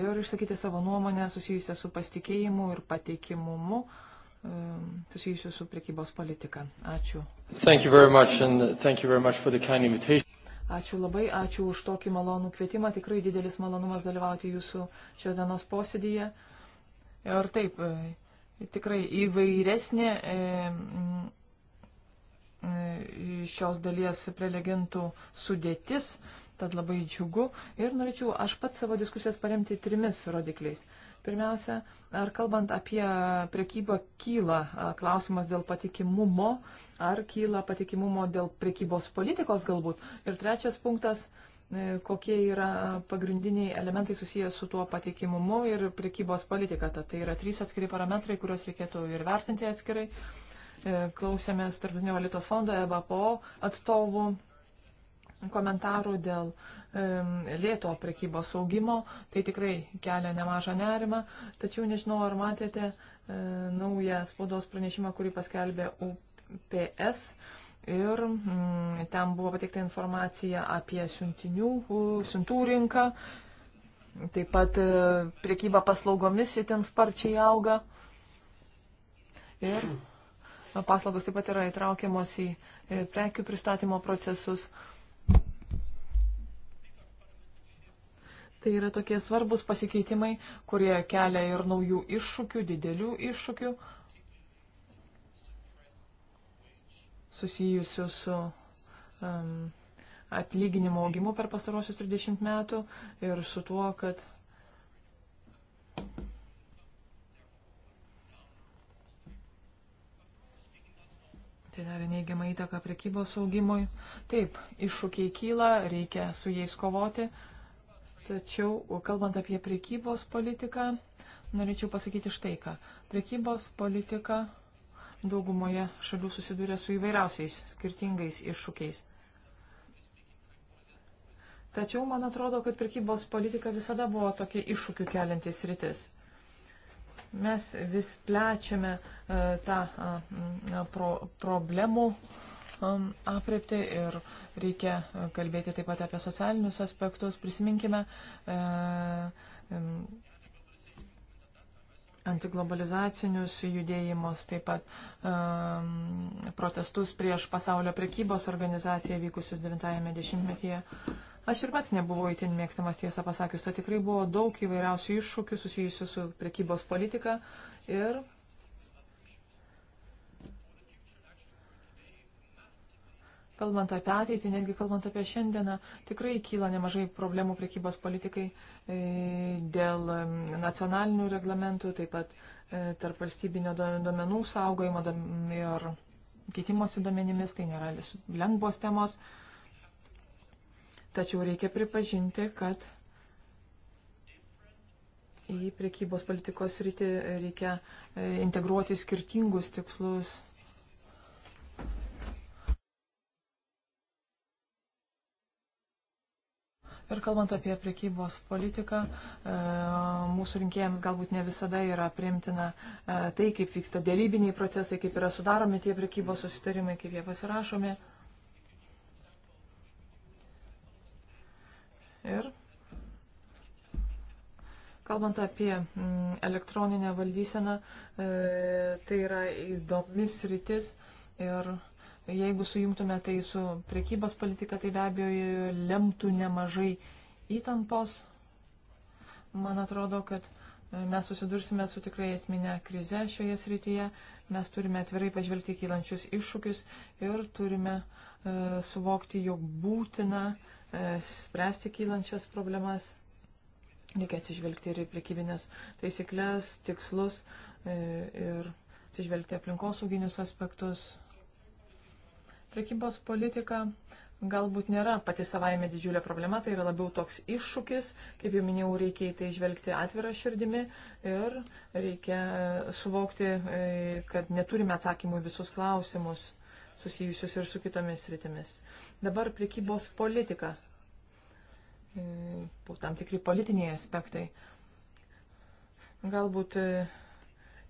S2: ir išsakyti savo nuomonę susijusią su pasitikėjimu ir patikimumu e, susijusiu su priekybos politika. Ačiū. Ačiū labai, ačiū už tokį malonų kvietimą. Tikrai didelis malonumas dalyvauti jūsų šios dienos posėdėje. Ir taip, e, tikrai įvairesnė e, e, šios dalies prelegentų sudėtis, tad labai džiugu. Ir norėčiau aš pat savo diskusijas paremti trimis rodikliais. Pirmiausia, ar kalbant apie prekybą kyla klausimas dėl patikimumo, ar kyla patikimumo dėl prekybos politikos galbūt. Ir trečias punktas, E, kokie yra pagrindiniai elementai susijęs su tuo patikimumu ir prekybos politika. Tad tai yra trys atskiri parametrai, kuriuos reikėtų ir vertinti atskirai. E, klausėmės Tarptautinio valiutos fondo EBPO atstovų komentarų dėl e, lėto prekybos augimo. Tai tikrai kelia nemažą nerimą. Tačiau nežinau, ar matėte naują spaudos pranešimą, kurį paskelbė UPS ir mm, ten buvo pateikta informacija apie siuntinių, siuntų rinką, taip pat e, priekyba paslaugomis įtin sparčiai auga. Ir e, paslaugos taip pat yra įtraukiamos į e, prekių pristatymo procesus. Tai yra tokie svarbus pasikeitimai, kurie kelia ir naujų iššūkių, didelių iššūkių. susijusių su um, atlyginimo augimu per pastarosius 30 metų ir su tuo, kad tai darė neigiamą įtaką prekybos augimui. Taip, iššūkiai kyla, reikia su jais kovoti. Tačiau, kalbant apie prekybos politiką, norėčiau pasakyti štai ką. Prekybos politika daugumoje šalių susiduria su įvairiausiais skirtingais iššūkiais. Tačiau man atrodo, kad prekybos politika visada buvo tokia iššūkių keliantis rytis. Mes vis plečiame uh, tą uh, pro, problemų um, apriepti ir reikia e, kalbėti taip pat apie socialinius aspektus. Prisiminkime uh, um, antiglobalizacinius judėjimus, taip pat um, protestus prieš pasaulio prekybos organizaciją vykusius 90-ame dešimtmetyje. Aš ir pats nebuvau įtin mėgstamas tiesą pasakius, tai tikrai buvo daug įvairiausių iššūkių susijusių su prekybos politika ir kalbant apie ateitį, netgi kalbant apie šiandieną, tikrai kyla nemažai problemų priekybos politikai e, dėl nacionalinių reglamentų, taip pat e, tarp valstybinio duomenų saugojimo ir keitimosi duomenimis, tai nėra lengvos temos. Tačiau reikia pripažinti, kad į priekybos politikos rytį reikia e, integruoti skirtingus tikslus Ir kalbant apie priekybos politiką, e, mūsų rinkėjams galbūt ne visada yra primtina e, tai, kaip vyksta dėrybiniai procesai, kaip yra sudaromi tie priekybos susitarimai, kaip jie pasirašomi. Ir kalbant apie mm, elektroninę valdyseną, e, tai yra įdomis rytis ir Jeigu sujungtume tai su priekybos politika, tai be abejo lemtų nemažai įtampos. Man atrodo, kad mes susidursime su tikrai esminė krize šioje srityje. Mes turime atvirai pažvelgti kylančius iššūkius ir turime e, suvokti, jog būtina e, spręsti kylančias problemas. Reikia atsižvelgti ir į prekybinės taisyklės, tikslus e, ir atsižvelgti aplinkosauginius aspektus, Prekybos politika galbūt nėra pati savaime didžiulė problema, tai yra labiau toks iššūkis, kaip jau minėjau, reikia į tai žvelgti atvirą širdimi ir reikia e, suvokti, e, kad neturime atsakymų visus klausimus susijusius ir su kitomis rytimis. Dabar prekybos politika, e, tam tikri politiniai aspektai. Galbūt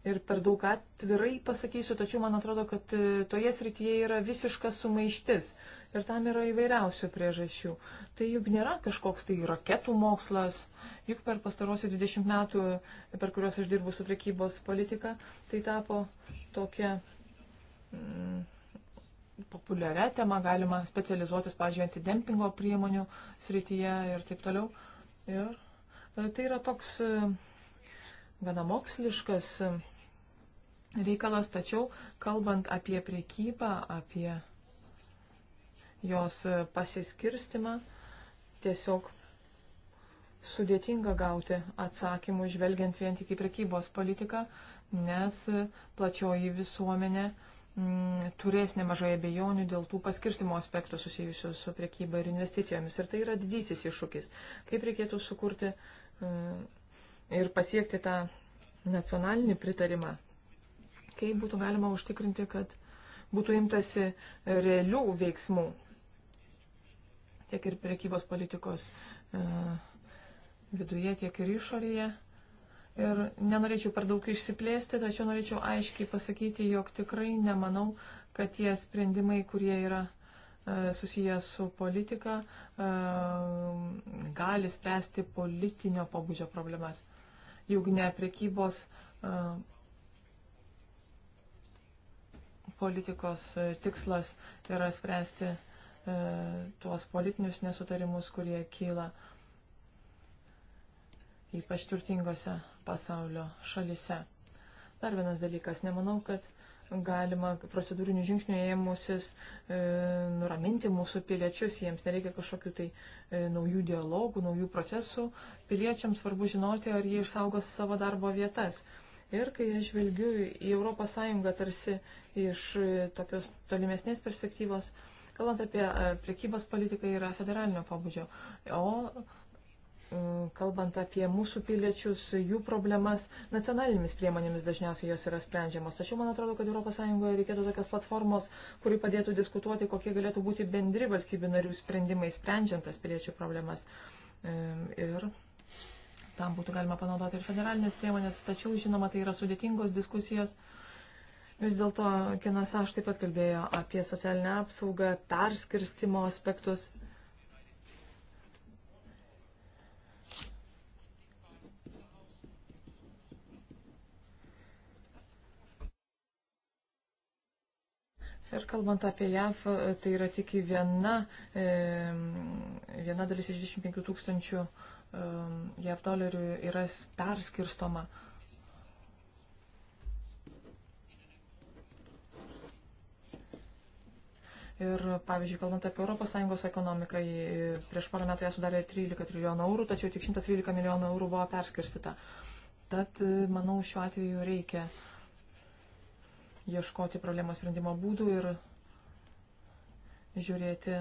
S2: ir per daug atvirai pasakysiu, tačiau man atrodo, kad e, toje srityje yra visiška sumaištis. Ir tam yra įvairiausių priežasčių. Tai juk nėra kažkoks tai raketų mokslas, juk per pastarosius 20 metų, per kuriuos aš dirbu su priekybos politika, tai tapo tokia mm, populiaria tema, galima specializuotis, pažiūrėjant, antidempingo priemonių srityje ir taip toliau. Ir e, tai yra toks. Mm, gana moksliškas reikalas, tačiau kalbant apie priekybą, apie jos pasiskirstimą, tiesiog sudėtinga gauti atsakymų žvelgiant vien tik į prekybos politiką, nes plačioji visuomenė m, mm, turės nemažai abejonių dėl tų paskirtimo aspektų susijusių su prekyba ir investicijomis. Ir tai yra didysis iššūkis. Kaip reikėtų sukurti m, mm, ir pasiekti tą nacionalinį pritarimą, kaip būtų galima užtikrinti, kad būtų imtasi realių veiksmų tiek ir priekybos politikos e, viduje, tiek ir išorėje. Ir nenorėčiau per daug išsiplėsti, tačiau norėčiau aiškiai pasakyti, jog tikrai nemanau, kad tie sprendimai, kurie yra e, susijęs su politika, e, gali spręsti politinio pobūdžio problemas juk ne prekybos politikos tikslas yra spręsti tuos politinius nesutarimus, kurie kyla ypač turtingose pasaulio šalise. Dar vienas dalykas, nemanau, kad galima procedūrinių žingsnių ėmusis e, nuraminti mūsų piliečius, jiems nereikia kažkokių tai e, naujų dialogų, naujų procesų. Piliečiams svarbu žinoti, ar jie išsaugos savo darbo vietas. Ir kai aš žvelgiu į ES tarsi iš e, tokios tolimesnės perspektyvos, kalbant apie e, prekybos politiką, yra federalinio pabudžio. O Mm, kalbant apie mūsų piliečius, jų problemas, nacionalinėmis priemonėmis dažniausiai jos yra sprendžiamos. Tačiau man atrodo, kad ES reikėtų tokios platformos, kuri padėtų diskutuoti, kokie galėtų būti bendri valstybių narių sprendimai sprendžiant tas piliečių problemas. Mm, ir tam būtų galima panaudoti ir federalinės priemonės, tačiau, žinoma, tai yra sudėtingos diskusijos. Vis dėlto Kenas aš taip pat kalbėjo apie socialinę apsaugą, perskirstimo aspektus. Ir kalbant apie JAV, tai yra tik viena, e, viena dalis iš 25 tūkstančių e, JAV dolerių yra perskirstoma. Ir, pavyzdžiui, kalbant apie ES ekonomiką, e, prieš porą metų ją sudarė 13 trilijonų eurų, tačiau tik 113 milijonų eurų buvo perskirstyta. Tad, manau, šiuo atveju reikia uh, ieškoti problemos sprendimo būdų ir žiūrėti,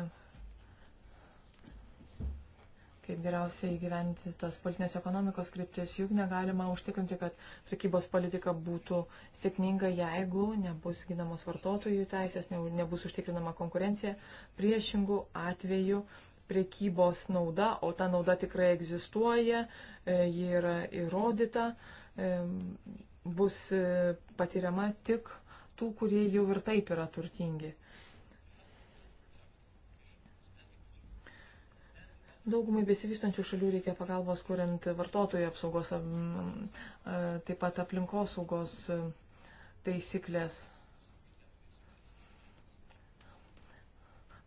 S2: kaip geriausiai įgyventi tas politinės ekonomikos kryptis. Juk negalima užtikrinti, kad prekybos politika būtų sėkminga, jeigu nebus ginamos vartotojų teisės, nebus užtikrinama konkurencija. Priešingų atveju prekybos nauda, o ta nauda tikrai egzistuoja, e, ji yra įrodyta, e, bus e, patiriama tik tų, kurie jau ir taip yra turtingi. Daugumai besivystančių šalių reikia pagalbos, kuriant vartotojų apsaugos, taip pat aplinkosaugos taisyklės.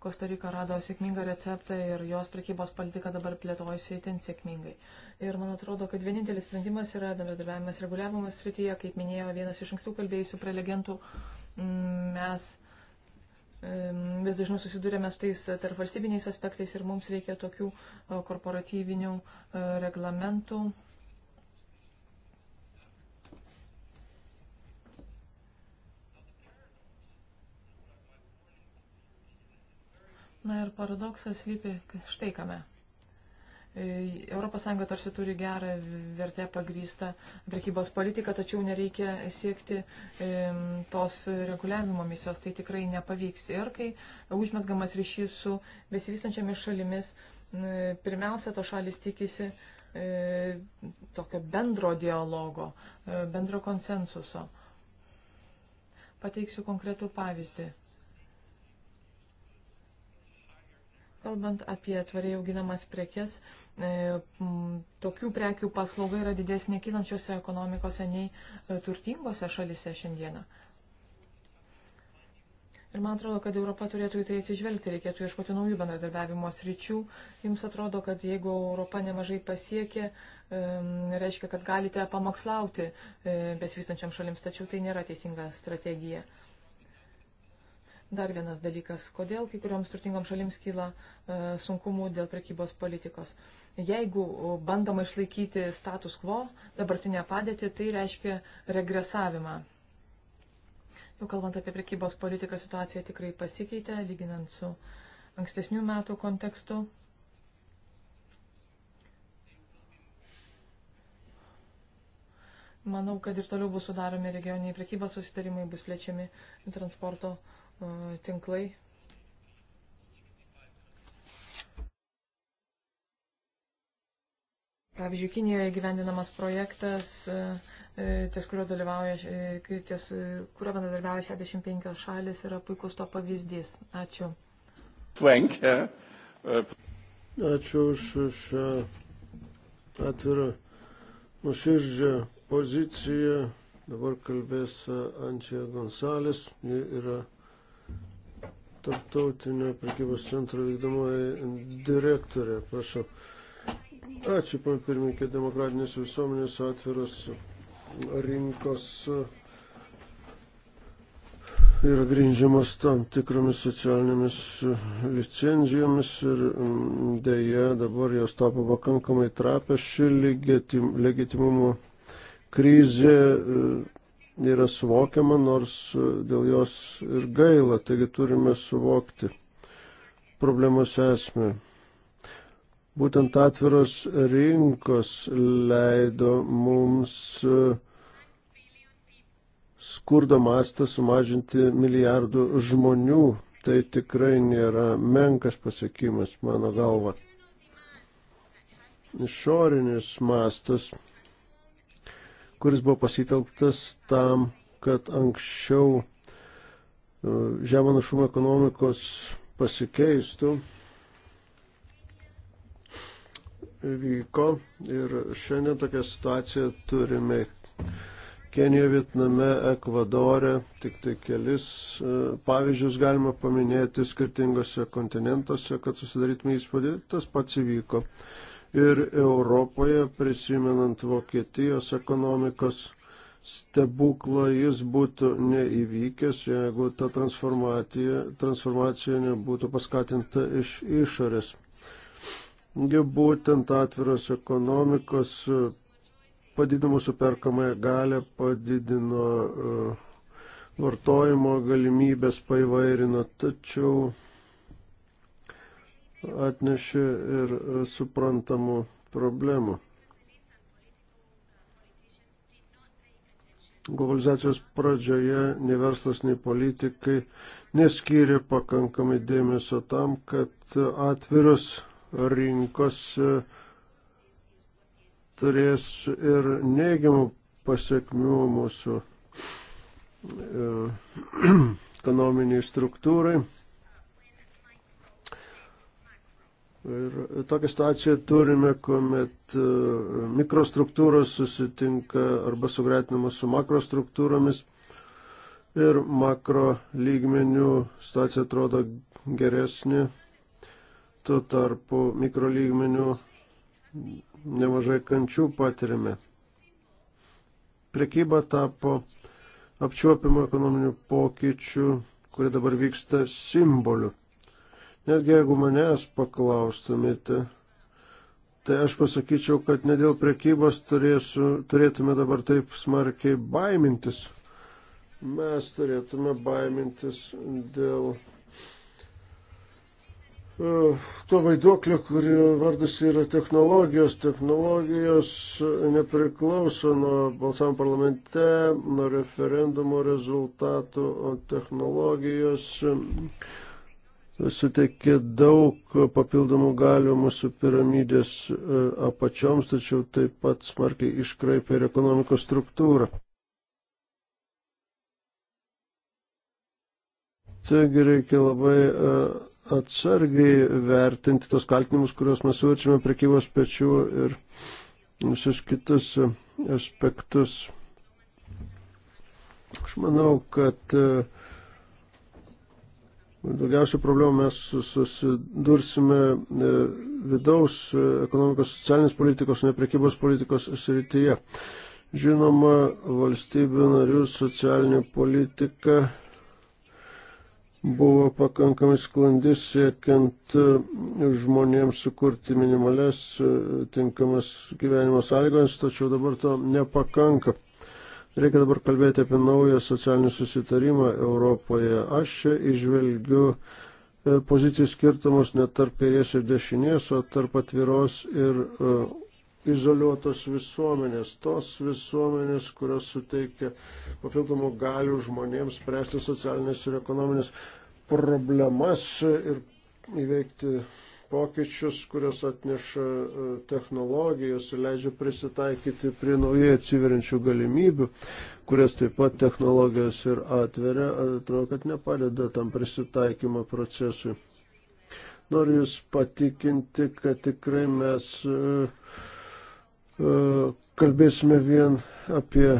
S2: Kostarika rado sėkmingą receptą ir jos prekybos politika dabar plėtojasi itin sėkmingai. Ir man atrodo, kad vienintelis sprendimas yra bendradarbiavimas reguliavimo srityje, kaip minėjo vienas iš anksčiau kalbėjusių prelegentų, mm, mes vis dažniau susidurėme su tais tarp valstybiniais aspektais ir mums reikia tokių korporatyvinių e, reglamentų Na ir paradoksas lypi štai kame. ES tarsi turi gerą vertę pagrįstą prekybos politiką, tačiau nereikia siekti tos reguliavimo misijos, tai tikrai nepavyks. Ir kai užmesgamas ryšys su besivystančiamis šalimis, pirmiausia, to šalis tikisi e, tokio bendro dialogo, e, bendro konsensuso. Pateiksiu konkretų pavyzdį. Kalbant apie tvariai auginamas prekes, e, m, tokių prekių paslauga yra didesnė kylančiose ekonomikose nei e, turtingose šalise šiandieną. Ir man atrodo, kad Europa turėtų į tai atsižvelgti, reikėtų ieškoti naujų bendradarbiavimo sričių. Jums atrodo, kad jeigu Europa nemažai pasiekė, e, reiškia, kad galite pamokslauti e, besivystančiam šalims, tačiau tai nėra teisinga strategija. E, Dar vienas dalykas, kodėl kai kurioms turtingoms šalims kyla e, sunkumų dėl prekybos politikos. Jeigu e, bandoma išlaikyti status quo, dabartinę padėtį, tai reiškia regresavimą. Jau kalbant apie prekybos politiką, situacija tikrai pasikeitė, lyginant su ankstesnių metų kontekstu. Manau, kad ir toliau bus sudaromi regioniniai prekybos susitarimai, bus plečiami transporto uh, tinklai. Pavyzdžiui, Kinijoje gyvendinamas projektas, e, e, ties kurio dalyvauja, e, ties kurio bendradarbiauja 65 šalis, yra puikus to pavyzdys. Ačiū.
S1: Tvenkė. Uh, Ačiū už šią atvirą nuširdžią poziciją. Dabar kalbės Antje Gonsalės. Ji yra tarptautinio prekybos centro vykdomoji direktorė. Prašau. Ačiū, pan pirmininkė, demokratinės visuomenės atviros rinkos yra grindžiamas tam tikromis socialinėmis licenzijomis ir mm, dėja dabar jos tapo pakankamai trapę ši legitimumo krizė. E, yra suvokiama, nors dėl jos ir gaila, taigi turime suvokti problemos esmę. Būtent atviros rinkos leido mums e, skurdo mastą sumažinti milijardų žmonių. Tai tikrai nėra menkas pasiekimas, mano galva. Išorinis mastas kuris buvo pasitelktas tam, kad anksčiau e, žemą našumą ekonomikos pasikeistų, vyko ir šiandien tokią situaciją turime Kenijoje, Vietname, Ekvadore, tik tai kelis e, pavyzdžius galima paminėti skirtingose kontinentuose, kad susidarytume įspūdį, tas pats įvyko ir Europoje, prisimenant Vokietijos ekonomikos stebuklą, jis būtų neįvykęs, jeigu ta transformacija, transformacija nebūtų paskatinta iš išorės. Gi būtent atviros ekonomikos e, padidino mūsų perkamąją galę, padidino e, vartojimo galimybės paivairino, tačiau atnešė ir e, suprantamų problemų. Globalizacijos pradžioje nei verslas, nei politikai neskyrė pakankamai dėmesio tam, kad atvirus rinkos e, turės ir neigiamų pasiekmių mūsų e, ekonominiai struktūrai. Ir tokią situaciją turime, kuomet e, mikrostruktūros susitinka arba sugretinamos su makrostruktūromis ir makro lygmenių situacija atrodo geresnė, tuo tarpu mikro lygmenių nemažai kančių patirime. Prekyba tapo apčiuopimo ekonominių pokyčių, kurie dabar vyksta simboliu. Netgi jeigu manęs paklaustumėte, tai aš pasakyčiau, kad ne dėl prekybos turėsiu, turėtume dabar taip smarkiai baimintis. Mes turėtume baimintis dėl e, to vaiduoklio, kurio vardas yra technologijos. Technologijos nepriklauso nuo balsavimo parlamente, nuo referendumo rezultatų, o technologijos suteikė daug papildomų galių mūsų piramidės e, apačioms, tačiau taip pat smarkiai iškraipė ir ekonomikos struktūrą. Taigi reikia labai e, atsargiai vertinti tos kaltinimus, kuriuos mes suverčiame prekybos pečių ir visus kitus e, aspektus. Aš manau, kad uh, Daugiausiai problemų mes susidursime e, vidaus e, ekonomikos, socialinės politikos, neprekybos politikos srityje. Žinoma, valstybių narių socialinė politika buvo pakankamai sklandi siekiant e, žmonėms sukurti minimales tinkamas gyvenimo sąlygas, tačiau dabar to nepakanka. Reikia dabar kalbėti apie naują socialinį susitarimą Europoje. Aš čia išvelgiu e, pozicijų skirtumus ne tarp kairės ir dešinės, o tarp atviros ir uh, izoliuotos visuomenės. Tos visuomenės, kurios suteikia papildomų galių žmonėms spręsti socialinės ir ekonominės problemas ir įveikti pokyčius, kurios atneša e, technologijos ir leidžia prisitaikyti prie naujai atsiveriančių galimybių, kurias taip pat technologijos ir atveria, atrodo, kad nepadeda tam prisitaikymo procesui. Noriu Jūs patikinti, kad tikrai mes e, e, kalbėsime vien apie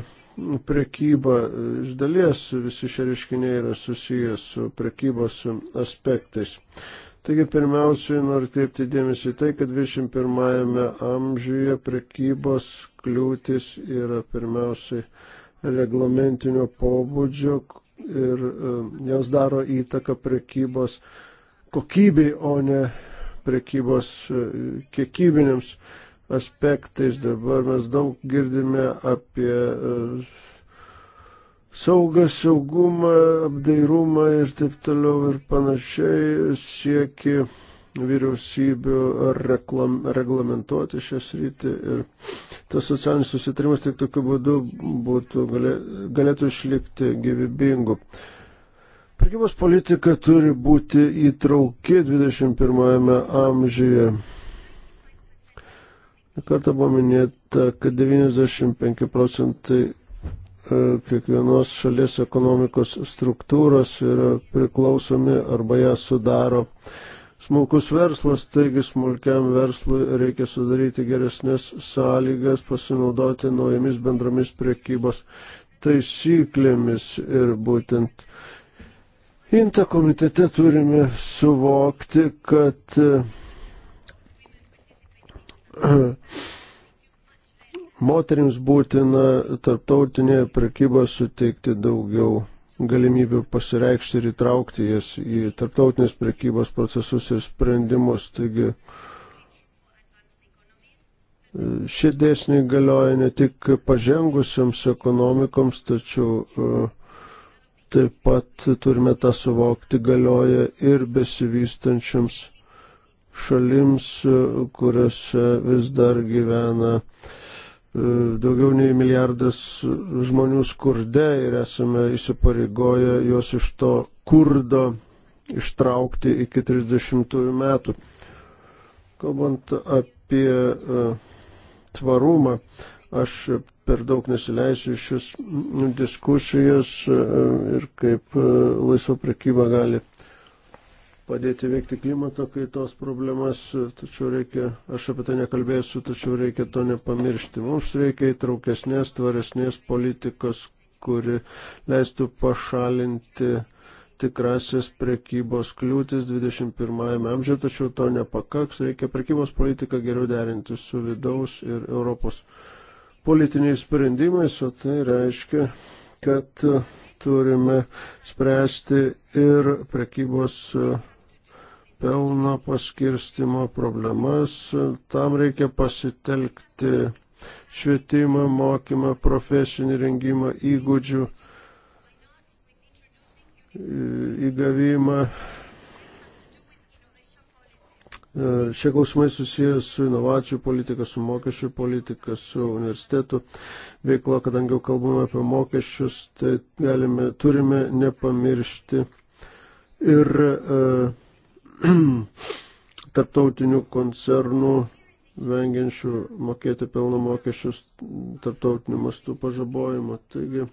S1: prekyba iš dalies visi šie reiškiniai yra susijęs su prekybos aspektais. Taigi pirmiausiai noriu kreipti dėmesį tai, kad 21-ame amžiuje prekybos kliūtis yra pirmiausiai reglamentinio pobūdžio ir e, jos daro įtaką prekybos kokybei, o ne prekybos e, kiekybinėms aspektais. Dabar mes daug girdime apie e, saugą, saugumą, apdairumą ir taip toliau ir panašiai sieki vyriausybių reklam, reglamentuoti šią sritį ir tas socialinis susitarimas tik tokiu būdu būtų, galė, galėtų išlikti gyvybingu. Prekybos politika turi būti įtrauki 21 amžiuje. Kartą buvo minėta, kad 95 procentai kiekvienos šalies ekonomikos struktūros yra priklausomi arba ją sudaro smulkus verslas, taigi smulkiam verslui reikia sudaryti geresnės sąlygas, pasinaudoti naujomis bendromis priekybos taisyklėmis ir būtent Inta komitete turime suvokti, kad Moterims būtina tarptautinėje prekyboje suteikti daugiau galimybių pasireikšti ir įtraukti jas į tarptautinės prekybos procesus ir sprendimus. Taigi šie dėsniai galioja ne tik pažengusiams ekonomikoms, tačiau e, taip pat turime tą suvokti galioja ir besivystančiams šalims, kuriuose vis dar gyvena uh, E, daugiau nei milijardas žmonių skurde ir esame įsipareigoję juos iš to kurdo ištraukti iki 30 metų. Kalbant apie e, tvarumą, aš per daug nesileisiu šios diskusijos e, ir kaip laisva prekyba gali padėti veikti klimato kaitos problemas, tačiau reikia, aš apie tai nekalbėsiu, tačiau reikia to nepamiršti. Mums reikia įtraukesnės, tvaresnės politikos, kuri leistų pašalinti tikrasis prekybos kliūtis 21 amžiuje, tačiau to nepakaks, reikia prekybos politiką geriau derinti su vidaus ir Europos politiniais sprendimais, o tai reiškia, kad turime spręsti ir prekybos pelno paskirstimo problemas. Tam reikia pasitelkti švietimą, mokymą, profesinį rengimą, įgūdžių įgavimą. E, šie klausimai susijęs su inovacijų politika, su mokesčių politika, su universitetų veikla, kadangi jau kalbame apie mokesčius, tai galime, turime nepamiršti ir uh, tarptautinių koncernų vengiančių mokėti pelno mokesčius tarptautiniu mastu pažabojimo. Taigi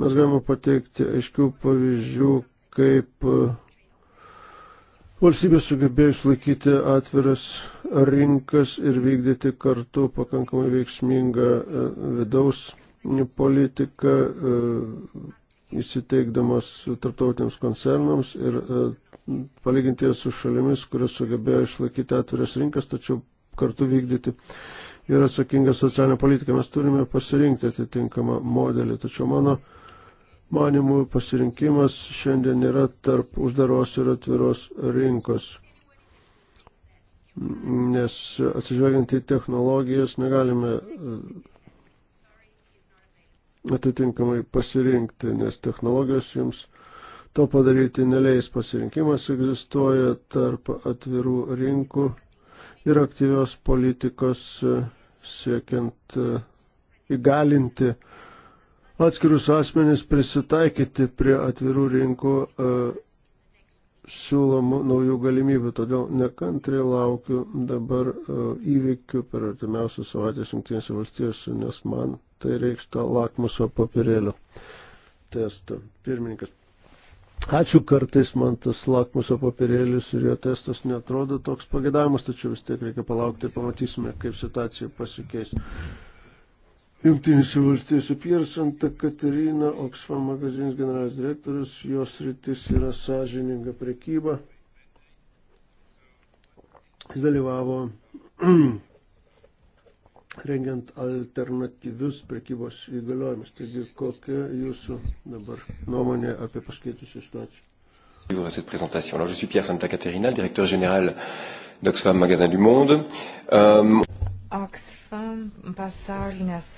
S1: mes galime pateikti aiškių pavyzdžių, kaip e, valstybė sugebėjo išlaikyti atviras rinkas ir vykdyti kartu pakankamai veiksmingą e, vidaus politiką e, įsiteikdamas tarptautiniams koncernams ir palyginti su šalimis, kurios sugebėjo išlaikyti atviras rinkas, tačiau kartu vykdyti ir atsakingą socialinę politiką. Mes turime pasirinkti atitinkamą modelį, tačiau mano manimų pasirinkimas šiandien yra tarp uždaros ir atviros rinkos. Nes atsižvelgiant į technologijas negalime e, atitinkamai pasirinkti, nes technologijos jums to padaryti neleis pasirinkimas egzistuoja tarp atvirų rinkų ir aktyvios politikos e, siekiant e, įgalinti atskirus asmenys prisitaikyti prie atvirų rinkų e, siūlomų naujų galimybių. Todėl nekantriai laukiu dabar įvykių per artimiausią savaitę Junktinėse valstijose, nes man tai reikšta lakmuso papirėlio testą. Pirmininkas. Ačiū kartais man tas lakmuso papirėlis ir jo testas netrodo toks pagėdavimas, tačiau vis tiek reikia palaukti ir pamatysime, kaip situacija pasikeis. Jungtinėse valstijose Piersanta Katerina, Oxfam magazinas generalinis direktorius, jos rytis yra sąžininga prekyba. Jis dalyvavo rengiant alternatyvius prekybos įgaliojimus. Taigi, kokia jūsų dabar nuomonė apie paskeitusią situaciją?
S2: Suivre cette présentation. Alors, je suis Pierre Santa Caterina, directeur général d'Oxfam Magasin du Monde. Um...
S3: Oxfam pasaulinės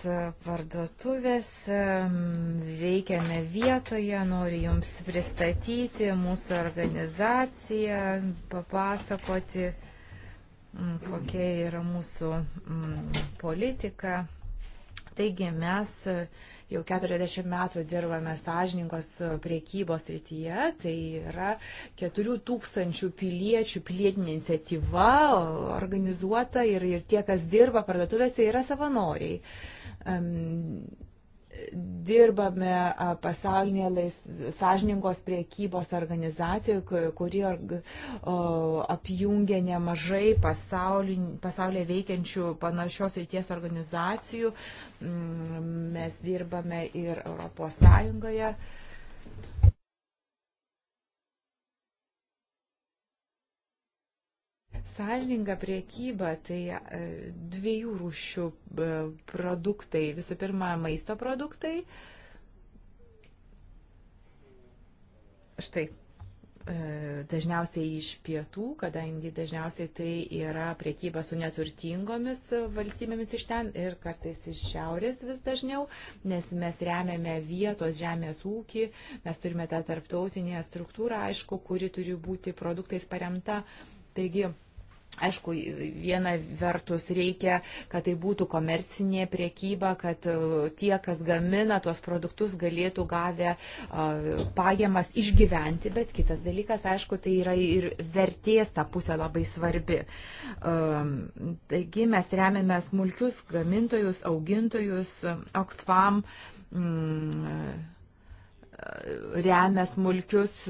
S3: parduotuvės veikiame vietoje, noriu Jums pristatyti mūsų organizaciją, papasakoti Mm, kokia yra mūsų mm, politika. Taigi mes e, jau 40 metų dirbame sąžininkos e, priekybos rytyje, tai yra 4000 piliečių pilietinė iniciatyva organizuota ir, ir tie, kas dirba parduotuvėse, yra savanoriai. Um, dirbame pasaulinėje sąžiningos priekybos organizacijoje, kuri apjungia nemažai pasaulyje veikiančių panašios ryties organizacijų. Mes dirbame ir Europos Sąjungoje. Sąžininga priekyba tai e, dviejų rūšių e, produktai. Visų pirma, maisto produktai. Štai, e, dažniausiai iš pietų, kadangi dažniausiai tai yra priekyba su neturtingomis valstybėmis iš ten ir kartais iš šiaurės vis dažniau, nes mes remiame vietos žemės ūkį, mes turime tą tarptautinę struktūrą, aišku, kuri turi būti produktais paremta. Taigi, Aišku, viena vertus reikia, kad tai būtų komercinė priekyba, kad e, tie, kas gamina tuos produktus, galėtų gavę pajamas išgyventi, bet kitas dalykas, aišku, tai yra ir vertės ta pusė labai svarbi. Taigi mes remiame smulkius gamintojus, augintojus, Oxfam mm, remia smulkius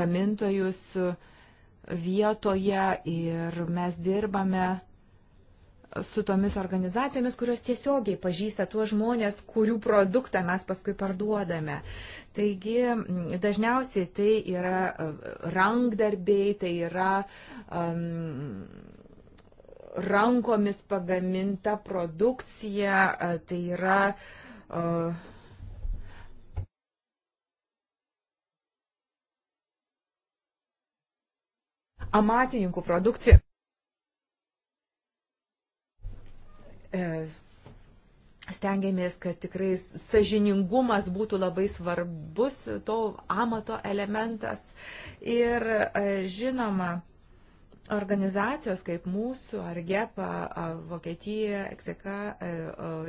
S3: gamintojus vietoje ir mes dirbame su tomis organizacijomis, kurios tiesiogiai pažįsta tuos žmonės, kurių produktą mes paskui parduodame. Taigi dažniausiai tai yra e, rankdarbiai, tai yra um, rankomis pagaminta produkcija, e, tai yra uh, amatininkų produkcija. E, stengiamės, kad tikrai sažiningumas būtų labai svarbus to amato elementas. Ir e, žinoma, organizacijos kaip mūsų, ar GEPA, Vokietija, XK, e,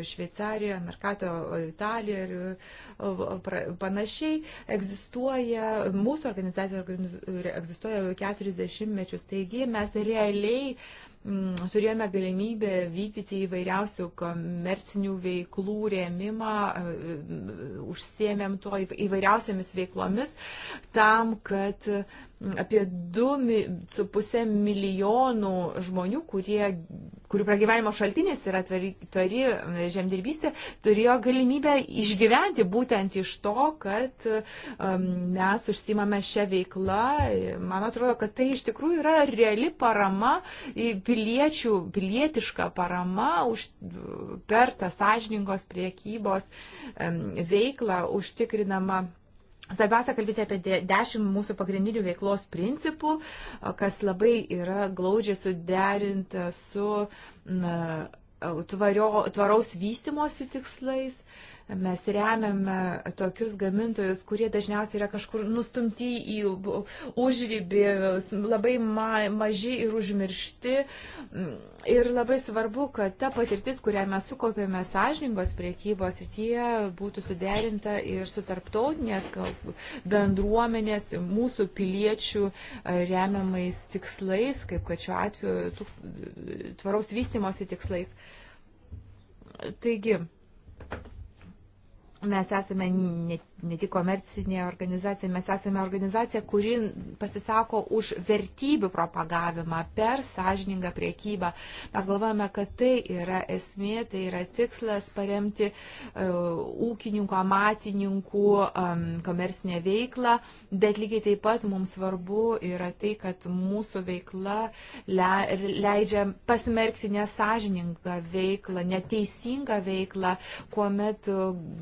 S3: Šveicarija, Merkato Italija ir panašiai egzistuoja, mūsų organizacija egzistuoja jau 40 mečius, taigi mes realiai mm, turėjome galimybę vykdyti įvairiausių komercinių veiklų rėmimą, užsiemėm to įvairiausiamis veiklomis tam, kad apie 2,5 milijonų žmonių, kurie, kurių pragyvenimo šaltinis yra tvari, tvari žemdirbystė, turėjo galimybę išgyventi būtent iš to, kad um, mes užsimame šią veiklą. Man atrodo, kad tai iš tikrųjų yra reali parama, piliečių, pilietiška parama už, per tą sąžiningos priekybos um, veiklą užtikrinama Svarbiausia kalbėti apie dešimt mūsų pagrindinių veiklos principų, kas labai yra glaudžiai suderinta su tvario, tvaraus vystimosi tikslais. Uh, Mes remiame tokius gamintojus, kurie dažniausiai yra kažkur nustumti į užrybį, labai ma maži ir užmiršti. Ir labai svarbu, kad ta patirtis, kurią mes sukaupėme sąžiningos priekybos ir tie būtų suderinta ir su tarptautinės bendruomenės, mūsų piliečių e, remiamais tikslais, kaip kad šiuo atveju tūks, tvaraus vystimosi tikslais. Taigi, mes esame ne ne tik komercinė organizacija, mes esame organizacija, kuri pasisako už vertybių propagavimą per sąžiningą priekybą. Mes galvojame, kad tai yra esmė, tai yra tikslas paremti uh, ūkininkų, amatininkų um, komercinę veiklą, bet lygiai taip pat mums svarbu yra tai, kad mūsų veikla le, leidžia pasmerkti nesažiningą veiklą, neteisingą veiklą, kuomet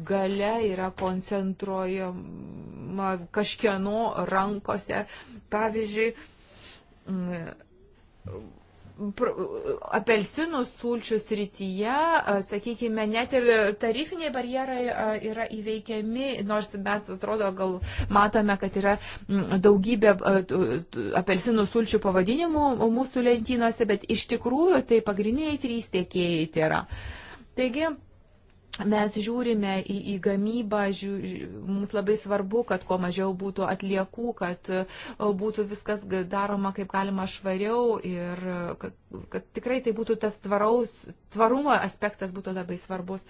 S3: gale yra koncentruota registruojama kažkieno rankose. Pavyzdžiui, mm, apelsinų sulčių srityje, sakykime, net ir tarifiniai barjerai yra įveikiami, nors mes atrodo gal matome, kad yra mm, daugybė apelsinų sulčių pavadinimų mūsų lentynose, bet iš tikrųjų tai pagrindiniai trys tiekėjai tai yra. Taigi, mes žiūrime į, į gamybą, žiū, mums labai svarbu, kad kuo mažiau būtų atliekų, kad būtų viskas daroma kaip galima švariau ir kad, kad tikrai tai būtų tas tvaraus, tvarumo aspektas būtų labai svarbus.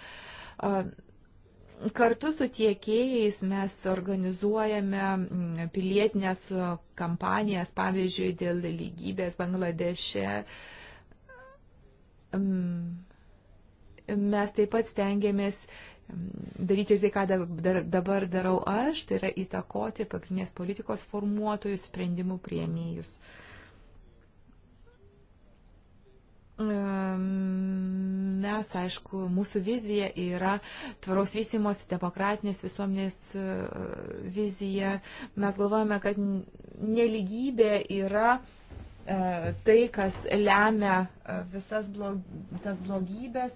S3: Kartu su tiekėjais mes organizuojame pilietinės kampanijas, pavyzdžiui, dėl lygybės Bangladeše. Um, mes taip pat stengiamės mm, daryti ir tai, ką dabar darau aš, tai yra įtakoti pagrindinės politikos formuotojus, sprendimų prieimėjus. Mes, aišku, mūsų vizija yra tvaraus vystimos, demokratinės visuomenės e, vizija. Mes galvojame, kad neligybė yra e, tai, kas lemia e, visas blog, tas blogybės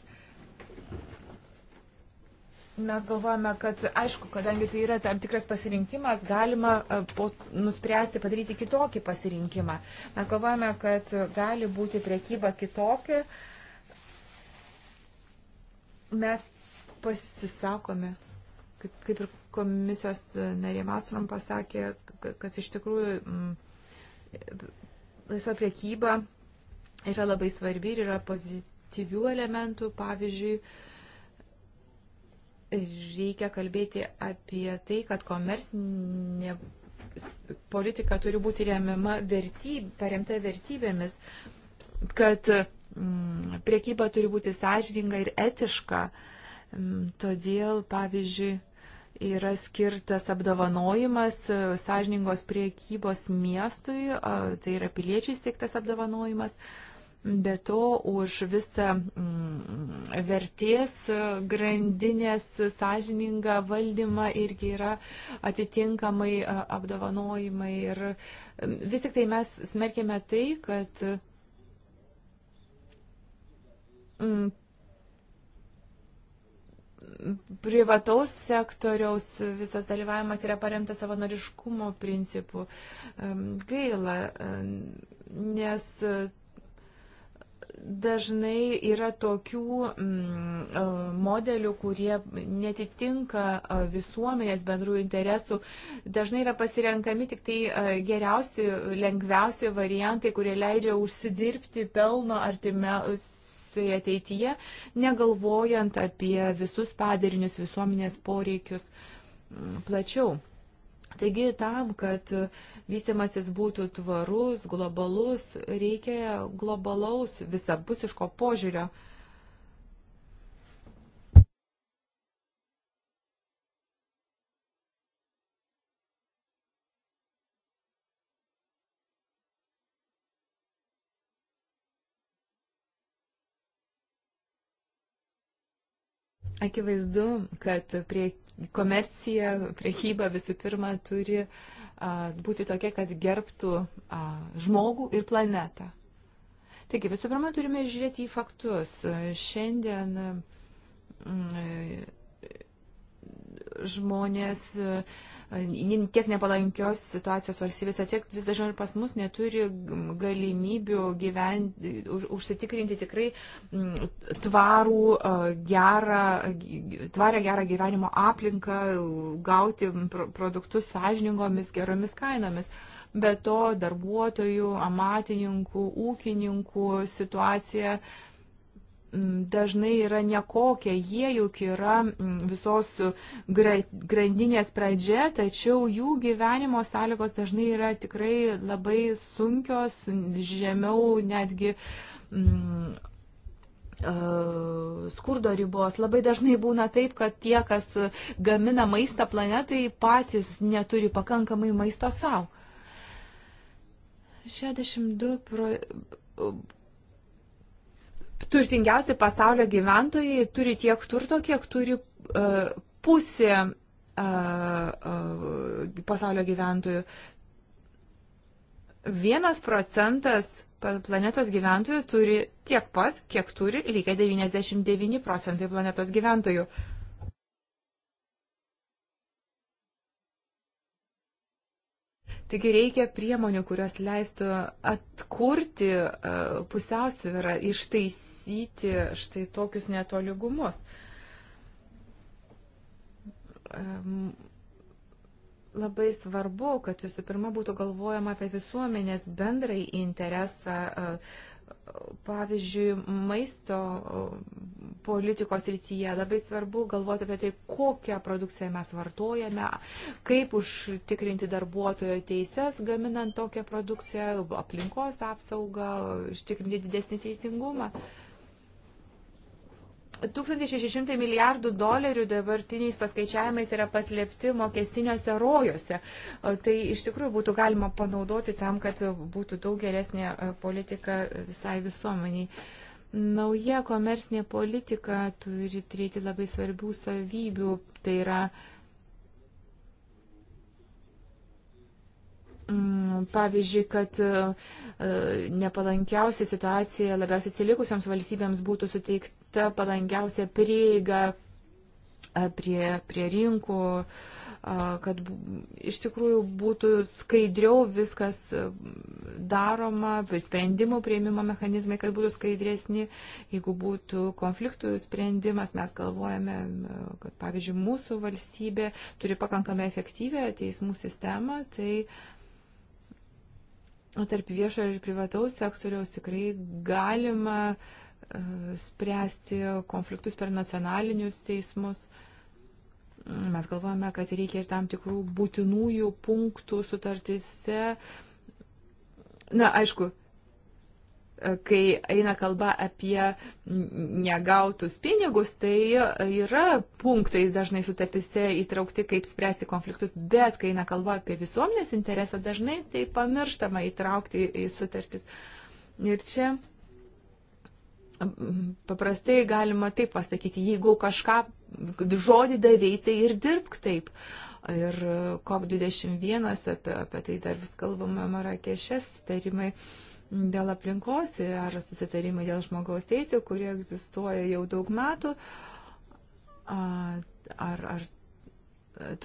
S3: mes galvojame, kad aišku, kadangi tai yra tam tikras pasirinkimas, galima e, po, nuspręsti padaryti kitokį pasirinkimą. Mes galvojame, kad gali būti priekyba kitokia. Mes pasisakome, kaip, kaip ir komisijos narė Masrom pasakė, kad iš tikrųjų m, mm, laisva priekyba yra labai svarbi ir yra pozityvių elementų, pavyzdžiui, reikia kalbėti apie tai, kad komersinė politika turi būti remiama vertyb, paremta vertybėmis, kad mm, priekyba turi būti sąžininga ir etiška. Mm, todėl, pavyzdžiui, yra skirtas apdovanojimas e, sąžiningos priekybos miestui, tai yra piliečiai steigtas apdovanojimas. Mm, Be to, už visą mm, vertės grandinės sąžiningą valdymą irgi yra atitinkamai apdovanojimai. Ir vis tik tai mes smerkėme tai, kad privataus sektoriaus visas dalyvavimas yra paremtas savanoriškumo principu. Gaila, nes dažnai yra tokių mm, e, modelių, kurie netitinka e, visuomenės bendrųjų interesų. Dažnai yra pasirenkami tik tai e, geriausi, lengviausi variantai, kurie leidžia užsidirbti pelno artimiausioje ateityje, negalvojant apie visus padarinius visuomenės poreikius mm, plačiau. Taigi tam, kad vystimasis būtų tvarus, globalus, reikia globalaus visapusiško požiūrio. Akivaizdu, kad prie komercija, priekyba visų pirma turi a, būti tokia, kad gerbtų a, žmogų ir planetą. Taigi, visų pirma, turime žiūrėti į faktus. Šiandien m, mm, žmonės. A, tiek nepalankios situacijos valstybėse, tiek vis dažniau ir pas mus neturi galimybių gyventi, už, užsitikrinti tikrai tvarų, gerą, tvarę gerą gyvenimo aplinką, gauti produktus sąžiningomis, geromis kainomis. Be to darbuotojų, amatininkų, ūkininkų situacija dažnai yra nekokia, jie juk yra visos grandinės pradžia, tačiau jų gyvenimo sąlygos dažnai yra tikrai labai sunkios, žemiau netgi mm, skurdo ribos. Labai dažnai būna taip, kad tie, kas gamina maistą planetai, patys neturi pakankamai maisto savo. 62 pro turtingiausi pasaulio gyventojai turi tiek turto, kiek turi uh, pusė uh, uh, pasaulio gyventojų. Vienas procentas planetos gyventojų turi tiek pat, kiek turi lygiai 99 procentai planetos gyventojų. Taigi reikia priemonių, kurios leistų atkurti pusiausvyrą, ištaisyti taisyti štai tokius netoligumus. Labai svarbu, kad visų pirma būtų galvojama apie visuomenės bendrai interesą, e, pavyzdžiui, maisto e, politikos rytyje labai svarbu galvoti apie tai, kokią produkciją mes vartojame, kaip užtikrinti darbuotojo teises, gaminant tokią produkciją, aplinkos apsaugą, užtikrinti didesnį teisingumą. Mhm. 1600 milijardų dolerių dabartiniais paskaičiavimais yra paslėpti mokestiniuose rojuose. Tai iš tikrųjų būtų galima panaudoti tam, kad būtų daug geresnė e, politika visai visuomeniai. Nauja komersinė politika turi turėti labai svarbių savybių. Tai yra uh, Mm, pavyzdžiui, kad e, e, nepalankiausia situacija labiausiai atsilikusiams valstybėms būtų suteikta palankiausia prieiga e, prie, prie rinkų, kad iš tikrųjų būtų skaidriau viskas daroma, sprendimų prieimimo mechanizmai, kad būtų skaidresni, jeigu būtų konfliktų sprendimas, mes galvojame, kad pavyzdžiui mūsų valstybė turi pakankamai efektyvę teismų sistemą, tai uh, tarp viešo ir privataus sektoriaus tikrai galima e, spręsti konfliktus per nacionalinius teismus. Mes galvojame, kad reikia ir tam tikrų būtinųjų punktų sutartise. Na, aišku, kai eina kalba apie negautus pinigus, tai yra punktai dažnai sutartise įtraukti, kaip spręsti konfliktus, bet kai eina kalba apie visuomenės interesą, dažnai tai pamirštama įtraukti į sutartis. Ir čia paprastai galima taip pasakyti, jeigu kažką žodį davėjai, tai ir dirbk taip. Ir COP21 apie, apie tai dar vis kalbame Marakešės tarimai. Uh, dėl aplinkos ar susitarimai dėl žmogaus teisų, kurie egzistuoja jau daug metų, ar, ar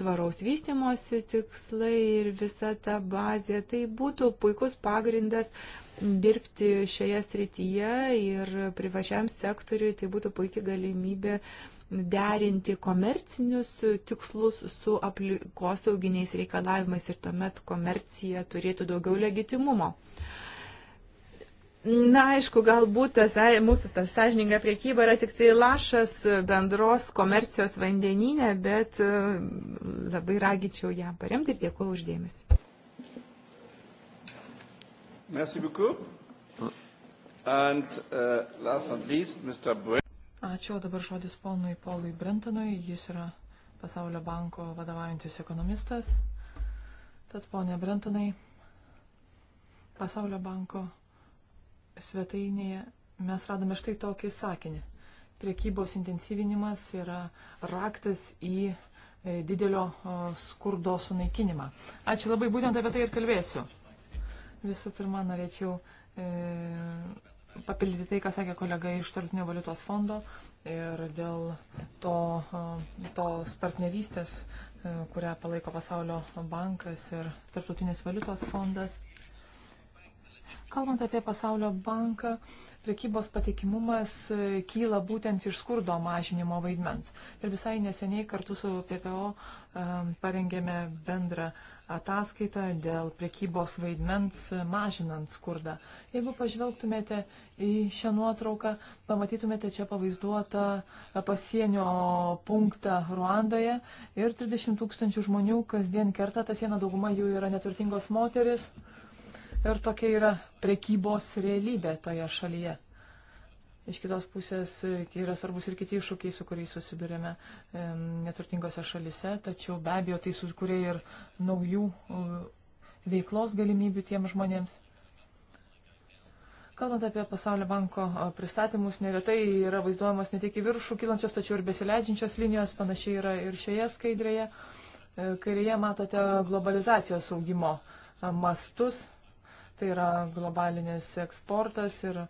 S3: tvaraus vystimosi tikslai ir visa ta bazė, tai būtų puikus pagrindas dirbti šioje srityje ir privačiam sektoriui tai būtų puikia galimybė derinti komercinius tikslus su aplinkosauginiais reikalavimais ir tuomet komercija turėtų daugiau legitimumo. Uh, Na, aišku, galbūt tas, mūsų ta sąžininga priekyba yra tik tai lašas bendros komercijos vandeninė, bet e, labai ragičiau ją paremti ir dėkuoju uždėmesi.
S1: Merci beaucoup. And, uh, last but least, Mr. Bre
S2: Ačiū, o dabar žodis ponui Paului Brentonui, jis yra Pasaulio banko vadovaujantis ekonomistas. Tad, ponė Brentonai, Pasaulio banko svetainėje mes radome štai tokį sakinį. Priekybos intensyvinimas yra raktas į e, didelio skurdo sunaikinimą. Ačiū labai, būtent apie tai ir kalbėsiu. Visų pirma, norėčiau e, papildyti tai, ką sakė kolega iš Tartinio valiutos fondo ir dėl to, tos partnerystės, e, kurią palaiko Pasaulio bankas ir Tartutinis valiutos fondas. Kalbant apie Pasaulio banką, prekybos patikimumas e, kyla būtent iš skurdo mažinimo vaidmens. Ir visai neseniai kartu su PPO e, parengėme bendrą ataskaitą dėl prekybos vaidmens e, mažinant skurdą. Jeigu pažvelgtumėte į šią nuotrauką, pamatytumėte čia pavaizduotą pasienio punktą Ruandoje ir 30 tūkstančių žmonių kasdien kerta tą sieną, dauguma jų yra neturtingos moteris ir tokia yra prekybos realybė toje šalyje. Iš kitos pusės yra svarbus ir kiti iššūkiai, su kuriais susidurėme neturtingose šalise, tačiau be abejo tai sukuria ir naujų veiklos galimybių tiem žmonėms. Kalbant apie Pasaulio banko pristatymus, neretai yra vaizduojamos ne tik į viršų kilančios, tačiau ir besileidžiančios linijos, panašiai yra ir šioje skaidrėje. E, kairėje matote globalizacijos augimo e, mastus Tai yra globalinis eksportas ir e,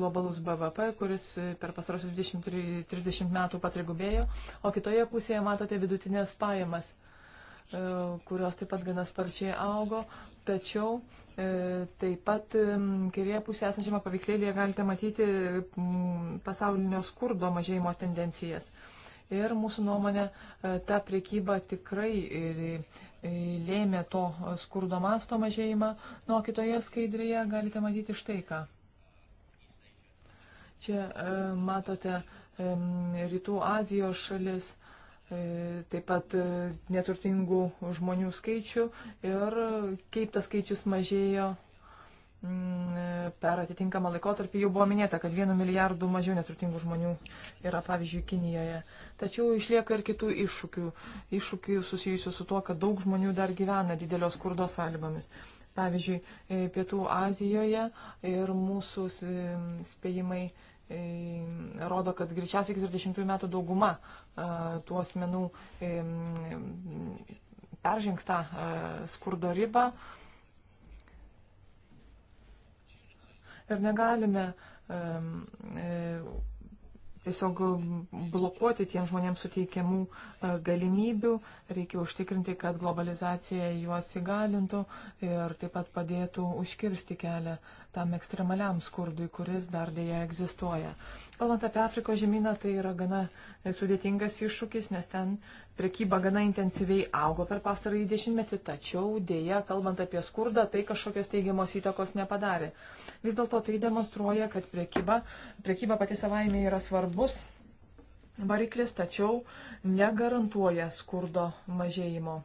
S2: globalus BVP, kuris per pasarosius 20-30 metų patrigubėjo, o kitoje pusėje matote vidutinės pajamas, e, kurios taip pat gana sparčiai augo, tačiau e, taip pat kairėje pusėje esančiame paveikslėlėje galite matyti pasaulinio skurdo mažėjimo tendencijas. Ir mūsų nuomonė, ta priekyba tikrai lėmė to skurdo masto mažėjimą. Nu, o kitoje skaidrėje galite matyti štai ką. Čia e, matote e, Rytų Azijos šalis, e, taip pat e, neturtingų žmonių skaičių ir kaip tas skaičius mažėjo Mm, e, per atitinkamą laikotarpį jau buvo minėta, kad vienu milijardu mažiau neturtingų žmonių yra, pavyzdžiui, Kinijoje. Tačiau išlieka ir kitų iššūkių, iššūkių susijusių su tuo, kad daug žmonių dar gyvena didelio skurdo sąlygomis. Pavyzdžiui, e, Pietų Azijoje ir mūsų e, spėjimai rodo, kad greičiausiai iki 30 metų dauguma tų asmenų peržengs tą skurdo ribą. ir negalime um, e, tiesiog blokuoti tiem žmonėms suteikiamų e, galimybių, reikia užtikrinti, kad globalizacija juos įgalintų ir taip pat padėtų užkirsti kelią tam ekstremaliam skurdui, kuris dar dėja egzistuoja. Kalbant apie Afrikos žemyną, tai yra gana sudėtingas iššūkis, nes ten prekyba gana intensyviai augo per pastarąjį dešimtmetį, tačiau dėja, kalbant apie skurdą, tai kažkokios teigiamos įtakos nepadarė. Vis dėlto tai demonstruoja, kad prekyba, prekyba pati savaime yra svarbus variklis, tačiau negarantuoja skurdo mažėjimo.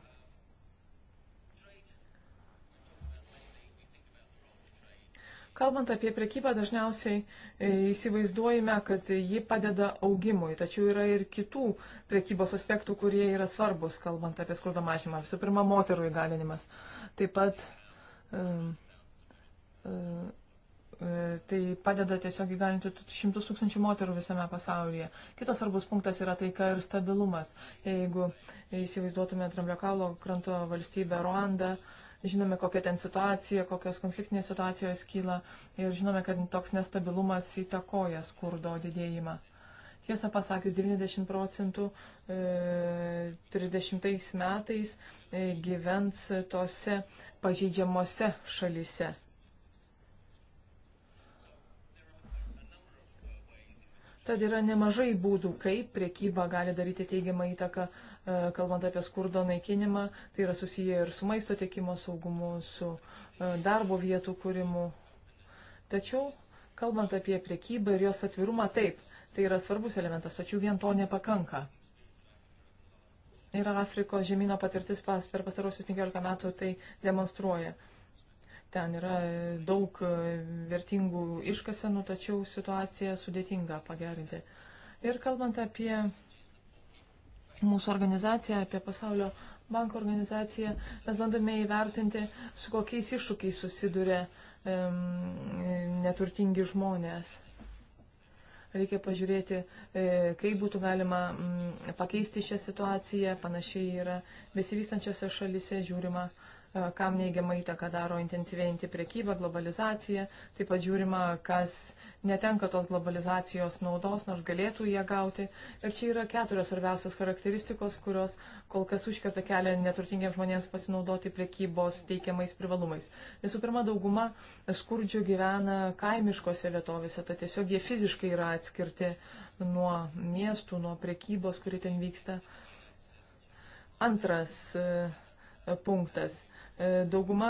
S2: Kalbant apie prekybą, dažniausiai e, įsivaizduojame, kad ji padeda augimui, tačiau yra ir kitų prekybos aspektų, kurie yra svarbus, kalbant apie skurdo mažymą. Visų pirma, moterų įgalinimas. Taip pat e, e, tai padeda tiesiog įgalinti šimtus tūkstančių moterų visame pasaulyje. Kitas svarbus punktas yra taika ir stabilumas. Jeigu įsivaizduotume Dramblio kaulo kranto valstybę Ruandą, žinome, kokia ten situacija, kokios konfliktinės situacijos kyla ir žinome, kad toks nestabilumas įtakoja skurdo didėjimą. Tiesą pasakius, 90 procentų e, 30 metais e, gyvens tose pažeidžiamose šalise. Tad yra nemažai būdų, kaip priekyba gali daryti teigiamą įtaką e, kalbant apie skurdo naikinimą, tai yra susiję ir su maisto tiekimo saugumu, su e, darbo vietų kūrimu. Tačiau, kalbant apie priekybą ir jos atvirumą, taip, tai yra svarbus elementas, tačiau vien to nepakanka. Ir Afrikos žemyno patirtis pas, per pastarosius 15 metų tai demonstruoja. Ten yra daug e, vertingų iškasenų, tačiau situacija sudėtinga pagerinti. Ir kalbant apie mūsų organizaciją, apie pasaulio banko organizaciją, mes bandome įvertinti, su kokiais iššūkiais susiduria um, neturtingi žmonės. Reikia pažiūrėti, e, kaip būtų galima pakeisti šią situaciją. Panašiai yra besivystančiose šalise žiūrima, e, kam neigiamą įtaką daro intensyvėjanti priekyba, globalizacija. Taip pat žiūrima, kas netenka tos globalizacijos naudos, nors galėtų ją gauti. Ir čia yra keturios svarbiausios charakteristikos, kurios kol kas užkerta kelią neturtingiems žmonėms pasinaudoti priekybos teikiamais privalumais. Visų pirma, dauguma skurdžių gyvena kaimiškose vietovėse, tai tiesiog jie fiziškai yra atskirti nuo miestų, nuo priekybos, kuri ten vyksta. Antras e, punktas E, dauguma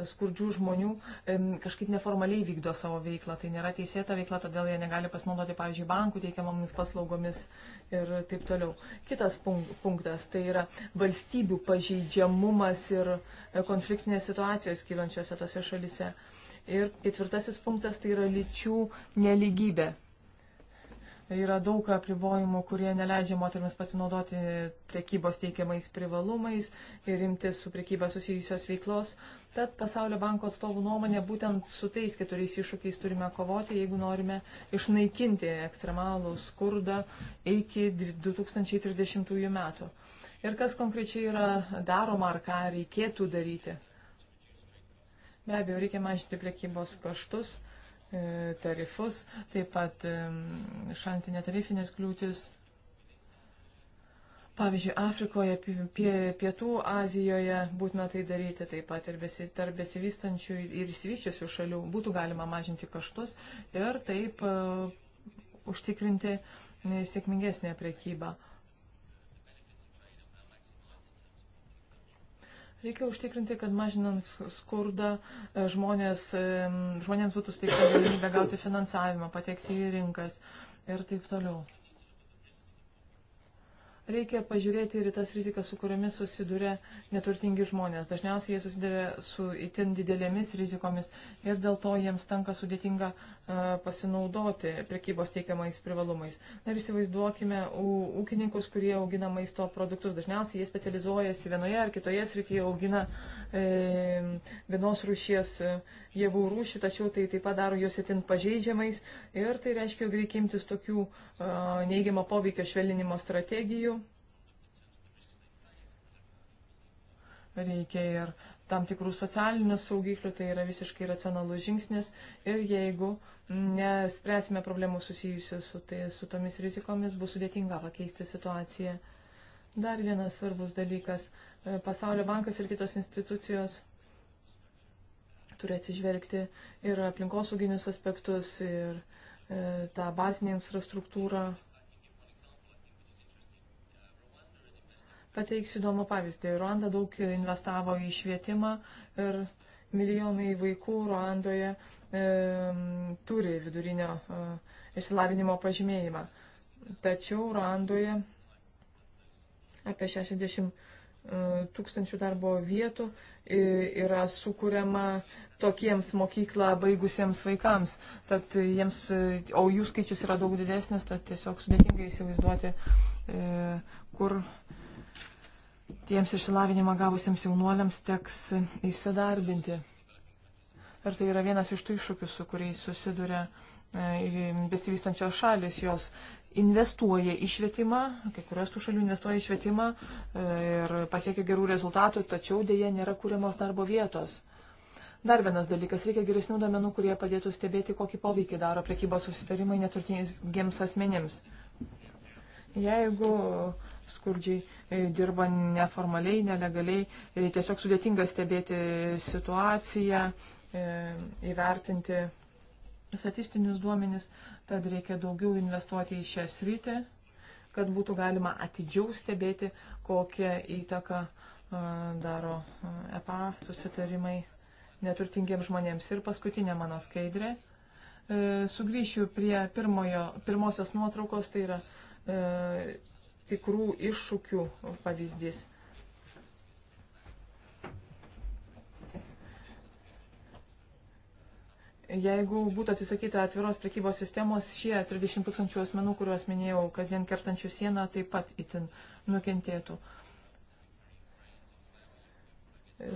S2: e, skurdžių žmonių e, kažkaip neformaliai vykdo savo veiklą. Tai nėra teisėta veikla, todėl jie negali pasinaudoti, pavyzdžiui, bankų teikiamomis paslaugomis ir taip toliau. Kitas punktas tai yra valstybių pažeidžiamumas ir konfliktinės situacijos kylančiose tose šalise. Ir ketvirtasis punktas tai yra lyčių neligybė. Yra daug apribojimų, kurie neleidžia moteriams pasinaudoti priekybos teikiamais privalumais ir imtis su priekyba susijusios veiklos. Tad Pasaulio banko atstovų nuomonė būtent su tais keturiais iššūkiais turime kovoti, jeigu norime išnaikinti ekstremalų skurdą iki 2030 metų. Ir kas konkrečiai yra daroma ar ką reikėtų daryti? Be abejo, reikia mažinti priekybos kaštus E, tarifus, taip pat e, šalinti netarifinės kliūtis. Pavyzdžiui, Afrikoje, pie, Pietų Azijoje būtina tai daryti, taip pat ir besi, tarp besivystančių ir įsivyščiusių šalių būtų galima mažinti kaštus ir taip uh, užtikrinti sėkmingesnę prekybą. Reikia užtikrinti, kad mažinant skurdą e, žmonės, e, žmonėms būtų steigta galimybė gauti finansavimą, patekti į rinkas ir taip toliau reikia pažiūrėti ir tas rizikas, su kuriamis susiduria neturtingi žmonės. Dažniausiai jie susiduria su itin didelėmis rizikomis ir dėl to jiems tenka sudėtinga e, pasinaudoti prekybos teikiamais privalumais. Na ir įsivaizduokime ūkininkus, kurie augina maisto produktus. Dažniausiai jie specializuojasi vienoje ar kitoje srityje, augina E, vienos rūšies e, javų rūšį, tačiau tai taip pat daro juos itin pažeidžiamais ir tai reiškia, jog reikia imtis tokių e, neigiamo poveikio švelninimo strategijų. Reikia ir tam tikrų socialinių saugiklių, tai yra visiškai racionalus žingsnis ir jeigu nespręsime problemų susijusių su, tai, su tomis rizikomis, bus sudėtinga pakeisti situaciją. Dar vienas svarbus dalykas E, Pasaulio bankas ir kitos institucijos turi atsižvelgti ir aplinkosauginius aspektus, ir e, tą bazinę infrastruktūrą. Pateiksiu įdomų pavyzdį. Ruanda daug investavo į švietimą ir milijonai vaikų Ruandoje e, turi vidurinio e, išsilavinimo pažymėjimą. Tačiau Ruandoje apie 60 E, tūkstančių darbo vietų yra sukūriama tokiems mokyklą baigusiems vaikams. Tad jiems, e, o jų skaičius yra daug didesnis, tad tiesiog sudėtinga įsivaizduoti, e, kur tiems išsilavinimą gavusiems jaunuoliams teks įsidarbinti. Ir tai yra vienas iš tų iššūkių, su kuriais susiduria besivystančios šalis, jos investuoja į švietimą, kai kurios tų šalių investuoja į švietimą e, ir pasiekia gerų rezultatų, tačiau dėje nėra kūriamos darbo vietos. Dar vienas dalykas, reikia geresnių domenų, kurie padėtų stebėti, kokį poveikį daro prekybos susitarimai neturtingiems asmenims. Jeigu skurdžiai e, dirba neformaliai, nelegaliai, e, tiesiog sudėtinga stebėti situaciją, įvertinti statistinius duomenis, tad reikia daugiau investuoti į šią sritį, kad būtų galima atidžiau stebėti, kokią įtaką daro EPA e susitarimai neturtingiems žmonėms. Ir paskutinė mano skaidrė. E, Sugryšiu prie pirmojo, pirmosios nuotraukos, tai yra e, tikrų iššūkių pavyzdys. Jeigu būtų atsisakyta atviros prekybos sistemos, šie 30 tūkstančių asmenų, kuriuos minėjau, kasdien kertančių sieną, taip pat itin nukentėtų.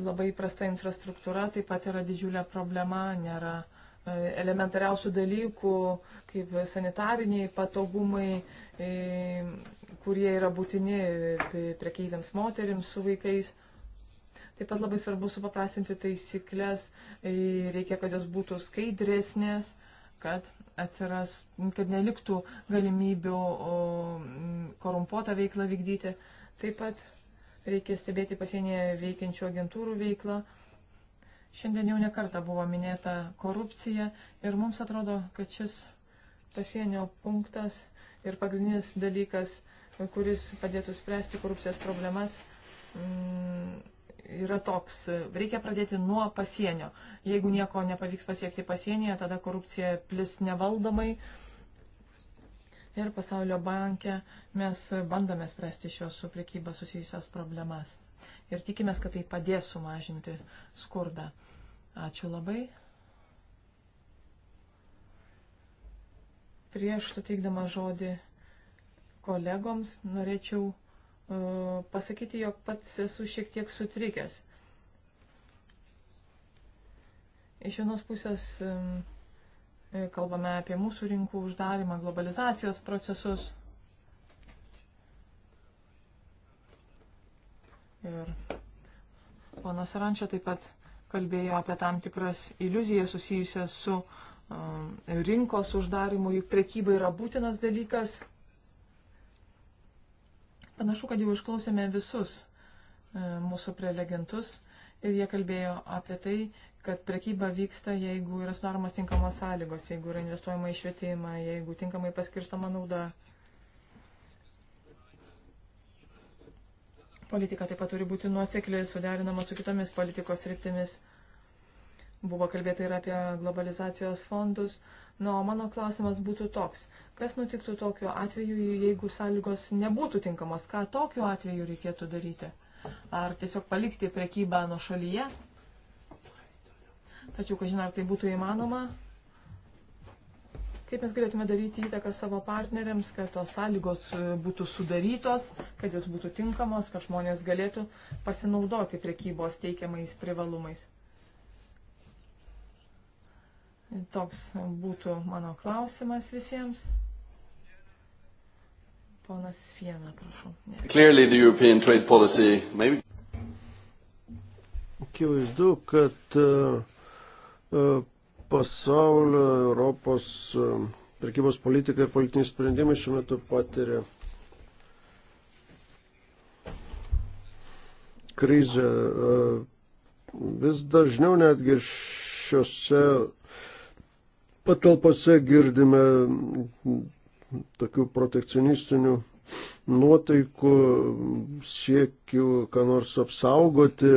S2: Labai prasta infrastruktūra taip pat yra didžiulė problema, nėra e, elementariausių dalykų, kaip sanitariniai patogumai, e, kurie yra būtini e, prekeiviams moterims su vaikais. Taip pat labai svarbu supaprastinti taisyklės, e, reikia, kad jos būtų skaidresnės, kad atsiras, kad neliktų galimybių korumpuotą veiklą vykdyti. Taip pat reikia stebėti pasienyje veikiančių agentūrų veiklą. Šiandien jau nekarta buvo minėta korupcija ir mums atrodo, kad šis pasienio punktas ir pagrindinis dalykas, kuris padėtų spręsti korupcijos problemas, mm, yra toks, reikia pradėti nuo pasienio. Jeigu nieko nepavyks pasiekti pasienyje, tada korupcija plis nevaldomai. Ir pasaulio banke mes bandome spręsti šios su priekyba susijusias problemas. Ir tikimės, kad tai padės sumažinti skurdą. Ačiū labai. Prieš suteikdama žodį kolegoms norėčiau pasakyti, jog pats esu šiek tiek sutrikęs. Iš vienos pusės e, kalbame apie mūsų rinkų uždarimą, globalizacijos procesus. Ir ponas Rančia taip pat kalbėjo apie tam tikras iliuzijas susijusias su um, rinkos uždarimu, juk prekyba yra būtinas dalykas. Panašu, kad jau išklausėme visus e, mūsų prelegentus ir jie kalbėjo apie tai, kad prekyba vyksta, jeigu yra sudaromos tinkamos sąlygos, jeigu yra investuojama į švietimą, jeigu tinkamai paskirstama nauda. Politika taip pat turi būti nuosekli, suderinama su kitomis politikos ryptimis. Buvo kalbėta ir apie globalizacijos fondus, Na, o mano klausimas būtų toks. Kas nutiktų tokiu atveju, jeigu sąlygos nebūtų tinkamos? Ką tokiu atveju reikėtų daryti? Ar tiesiog palikti prekybą nuo šalyje? Tačiau, kažin, ar tai būtų įmanoma? Kaip mes galėtume daryti įtaką savo partneriams, kad tos sąlygos e, būtų sudarytos, kad jos būtų tinkamos, kad žmonės galėtų pasinaudoti prekybos teikiamais privalumais? Toks būtų mano klausimas visiems. Ponas Fiena, prašau.
S1: Ne. Clearly the European trade policy maybe. Akivaizdu, kad uh, pasaulio Europos uh, prekybos politika ir politiniai sprendimai šiuo metu patiria krizę. Vis dažniau netgi šiuose patalpose girdime tokių protekcionistinių nuotaikų, siekių, ką nors apsaugoti.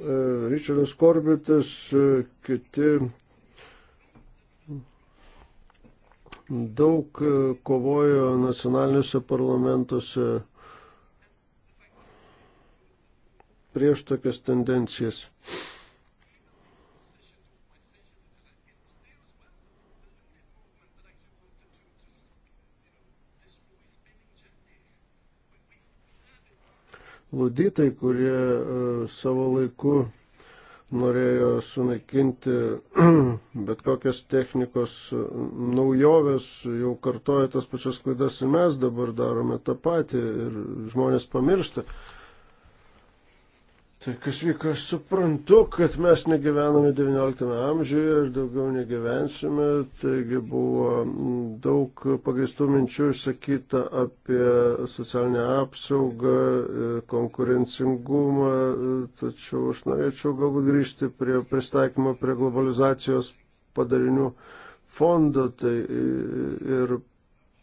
S1: E, Ričardas Korbitas, e, kiti daug e, kovojo nacionaliniuose parlamentuose prieš tokias tendencijas. Luditai, kurie e, savo laiku norėjo sunaikinti bet kokias technikos e, naujoves, jau kartoja tas pačias klaidas ir mes dabar darome tą patį ir žmonės pamiršta, Tai kas vyko, aš suprantu, kad mes negyvename XIX amžiuje ir daugiau negyvensime, taigi buvo daug pagristų minčių išsakyta apie socialinę apsaugą, konkurencingumą, tačiau aš norėčiau galbūt grįžti prie pristaikymo prie globalizacijos padarinių fondo tai ir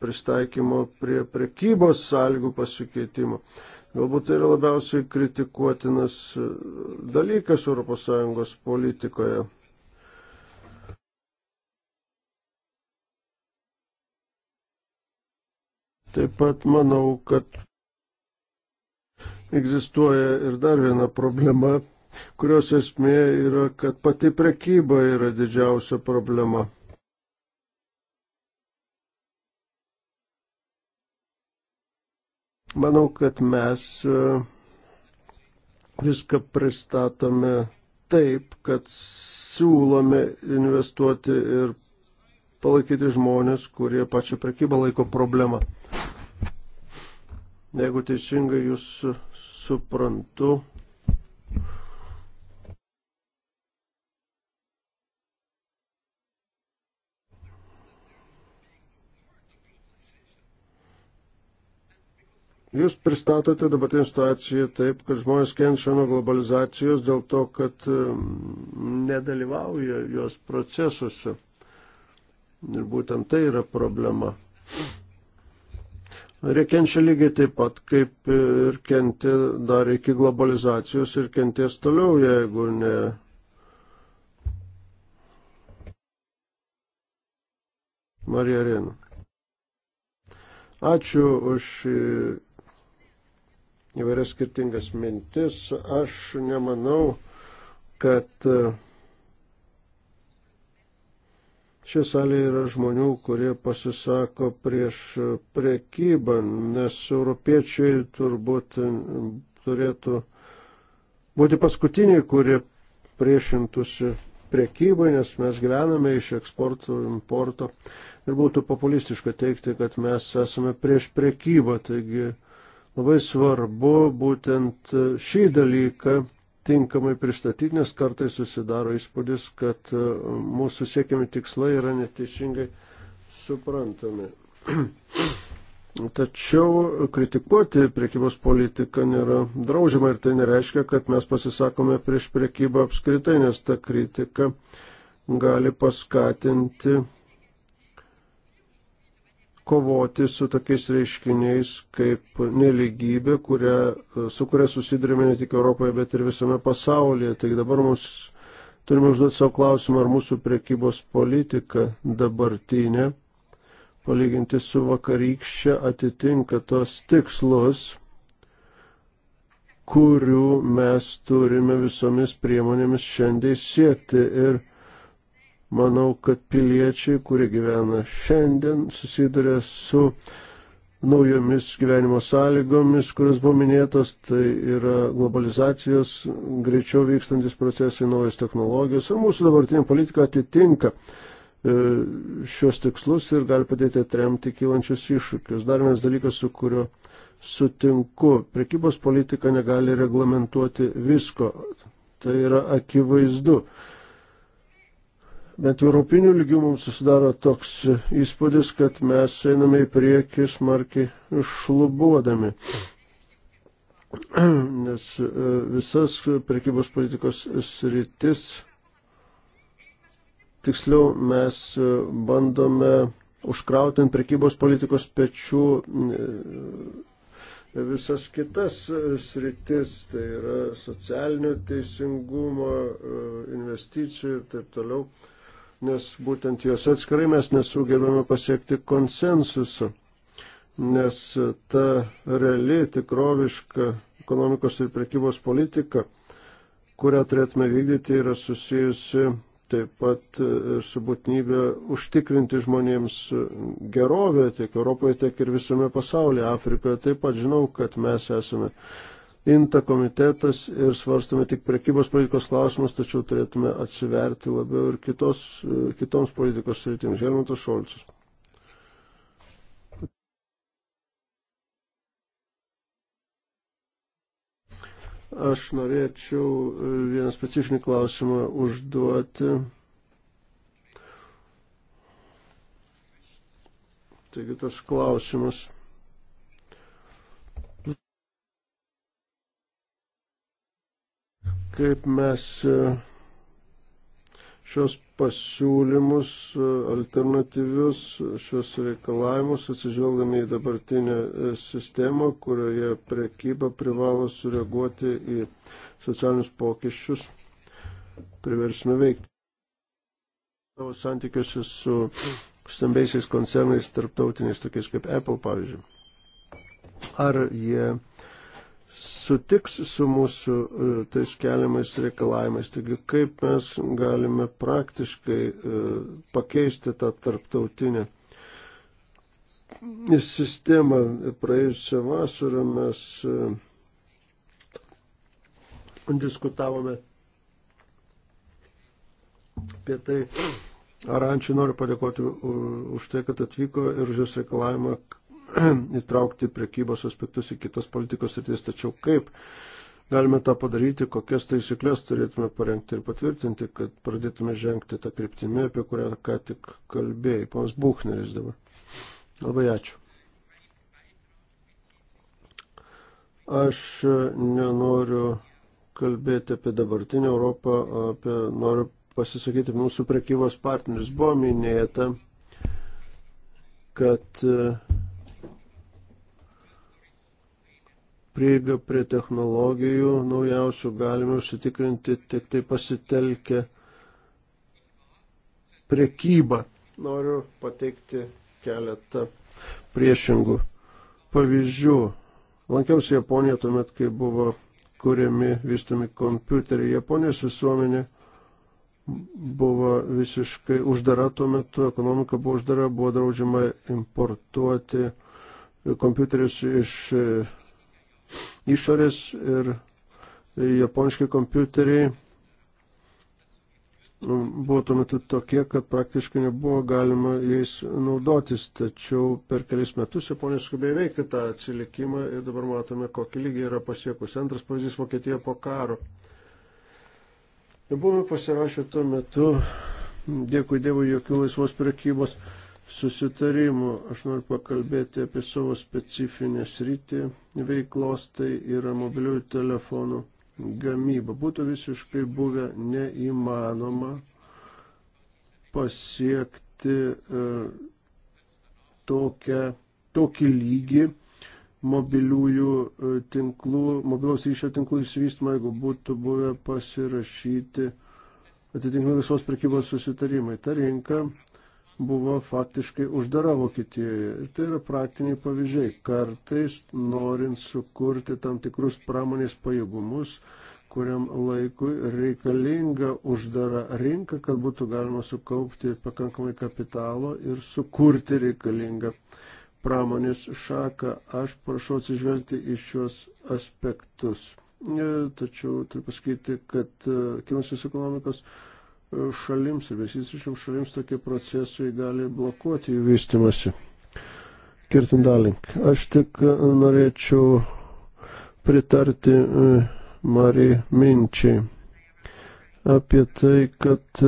S1: pristaikymo prie prekybos sąlygų pasikeitimo. Galbūt tai yra labiausiai kritikuotinas dalykas ES politikoje. Taip pat manau, kad egzistuoja ir dar viena problema, kurios esmė yra, kad pati prekyba yra didžiausia problema. Manau, kad mes e, viską pristatome taip, kad siūlome investuoti ir palaikyti žmonės, kurie pačią prekybą laiko problemą. Jeigu teisingai jūs suprantu, Jūs pristatote dabartinę situaciją taip, kad žmonės kenčia nuo globalizacijos dėl to, kad nedalyvauja jos procesuose. Ir būtent tai yra problema. Jie kenčia lygiai taip pat, kaip ir kentė dar iki globalizacijos ir kenties toliau, jeigu ne. Marija Rėna. Ačiū už įvairias skirtingas mintis. Aš nemanau, kad e, Ši salė yra žmonių, kurie pasisako prieš priekybą, nes europiečiai turbūt e, turėtų būti paskutiniai, kurie priešintųsi priekybai, nes mes gyvename iš eksporto, importo ir būtų populistiška teikti, kad mes esame prieš priekybą. Taigi, Labai svarbu būtent šį dalyką tinkamai pristatyti, nes kartai susidaro įspūdis, kad e, mūsų siekiami tikslai yra neteisingai suprantami. Tačiau kritikuoti priekybos politiką nėra draužima ir tai nereiškia, kad mes pasisakome prieš priekybą apskritai, nes ta kritika gali paskatinti kovoti su tokiais reiškiniais kaip neligybė, kuria, su kuria susidurime ne tik Europoje, bet ir visame pasaulyje. Taigi dabar mums turime užduoti savo klausimą, ar mūsų priekybos politika dabartinė, palyginti su vakarykščia, atitinka tos tikslus, kurių mes turime visomis priemonėmis šiandien siekti. Ir Manau, kad piliečiai, kurie gyvena šiandien, susiduria su naujomis gyvenimo sąlygomis, kurios buvo minėtos, tai yra globalizacijos, greičiau vykstantis procesai, naujos technologijos ir mūsų dabartinė politika atitinka e, šios tikslus ir gali padėti atremti kylančius iššūkius. Dar vienas dalykas, su kuriuo sutinku, prekybos politika negali reglamentuoti visko. Tai yra akivaizdu bent europinių lygių mums susidaro toks įspūdis, kad mes einame į priekį smarkiai šlubuodami. Nes e, visas prekybos politikos sritis, tiksliau mes e, bandome užkrauti ant prekybos politikos pečių e, visas kitas sritis, tai yra socialinio teisingumo, investicijų ir taip toliau nes būtent jos atskirai mes nesugebėme pasiekti konsensusu, nes ta reali, tikroviška ekonomikos ir prekybos politika, kurią turėtume vykdyti, yra susijusi taip pat su būtinybė užtikrinti žmonėms gerovę tiek Europoje, tiek ir visame pasaulyje, Afrikoje. Taip pat žinau, kad mes esame Inta komitetas ir svarstame tik prekybos politikos klausimus, tačiau turėtume atsiverti labiau ir kitos, kitoms politikos sritims. Helmutas Šolcis. Aš norėčiau e, vieną specifinį klausimą užduoti. Taigi tas klausimas. kaip mes e, šios pasiūlymus e, alternatyvius, šios reikalavimus atsižvelgdami į dabartinę e, sistemą, kurioje prekyba privalo sureaguoti į socialinius pokyčius, priversime veikti. Savo santykiuose su stambiaisiais koncernais, tarptautiniais, tokiais kaip Apple, pavyzdžiui. Ar jie sutiks su mūsų e, tais keliamais reikalavimais. Taigi, kaip mes galime praktiškai e, pakeisti tą tarptautinę sistemą. Praėjusią vasarą mes e, diskutavome apie tai. Arančiui noriu padėkoti už tai, kad atvyko ir už jos reikalavimą, įtraukti prekybos aspektus į kitas politikos sritis, tačiau kaip galime tą padaryti, kokias taisyklės turėtume parengti ir patvirtinti, kad pradėtume žengti tą kryptimį, apie kurią ką tik kalbėjai. Pons Buchneris dabar. Labai ačiū. Aš nenoriu kalbėti apie dabartinę Europą, apie, noriu pasisakyti mūsų prekybos partnerius. Buvo minėta, kad prieigą prie technologijų naujausių galime užsitikrinti tik tai pasitelkę priekybą. Noriu pateikti keletą priešingų pavyzdžių. Lankiausi Japoniją tuomet, kai buvo kuriami vystami kompiuteriai. Japonijos visuomenė buvo visiškai uždara tuo metu, ekonomika buvo uždara, buvo draudžiama importuoti kompiuterius iš išorės ir japoniški kompiuteriai buvo tuo metu tokie, kad praktiškai nebuvo galima jais naudotis, tačiau per kelis metus Japonija skubėjo veikti tą atsilikimą ir dabar matome, kokį lygį yra pasiekusi. Antras pavyzdys - Vokietija po karo. Nebuvome pasirašę tuo metu, dėkui Dievui, jokių laisvos prekybos susitarimų. Aš noriu pakalbėti apie savo specifinę sritį veiklos, tai yra mobiliųjų telefonų gamyba. Būtų visiškai buvę neįmanoma pasiekti e, tokią, tokį lygį mobiliųjų e, tinklų, mobilaus ryšio tinklų įsivystymą, jeigu būtų buvę pasirašyti atitinkami laisvos prekybos susitarimai. Ta rinka buvo faktiškai uždara Vokietijoje. Ir tai yra praktiniai pavyzdžiai. Kartais norint sukurti tam tikrus pramonės pajėgumus, kuriam laikui reikalinga uždara rinka, kad būtų galima sukaupti pakankamai kapitalo ir sukurti reikalingą pramonės šaką. Aš prašau atsižvelgti į šios aspektus. E, tačiau turiu pasakyti, kad e, kilusios ekonomikos šalims ir besisačiam šalims tokie procesai gali blokuoti jų vystimasi. Kirtindalink. Aš tik norėčiau pritarti e, Marijai minčiai apie tai, kad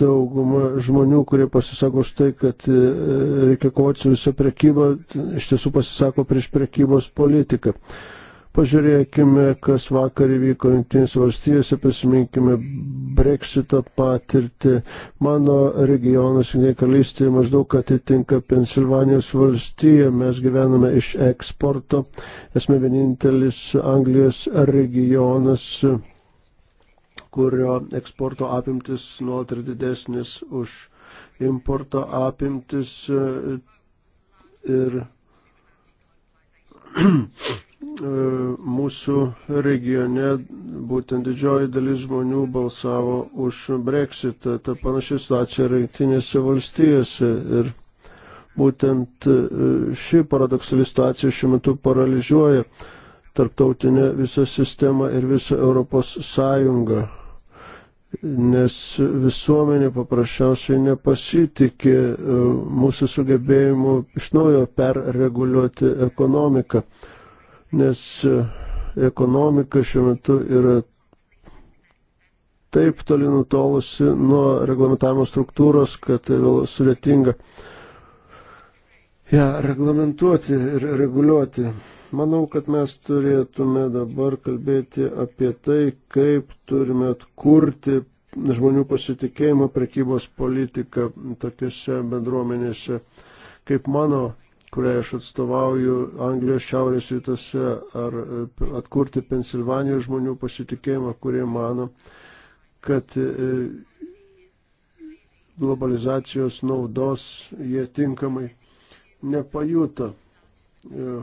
S1: dauguma žmonių, kurie pasisako už tai, kad e, reikia kovoti su visą prekybą, iš tiesų pasisako prieš prekybos politiką. Pažiūrėkime, kas vakar įvyko Junktinės valstijose, prisiminkime breksito patirtį. Mano regionas, Junktinė karalystė, maždaug atitinka Pensilvanijos valstiją. Mes gyvename iš eksporto. Esame vienintelis Anglijos regionas kurio eksporto apimtis nuolat yra didesnis už importo apimtis ir E, mūsų regione būtent didžioji dalis žmonių balsavo už Brexitą. Ta panaši situacija yra jungtinėse valstijose. Ir būtent e, ši paradoksali situacija šiuo metu paralyžiuoja tarptautinę visą sistemą ir visą Europos sąjungą. Nes visuomenė paprasčiausiai nepasitikė e, mūsų sugebėjimu iš naujo perreguliuoti ekonomiką nes e, ekonomika šiuo metu yra taip toli nutolusi nuo reglamentavimo struktūros, kad tai vėl sudėtinga ją ja, reglamentuoti ir reguliuoti. Manau, kad mes turėtume dabar kalbėti apie tai, kaip turime atkurti žmonių pasitikėjimą prekybos politiką tokiuose bendruomenėse kaip mano kuriai aš atstovauju Anglijos šiaurės rytuose, ar e, atkurti Pensilvanijos žmonių pasitikėjimą, kurie mano, kad e, globalizacijos naudos jie tinkamai nepajuto. E,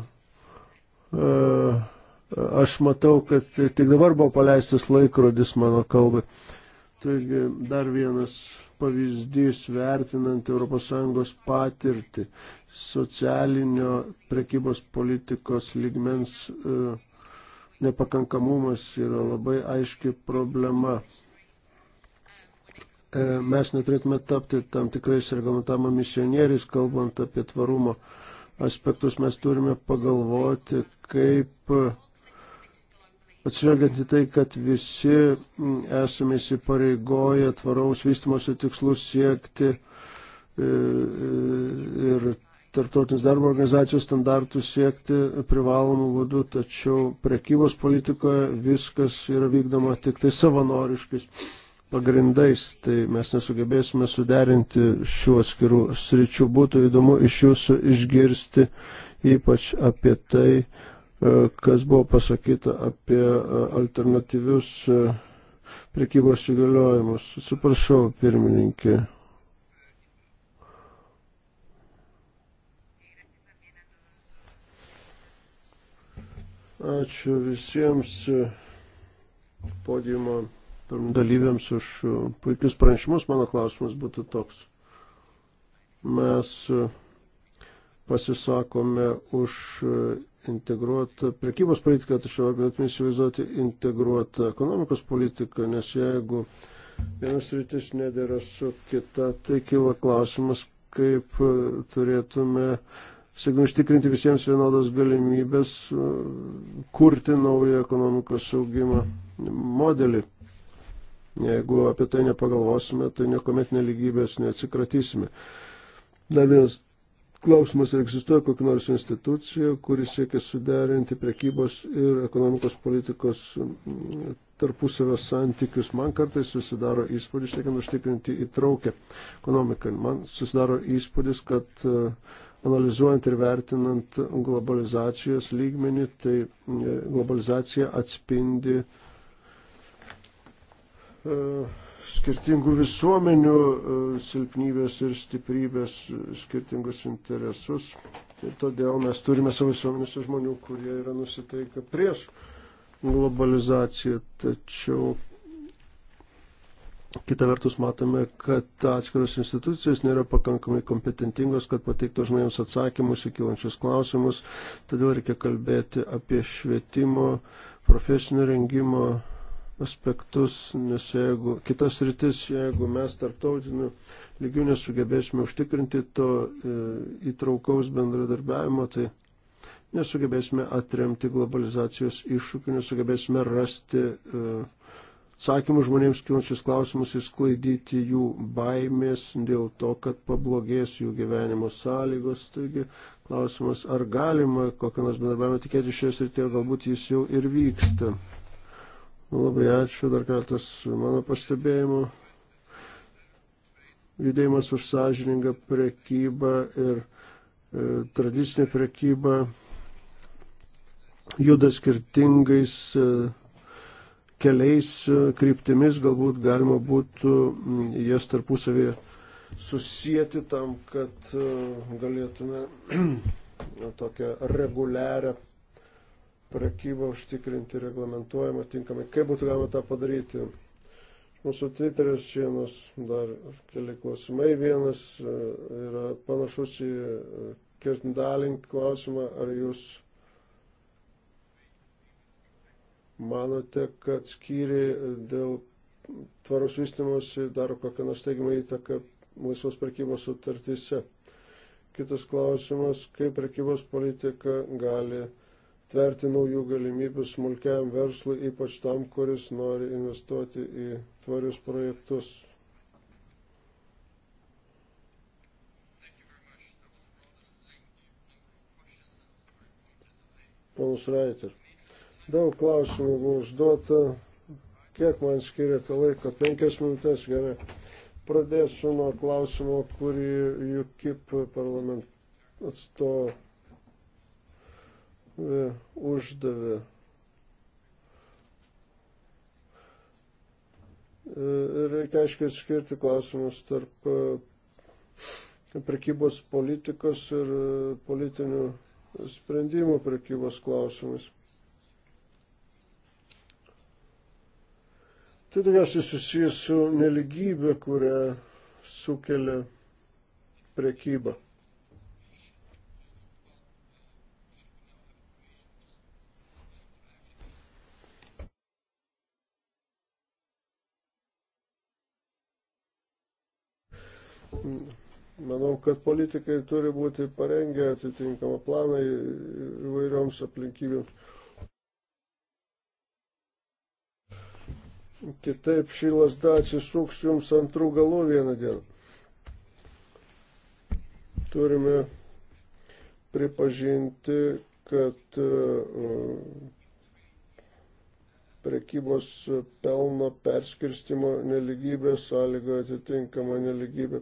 S1: aš matau, kad tik dabar buvo paleistas laikrodis mano kalbai. Taigi dar vienas pavyzdys vertinant ES patirtį socialinio prekybos politikos lygmens e, nepakankamumas yra labai aiški problema. E, mes neturėtume tapti tam tikrais reglamentavimo misionieriais, kalbant apie tvarumo aspektus, mes turime pagalvoti, kaip Atsižvelgiant į tai, kad visi esame įsipareigoję tvaraus vystimosi tikslus siekti e, e, ir tarptautinis darbo organizacijos standartų siekti privalomų būdų, tačiau prekybos politikoje viskas yra vykdoma tik tai savanoriškais pagrindais, tai mes nesugebėsime suderinti šių atskirų sričių. Būtų įdomu iš jūsų išgirsti ypač apie tai, E, kas buvo pasakyta apie e, alternatyvius e, prekybos įgaliojimus. Suprašau, pirmininkė. Ačiū visiems podiumo dalyviams už puikius pranešimus. Mano klausimas būtų toks. Mes pasisakome už integruotą prekybos politiką, tačiau galėtume įsivaizduoti integruotą ekonomikos politiką, nes jeigu vienas rytis nedėra su kita, tai kyla klausimas, kaip turėtume, siekdami ištikrinti visiems vienodas galimybės, e, kurti naują ekonomikos saugimą modelį. Jeigu apie tai nepagalvosime, tai niekuomet neligybės neatsikratysime. Dar vienas Klausimas, ar egzistuoja kokia nors institucija, kuris siekia suderinti prekybos ir ekonomikos politikos mm, tarpusavio santykius. Man kartais susidaro įspūdis, siekiant užtikrinti įtraukę ekonomiką. Man susidaro įspūdis, kad e, analizuojant ir vertinant globalizacijos lygmenį, tai e, globalizacija atspindi uh, skirtingų visuomenių e, silpnybės ir stiprybės, e, skirtingus interesus. Ir todėl mes turime savo visuomenės žmonių, kurie yra nusiteikę prieš globalizaciją. Tačiau kita vertus matome, kad atskiros institucijos nėra pakankamai kompetentingos, kad pateiktų žmonėms atsakymus į kilančius klausimus. Todėl reikia kalbėti apie švietimo, profesinio rengimo aspektus, nes jeigu kitas rytis, jeigu mes tarptautiniu lygiu nesugebėsime užtikrinti to e, įtraukaus bendradarbiavimo, tai nesugebėsime atremti globalizacijos iššūkių, nesugebėsime rasti e, atsakymų e, žmonėms kilančius klausimus ir sklaidyti jų baimės dėl to, kad pablogės jų gyvenimo sąlygos. Taigi klausimas, ar galima kokią nors bendarbiavimą tikėti šioje srityje, galbūt jis jau ir vyksta. Labai ačiū, dar kartas mano pastebėjimų. Judėjimas už sąžiningą prekybą ir e, tradicinė prekyba juda skirtingais e, keliais e, kryptimis, galbūt galima būtų jas tarpusavėje susijęti tam, kad e, galėtume tokią reguliarią prekybą užtikrinti reglamentuojama tinkamai. Kaip būtų galima tą padaryti? Mūsų Twitteris vienas, dar keli klausimai. Vienas e, yra panašus į e, Kirtindalink klausimą, ar jūs manote, kad skyri dėl tvaros vystimosi daro kokią nors teigiamą įtaką laisvos prekybos sutartyse. Kitas klausimas, kaip prekybos politika gali tverti naujų galimybių smulkiam verslui, ypač tam, kuris nori investuoti į tvarius projektus. Ponus Reiter. Daug klausimų buvo užduota. Kiek man skiriate laiko? Penkias minutės gerai. Pradėsiu nuo klausimo, kurį JUKIP parlament atstovo E, uždavė. E, reikia aiškiai skirti klausimus tarp e, prekybos politikos ir politinių sprendimų prekybos klausimais. Tai tikriausiai susijęs su neligybė, kurią sukelia prekyba. Manau, kad politikai turi būti parengę atitinkamą planą įvairioms aplinkybėms. Kitaip šį lasdą atsisuks jums antrų galų vieną dieną. Turime pripažinti, kad uh, prekybos pelno perskirstimo neligybė sąlygoja atitinkamą neligybę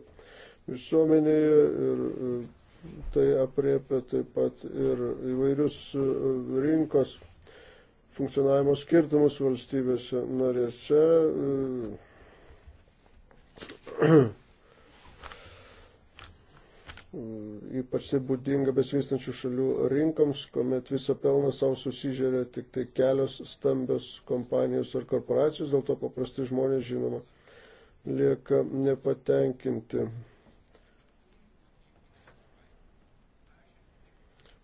S1: visuomenėje ir e, tai apriepia taip pat ir įvairius e, rinkos funkcionavimo skirtumus valstybėse narėse. E, ypač tai būdinga besvystančių šalių rinkoms, kuomet visą pelną savo susižiūrė tik tai kelios stambios kompanijos ar korporacijos, dėl to paprasti žmonės, žinoma, lieka nepatenkinti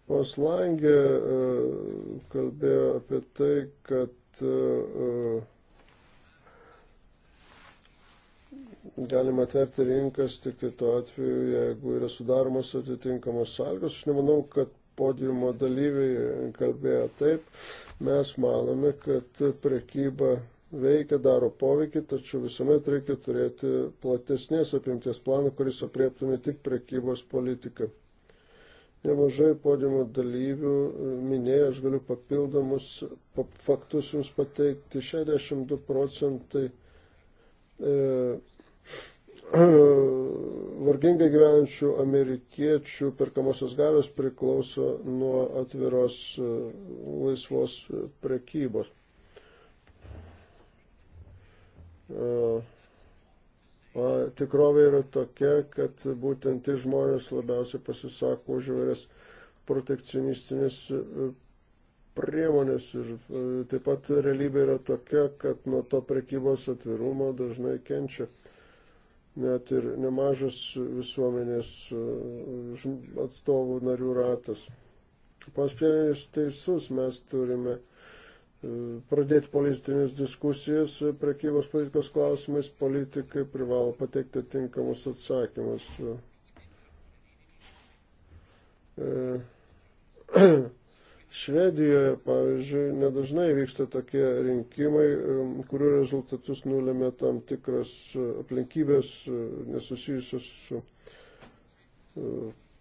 S1: Pons Langė e, kalbėjo apie tai, kad e, e, galima atverti rinkas tik tai tuo atveju, jeigu yra sudaromas atitinkamos sąlygos. Aš nemanau, kad podiumo dalyviai kalbėjo taip. Mes manome, kad prekyba veikia, daro poveikį, tačiau visuomet reikia turėti platesnės apimties planą, kuris apriektume tik prekybos politiką nemažai podimo dalyvių e, minėjo, aš galiu papildomus faktus jums pateikti, 62 procentai e, e, vargingai gyvenančių amerikiečių perkamosios galios priklauso nuo atviros laisvos prekybos. Uh O tikrovė yra tokia, kad būtent tie žmonės labiausiai pasisako už vairias protekcionistinės e, priemonės ir e, taip pat realybė yra tokia, kad nuo to prekybos atvirumo dažnai kenčia net ir nemažas visuomenės e, atstovų narių ratas. Paspėlis teisus mes turime pradėti politinės diskusijas prekybos politikos klausimais, politikai privalo pateikti tinkamus atsakymus. E, Švedijoje, pavyzdžiui, nedažnai vyksta tokie rinkimai, kurių rezultatus nulėmė tam tikras aplinkybės e, nesusijusios su e,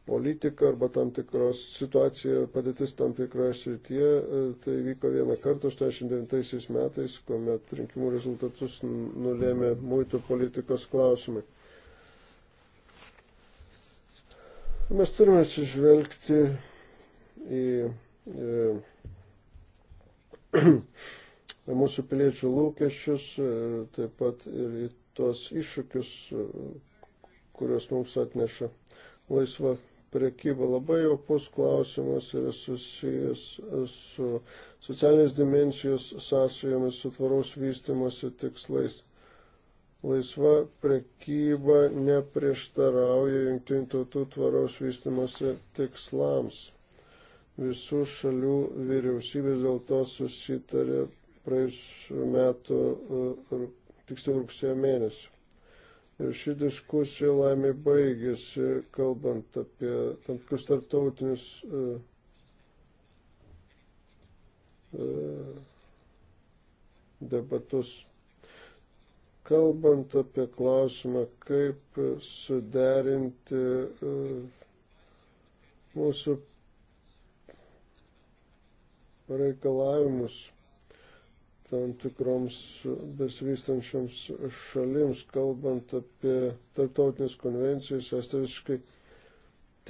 S1: politiką arba tam tikros situacija, padėtis tam tikroje srityje. E, tai vyko vieną kartą 89 metais, kuomet rinkimų rezultatus nulėmė muitų politikos klausimai. Mes turime atsižvelgti į, į, e, į mūsų piliečių lūkesčius, e, taip pat ir į tuos iššūkius, kuriuos mums atneša laisva prekyba. Labai opus klausimas yra susijęs su socialinės dimensijos sąsajomis, su tvaraus vystimosi tikslais. Laisva prekyba neprieštarauja jungtinių tautų tvaraus vystimosi tikslams. Visų šalių vyriausybės dėl to susitarė praėjusiu metu, uh, tiksliau rugsėjo mėnesį. Ir ši diskusija laimė baigėsi, kalbant apie tam tikrus tarptautinius uh, uh, debatus. Kalbant apie klausimą, kaip suderinti uh, mūsų reikalavimus tam tikroms besivystančioms šalims, kalbant apie tarptautinės konvencijas, esate visiškai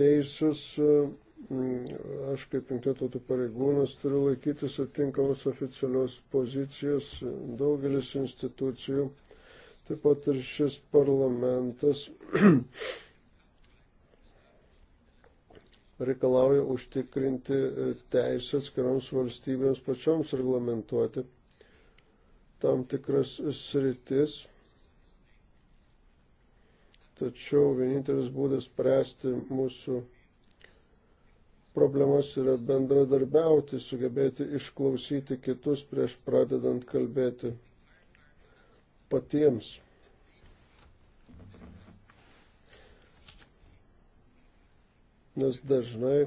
S1: teisus. Aš kaip jungtinių tautų pareigūnas turiu laikytis atinkamos oficialios pozicijos daugelis institucijų, taip pat ir šis parlamentas reikalauja užtikrinti teisę atskiroms valstybėms pačioms reglamentuoti tam tikras sritis. Tačiau vienintelis būdas pręsti mūsų problemas yra bendradarbiauti, sugebėti išklausyti kitus prieš pradedant kalbėti patiems. Nes dažnai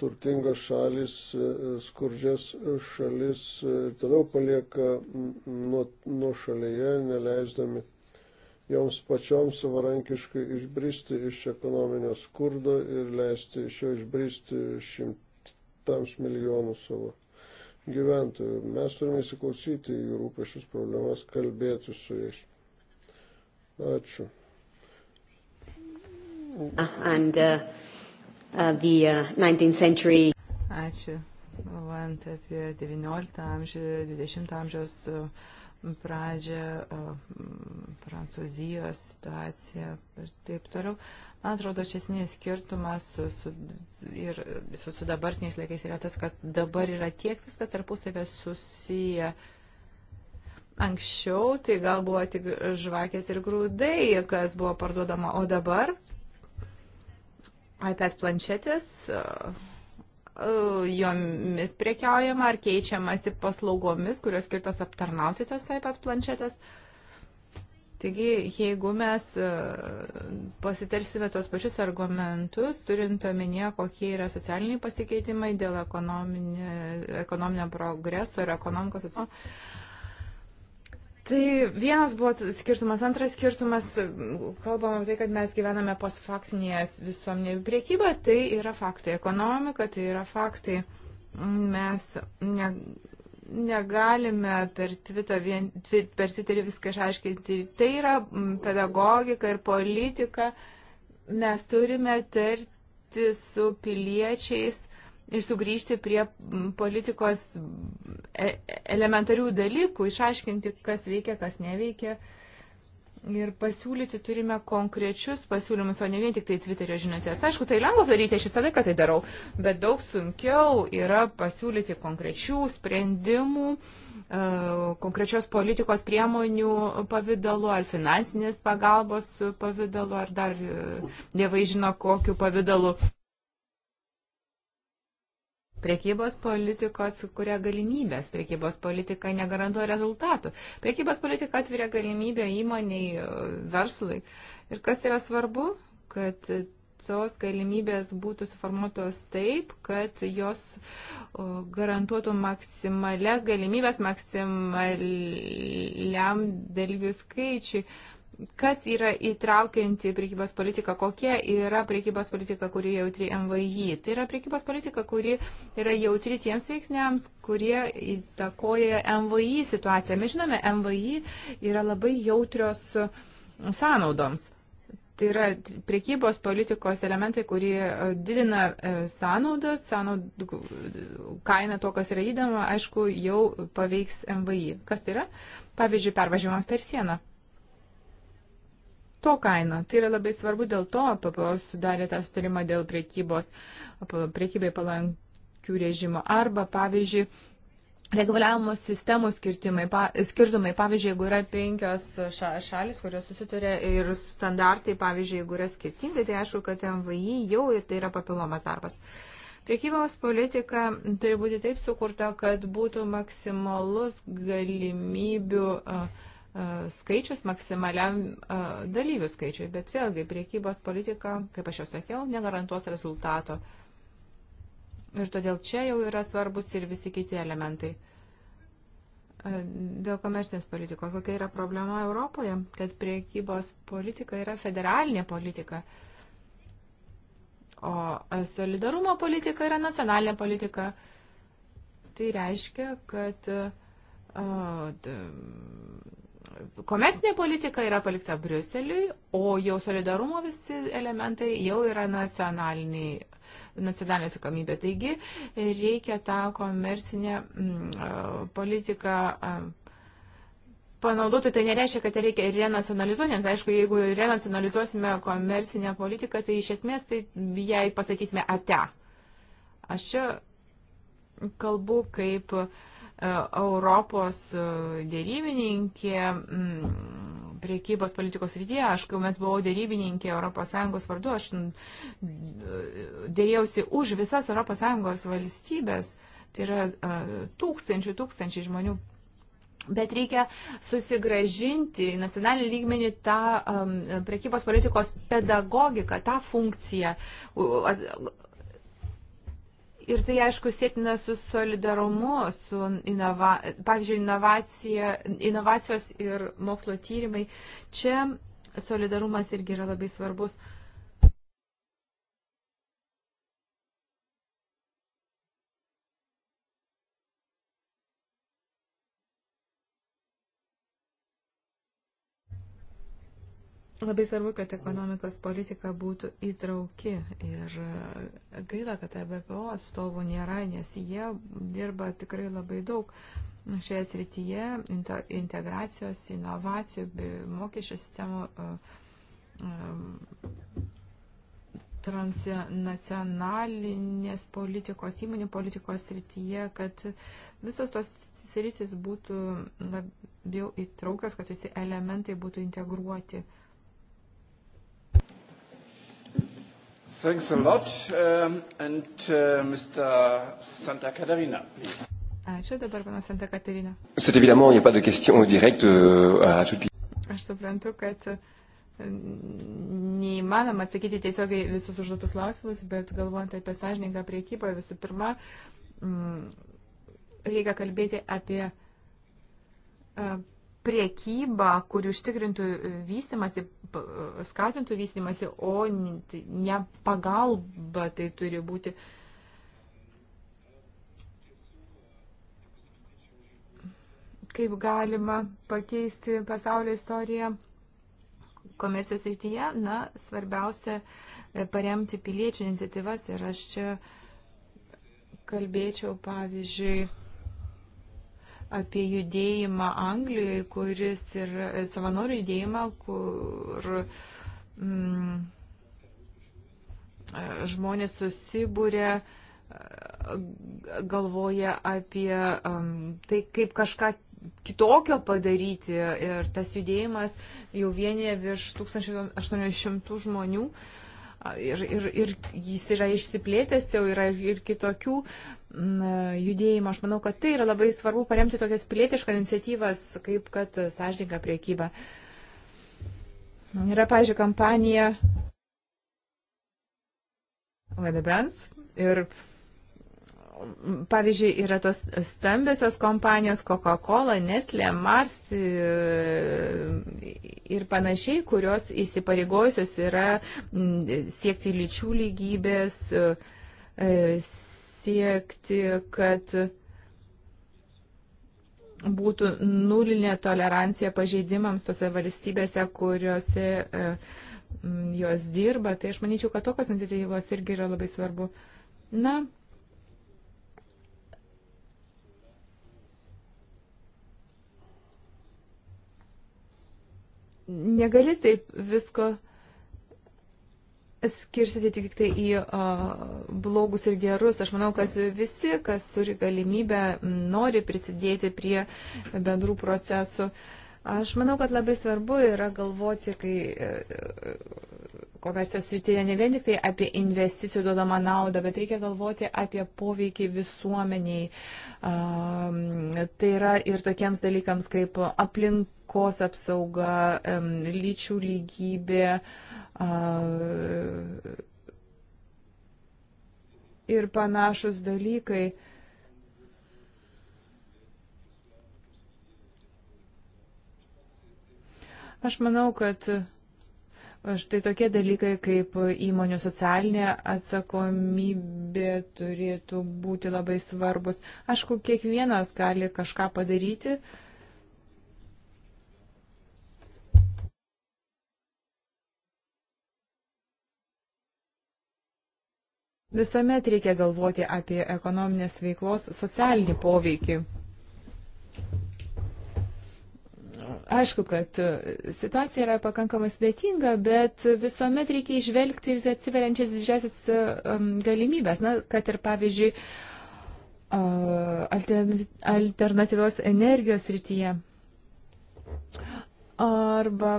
S1: turtingas šalis, e, e, skurdžias šalis e, ir toliau palieka nuo, nuo šalyje, neleisdami joms pačioms savarankiškai išbristi iš ekonominio skurdo ir leisti iš jo išbristi šimtams milijonų savo gyventojų. Mes turime įsiklausyti į jų rūpešius problemas, kalbėti su jais. Ačiū.
S3: Ah, and, uh uh, the uh, 19th century. Ačiū. Galvojant apie 19 amžių, 20 amžiaus uh, pradžią, uh, Prancūzijos situaciją ir taip toliau. Man atrodo, čia esminis skirtumas su, su, ir, su, su dabartiniais laikais yra tas, kad dabar yra tiek viskas tarpusavė susiję. Anksčiau tai gal buvo tik žvakės ir grūdai, kas buvo parduodama, o dabar iPad planšetės, e, e, jomis priekiaujama ar keičiamasi paslaugomis, kurios skirtos aptarnauti tas iPad planšetės. Taigi, jeigu mes e, pasitarsime tos pačius argumentus, turint omenyje, kokie yra socialiniai pasikeitimai dėl ekonominio, ekonominio progreso ir ekonomikos atsivimo, Tai vienas buvo skirtumas, antras skirtumas, kalbam apie tai, kad mes gyvename postfaksinėje visuomenėje. Priekyba tai yra faktai, ekonomika tai yra faktai. Mes ne, negalime per, vien, per Twitterį viską išaiškinti. Tai yra pedagogika ir politika. Mes turime tarti su piliečiais ir sugrįžti prie politikos e, elementarių dalykų, išaiškinti, kas veikia, kas neveikia. Ir pasiūlyti turime konkrečius pasiūlymus, o ne vien tik tai Twitterio žinutės. Aišku, tai lengva daryti, aš visą laiką tai darau, bet daug sunkiau yra pasiūlyti konkrečių sprendimų, e, konkrečios politikos priemonių pavydalu, ar finansinės pagalbos pavydalu, ar dar e, dievai žino kokiu pavydalu. Priekybos politikos kuria galimybės, priekybos politika negarantuoja rezultatų. Priekybos politika atveria galimybę įmoniai, e, verslui. Ir kas yra svarbu, kad tos galimybės būtų suformuotos taip, kad jos garantuotų maksimalias galimybės maksimaliam dalyvių skaičiui. Kas yra įtraukianti priekybos politika? Kokia yra priekybos politika, kuri jautri MVI? Tai yra priekybos politika, kuri yra jautri tiems veiksniams, kurie įtakoja MVI situaciją. Mes žinome, MVI yra labai jautrios sąnaudoms. Tai yra priekybos politikos elementai, kurie e, didina e, sąnaudas, sąnaudų kaina to, kas yra įdama, aišku, jau paveiks MVI. Kas tai yra? Pavyzdžiui, pervažiavimas per sieną to kaina. Tai yra labai svarbu dėl to, PPO sudarė tą sutarimą dėl priekybos, priekybai palankių režimo. Arba, pavyzdžiui, Reguliavimo sistemų skirtumai, pa, skirtumai, pavyzdžiui, jeigu yra penkios ša, šalis, kurios susituria ir standartai, pavyzdžiui, jeigu yra skirtingai, tai aišku, kad MVI jau tai yra papilomas darbas. Priekybos politika turi būti taip sukurta, kad būtų maksimalus galimybių uh, E, skaičius maksimaliam e, dalyvių skaičiui, bet vėlgi priekybos politika, kaip aš jau sakiau, negarantuos rezultato. Ir todėl čia jau yra svarbus ir visi kiti elementai. E, dėl komercinės politikos, kokia yra problema Europoje, kad priekybos politika yra federalinė politika, o solidarumo politika yra nacionalinė politika. Tai reiškia, kad uh, komercinė politika yra palikta Briuseliui, o jau solidarumo visi elementai jau yra nacionaliniai nacionalinė atsakomybė. Taigi reikia tą komercinę m, mm, politiką m, panaudoti, tai nereiškia, kad reikia renacionalizuoti, nes aišku, jeigu renacionalizuosime komercinę politiką, tai iš esmės tai jai pasakysime ate. Aš čia kalbu kaip uh, E, Europos e, dėrybininkė mm, priekybos politikos rytyje, aš kuomet buvau dėrybininkė ES vardu, aš e, dėrėjausi už visas ES valstybės, tai yra tūkstančių, tūkstančiai žmonių. Bet reikia susigražinti nacionalinį lygmenį tą um, priekybos politikos pedagogiką, tą funkciją, Ir tai, aišku, sėtina su solidarumu, su inova, pavyzdžiui, inovacija, inovacijos ir mokslo tyrimai. Čia solidarumas irgi yra labai svarbus. Uh, Labai svarbu, kad ekonomikos politika būtų įtrauki ir gaila, kad EBPO atstovų nėra, nes jie dirba tikrai labai daug šioje srityje integracijos, inovacijų, mokesčių sistemų, e, e, transnacionalinės politikos, įmonių politikos srityje, kad visos tos sritis būtų labiau įtraukas, kad visi elementai būtų integruoti.
S1: Thanks a lot. Um, and uh, Mr. Santa
S3: Caterina, please. Ačiū dabar, pana Santa Caterina.
S2: C'est évidemment, il n'y a pas de questions directes euh, à toutes les...
S3: Aš suprantu, kad neįmanoma atsakyti tiesiogiai visus užduotus klausimus, bet galvojant apie sąžininką priekybą, visų pirma, m, reikia kalbėti apie a, priekybą, kuri užtikrintų vystimasi, skatintų vystimasi, o ne pagalba tai turi būti. Kaip galima pakeisti pasaulio istoriją komercijos rytyje, na, svarbiausia e, paremti piliečių iniciatyvas ir aš čia kalbėčiau, pavyzdžiui, apie judėjimą Anglijoje, kuris ir e, savanorių judėjimą, kur mm, e, žmonės susibūrė e, galvoja apie um, tai, kaip kažką kitokio padaryti. Ir tas judėjimas jau vienyje virš 1800 žmonių. Ir, ir, ir jis yra išsiplėtęs, jau yra ir kitokių judėjimą. Aš manau, kad tai yra labai svarbu paremti tokias pilietiškas iniciatyvas, kaip kad sąžininka priekyba. Yra, pažiūrėjau, kampanija Vandebrans ir, pavyzdžiui, yra tos stambiosios kompanijos Coca-Cola, Nestle, Mars e, ir panašiai, kurios įsipareigojusios yra siekti lyčių lygybės, e, siekti, kad būtų nulinė tolerancija pažeidimams tose valstybėse, kuriuose e, jos dirba, tai aš manyčiau, kad tokios iniciatyvos irgi yra labai svarbu. Na, negali taip visko skirstyti tik tai į blogus ir gerus. Aš manau, kad visi, kas turi galimybę, nori prisidėti prie bendrų procesų. Aš manau, kad labai svarbu yra galvoti, kai e, komercijos srityje ne vien tik tai apie investicijų duodamą naudą, bet reikia galvoti apie poveikį visuomeniai. Tai yra ir tokiems dalykams kaip aplinkos apsauga, lyčių lygybė, ir panašus dalykai. Aš manau, kad štai tokie dalykai kaip įmonių socialinė atsakomybė turėtų būti labai svarbus. Aišku, kiekvienas gali kažką padaryti, uh, Visuomet reikia galvoti apie ekonominės veiklos socialinį poveikį. Aišku, kad situacija yra pakankamai sudėtinga, bet visuomet reikia išvelgti ir atsiveriančias didžiasias um, galimybės. Na, kad ir pavyzdžiui, uh, alternatyvios energijos rytyje. Arba,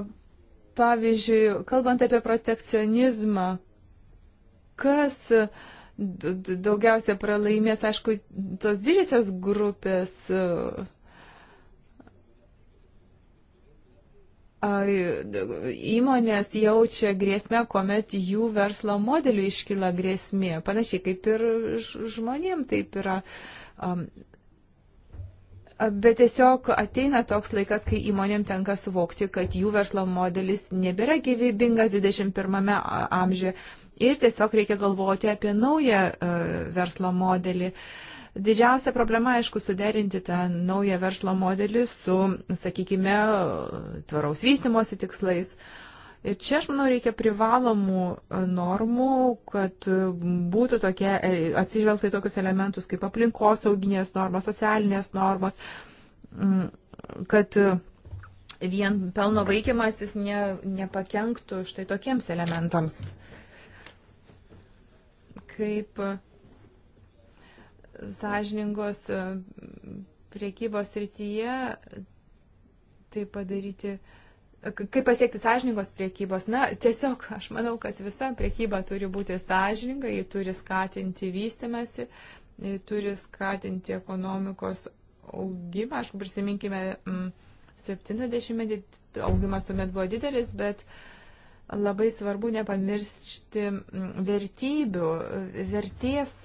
S3: pavyzdžiui, kalbant apie protekcionizmą, kas e, daugiausia pralaimės, aišku, tos didžiosios grupės. E, įmonės jaučia grėsmę, kuomet jų verslo modeliu iškyla grėsmė. Panašiai kaip ir žmonėm taip yra. Bet tiesiog ateina toks laikas, kai įmonėm tenka suvokti, kad jų verslo modelis nebėra gyvybingas 21-ame amžiuje. Ir tiesiog reikia galvoti apie naują e, verslo modelį. Didžiausia problema, aišku, suderinti tą naują verslo modelį su, sakykime, tvaraus vystimosi tikslais. Ir čia, aš manau, reikia privalomų e, normų, kad būtų tokie, e, atsižvelgta į tokius elementus kaip aplinkosauginės normos, socialinės normos, kad vien pelno vaikimasis ne, nepakenktų štai tokiems elementams kaip e, sąžiningos e, priekybos rytyje tai padaryti, e, kaip pasiekti sąžiningos priekybos. Na, tiesiog aš manau, kad visa priekyba turi būti sąžininga, ji turi skatinti vystimasi, ji turi skatinti ekonomikos augimą. Aišku, prisiminkime, 70-metį augimas tuomet buvo didelis, bet uh, labai svarbu nepamiršti mm, vertybių, vertės.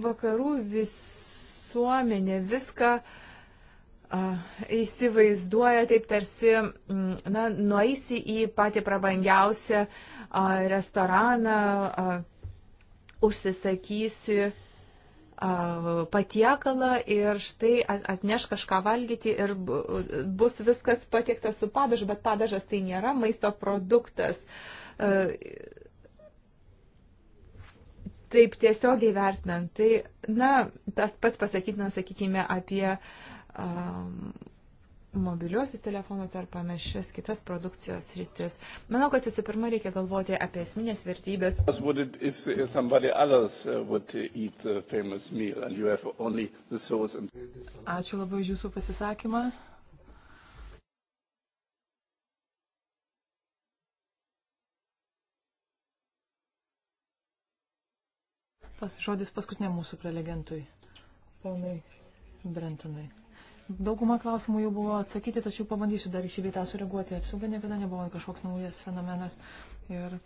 S3: Vakarų visuomenė viską įsivaizduoja taip tarsi, mm, na, nueisi į patį prabangiausią a, restoraną, a, užsisakysi patiekalą ir štai atneš kažką valgyti ir bus viskas patiektas su padažu, bet padažas tai nėra maisto produktas. Taip tiesiogiai vertinant, tai, na, tas pats pasakytina, sakykime, apie um, mobiliuosius telefonus ar panašias kitas produkcijos rytis. Manau, kad visų pirma reikia galvoti apie esminės vertybės. Uh, uh,
S2: Ačiū labai už Jūsų pasisakymą. Pas, žodis paskutiniam mūsų prelegentui, ponui Brentonui. Dauguma klausimų jau buvo atsakyti, tačiau pabandysiu dar iš įveitą sureaguoti. Apsauga niekada nebuvo kažkoks naujas fenomenas. Ir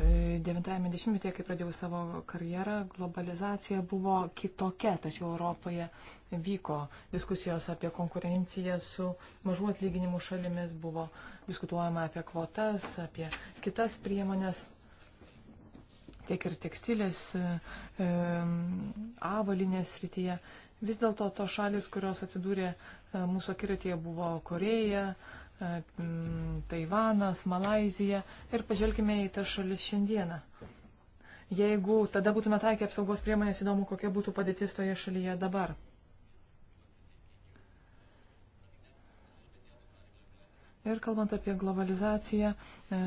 S2: 90-metyje, e, kai pradėjau savo karjerą, globalizacija buvo kitokia, tačiau Europoje vyko diskusijos apie konkurenciją su mažų atlyginimų šalimis, buvo diskutuojama apie kvotas, apie kitas priemonės, tiek ir tekstilės, e, e avalinės rytyje. Vis dėlto to šalis, kurios atsidūrė e, mūsų akiratėje, buvo Koreja, e, Taivanas, Malazija ir pažvelkime į tas šalis šiandieną. Jeigu tada būtume taikę apsaugos priemonės, įdomu, kokia būtų padėtis toje šalyje dabar. Ir kalbant apie globalizaciją, e,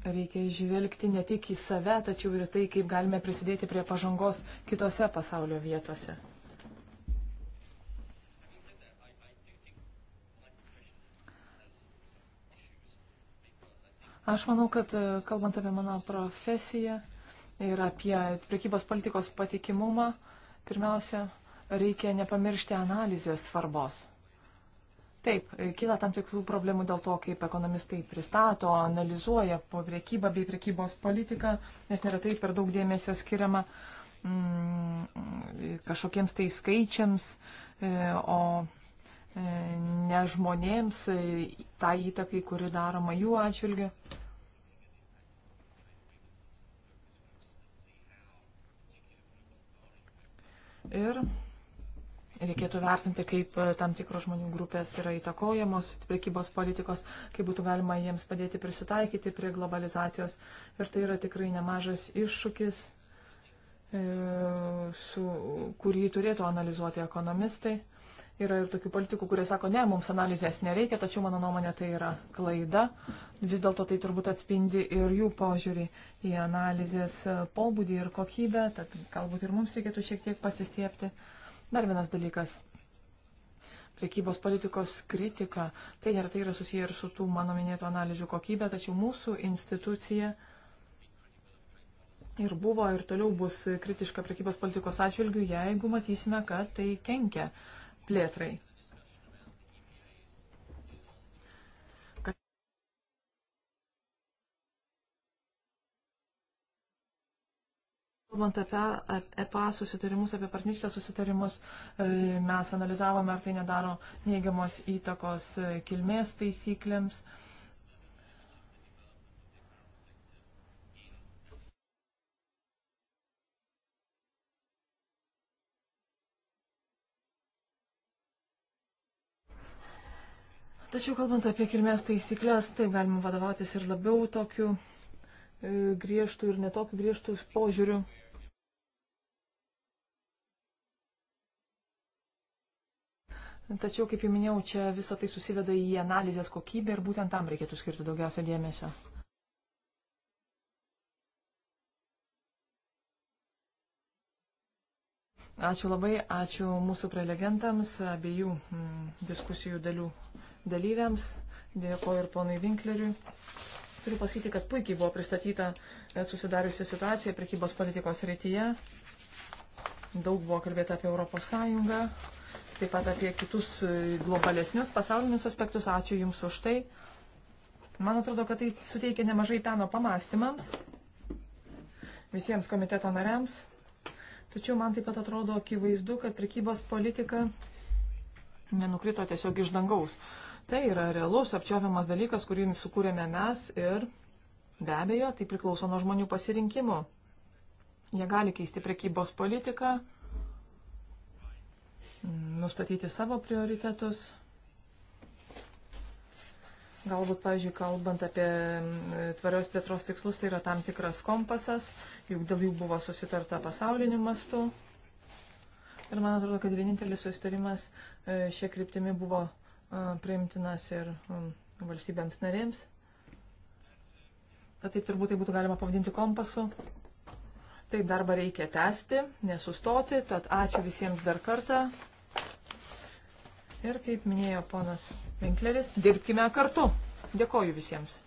S2: Reikia žvelgti ne tik į save, tačiau ir tai, kaip galime prisidėti prie pažangos kitose pasaulio vietose. Aš manau, kad e, kalbant apie mano profesiją ir apie priekybos politikos patikimumą, pirmiausia, reikia nepamiršti analizės svarbos. Taip, e, kyla tam tikrų problemų dėl to, kaip ekonomistai pristato, analizuoja po priekybą bei priekybos politiką, nes neretai per daug dėmesio skiriama mm, kažkokiems tai skaičiams, e, o e, ne žmonėms, tą įtakai, kuri daroma jų atžvilgiu. Ir reikėtų vertinti, kaip e, tam tikros žmonių grupės yra įtakojamos prekybos politikos, kaip būtų galima jiems padėti prisitaikyti prie globalizacijos. Ir tai yra tikrai nemažas iššūkis, e, su, kurį turėtų analizuoti ekonomistai. Yra ir tokių politikų, kurie sako, ne, mums analizės nereikia, tačiau mano nuomonė tai yra klaida. Vis dėlto tai turbūt atspindi ir jų požiūrį į analizės e, pobūdį ir kokybę, tad galbūt ir mums reikėtų šiek tiek pasistiepti. Uh, Dar vienas dalykas. Prekybos politikos kritika. Tai neretai yra susiję ir su tų mano minėtų analizių kokybė, tačiau mūsų institucija ir buvo ir toliau bus kritiška prekybos politikos atžvilgių, jeigu matysime, kad tai kenkia plėtrai. Kalbant apie EPA susitarimus, apie partnerystės susitarimus, e, mes analizavome, ar tai nedaro neigiamos įtakos e, kilmės taisyklėms. Tačiau kalbant apie kilmės taisyklės, taip galima vadovautis ir labiau tokiu E, griežtų ir netokių griežtų požiūrių. Tačiau, kaip jau minėjau, čia visą tai susiveda į analizės kokybę ir būtent tam reikėtų skirti daugiausia dėmesio. Ačiū labai, ačiū mūsų prelegentams, abiejų m, mm, diskusijų dalių dalyviams, dėkoju ir ponui Vinkleriui. Turiu pasakyti, kad puikiai buvo pristatyta e, susidariusi situacija prekybos politikos rytyje. Daug buvo kalbėta apie Europos Sąjungą, taip pat apie kitus e, globalesnius pasaulinius aspektus. Ačiū Jums už tai. Man atrodo, kad tai suteikia nemažai peno pamastymams visiems komiteto nariams. Tačiau man taip pat atrodo akivaizdu, kad prekybos politika nenukrito tiesiog iš dangaus. Tai yra realus apčiopiamas dalykas, kurį sukūrėme mes ir be abejo, tai priklauso nuo žmonių pasirinkimų. Jie gali keisti prekybos politiką, nustatyti savo prioritetus. Galbūt, pavyzdžiui, kalbant apie e, tvarios plėtros tikslus, tai yra tam tikras kompasas, juk dėl jų buvo susitarta pasauliniu mastu. Ir man atrodo, kad vienintelis susitarimas e, šia kryptimi buvo priimtinas ir um, valstybėms narėms. Bet taip turbūt tai būtų galima pavadinti kompasu. Taip darbą reikia tęsti, nesustoti, tad ačiū visiems dar kartą. Ir kaip minėjo ponas Vinkleris, dirbkime kartu. Dėkoju visiems.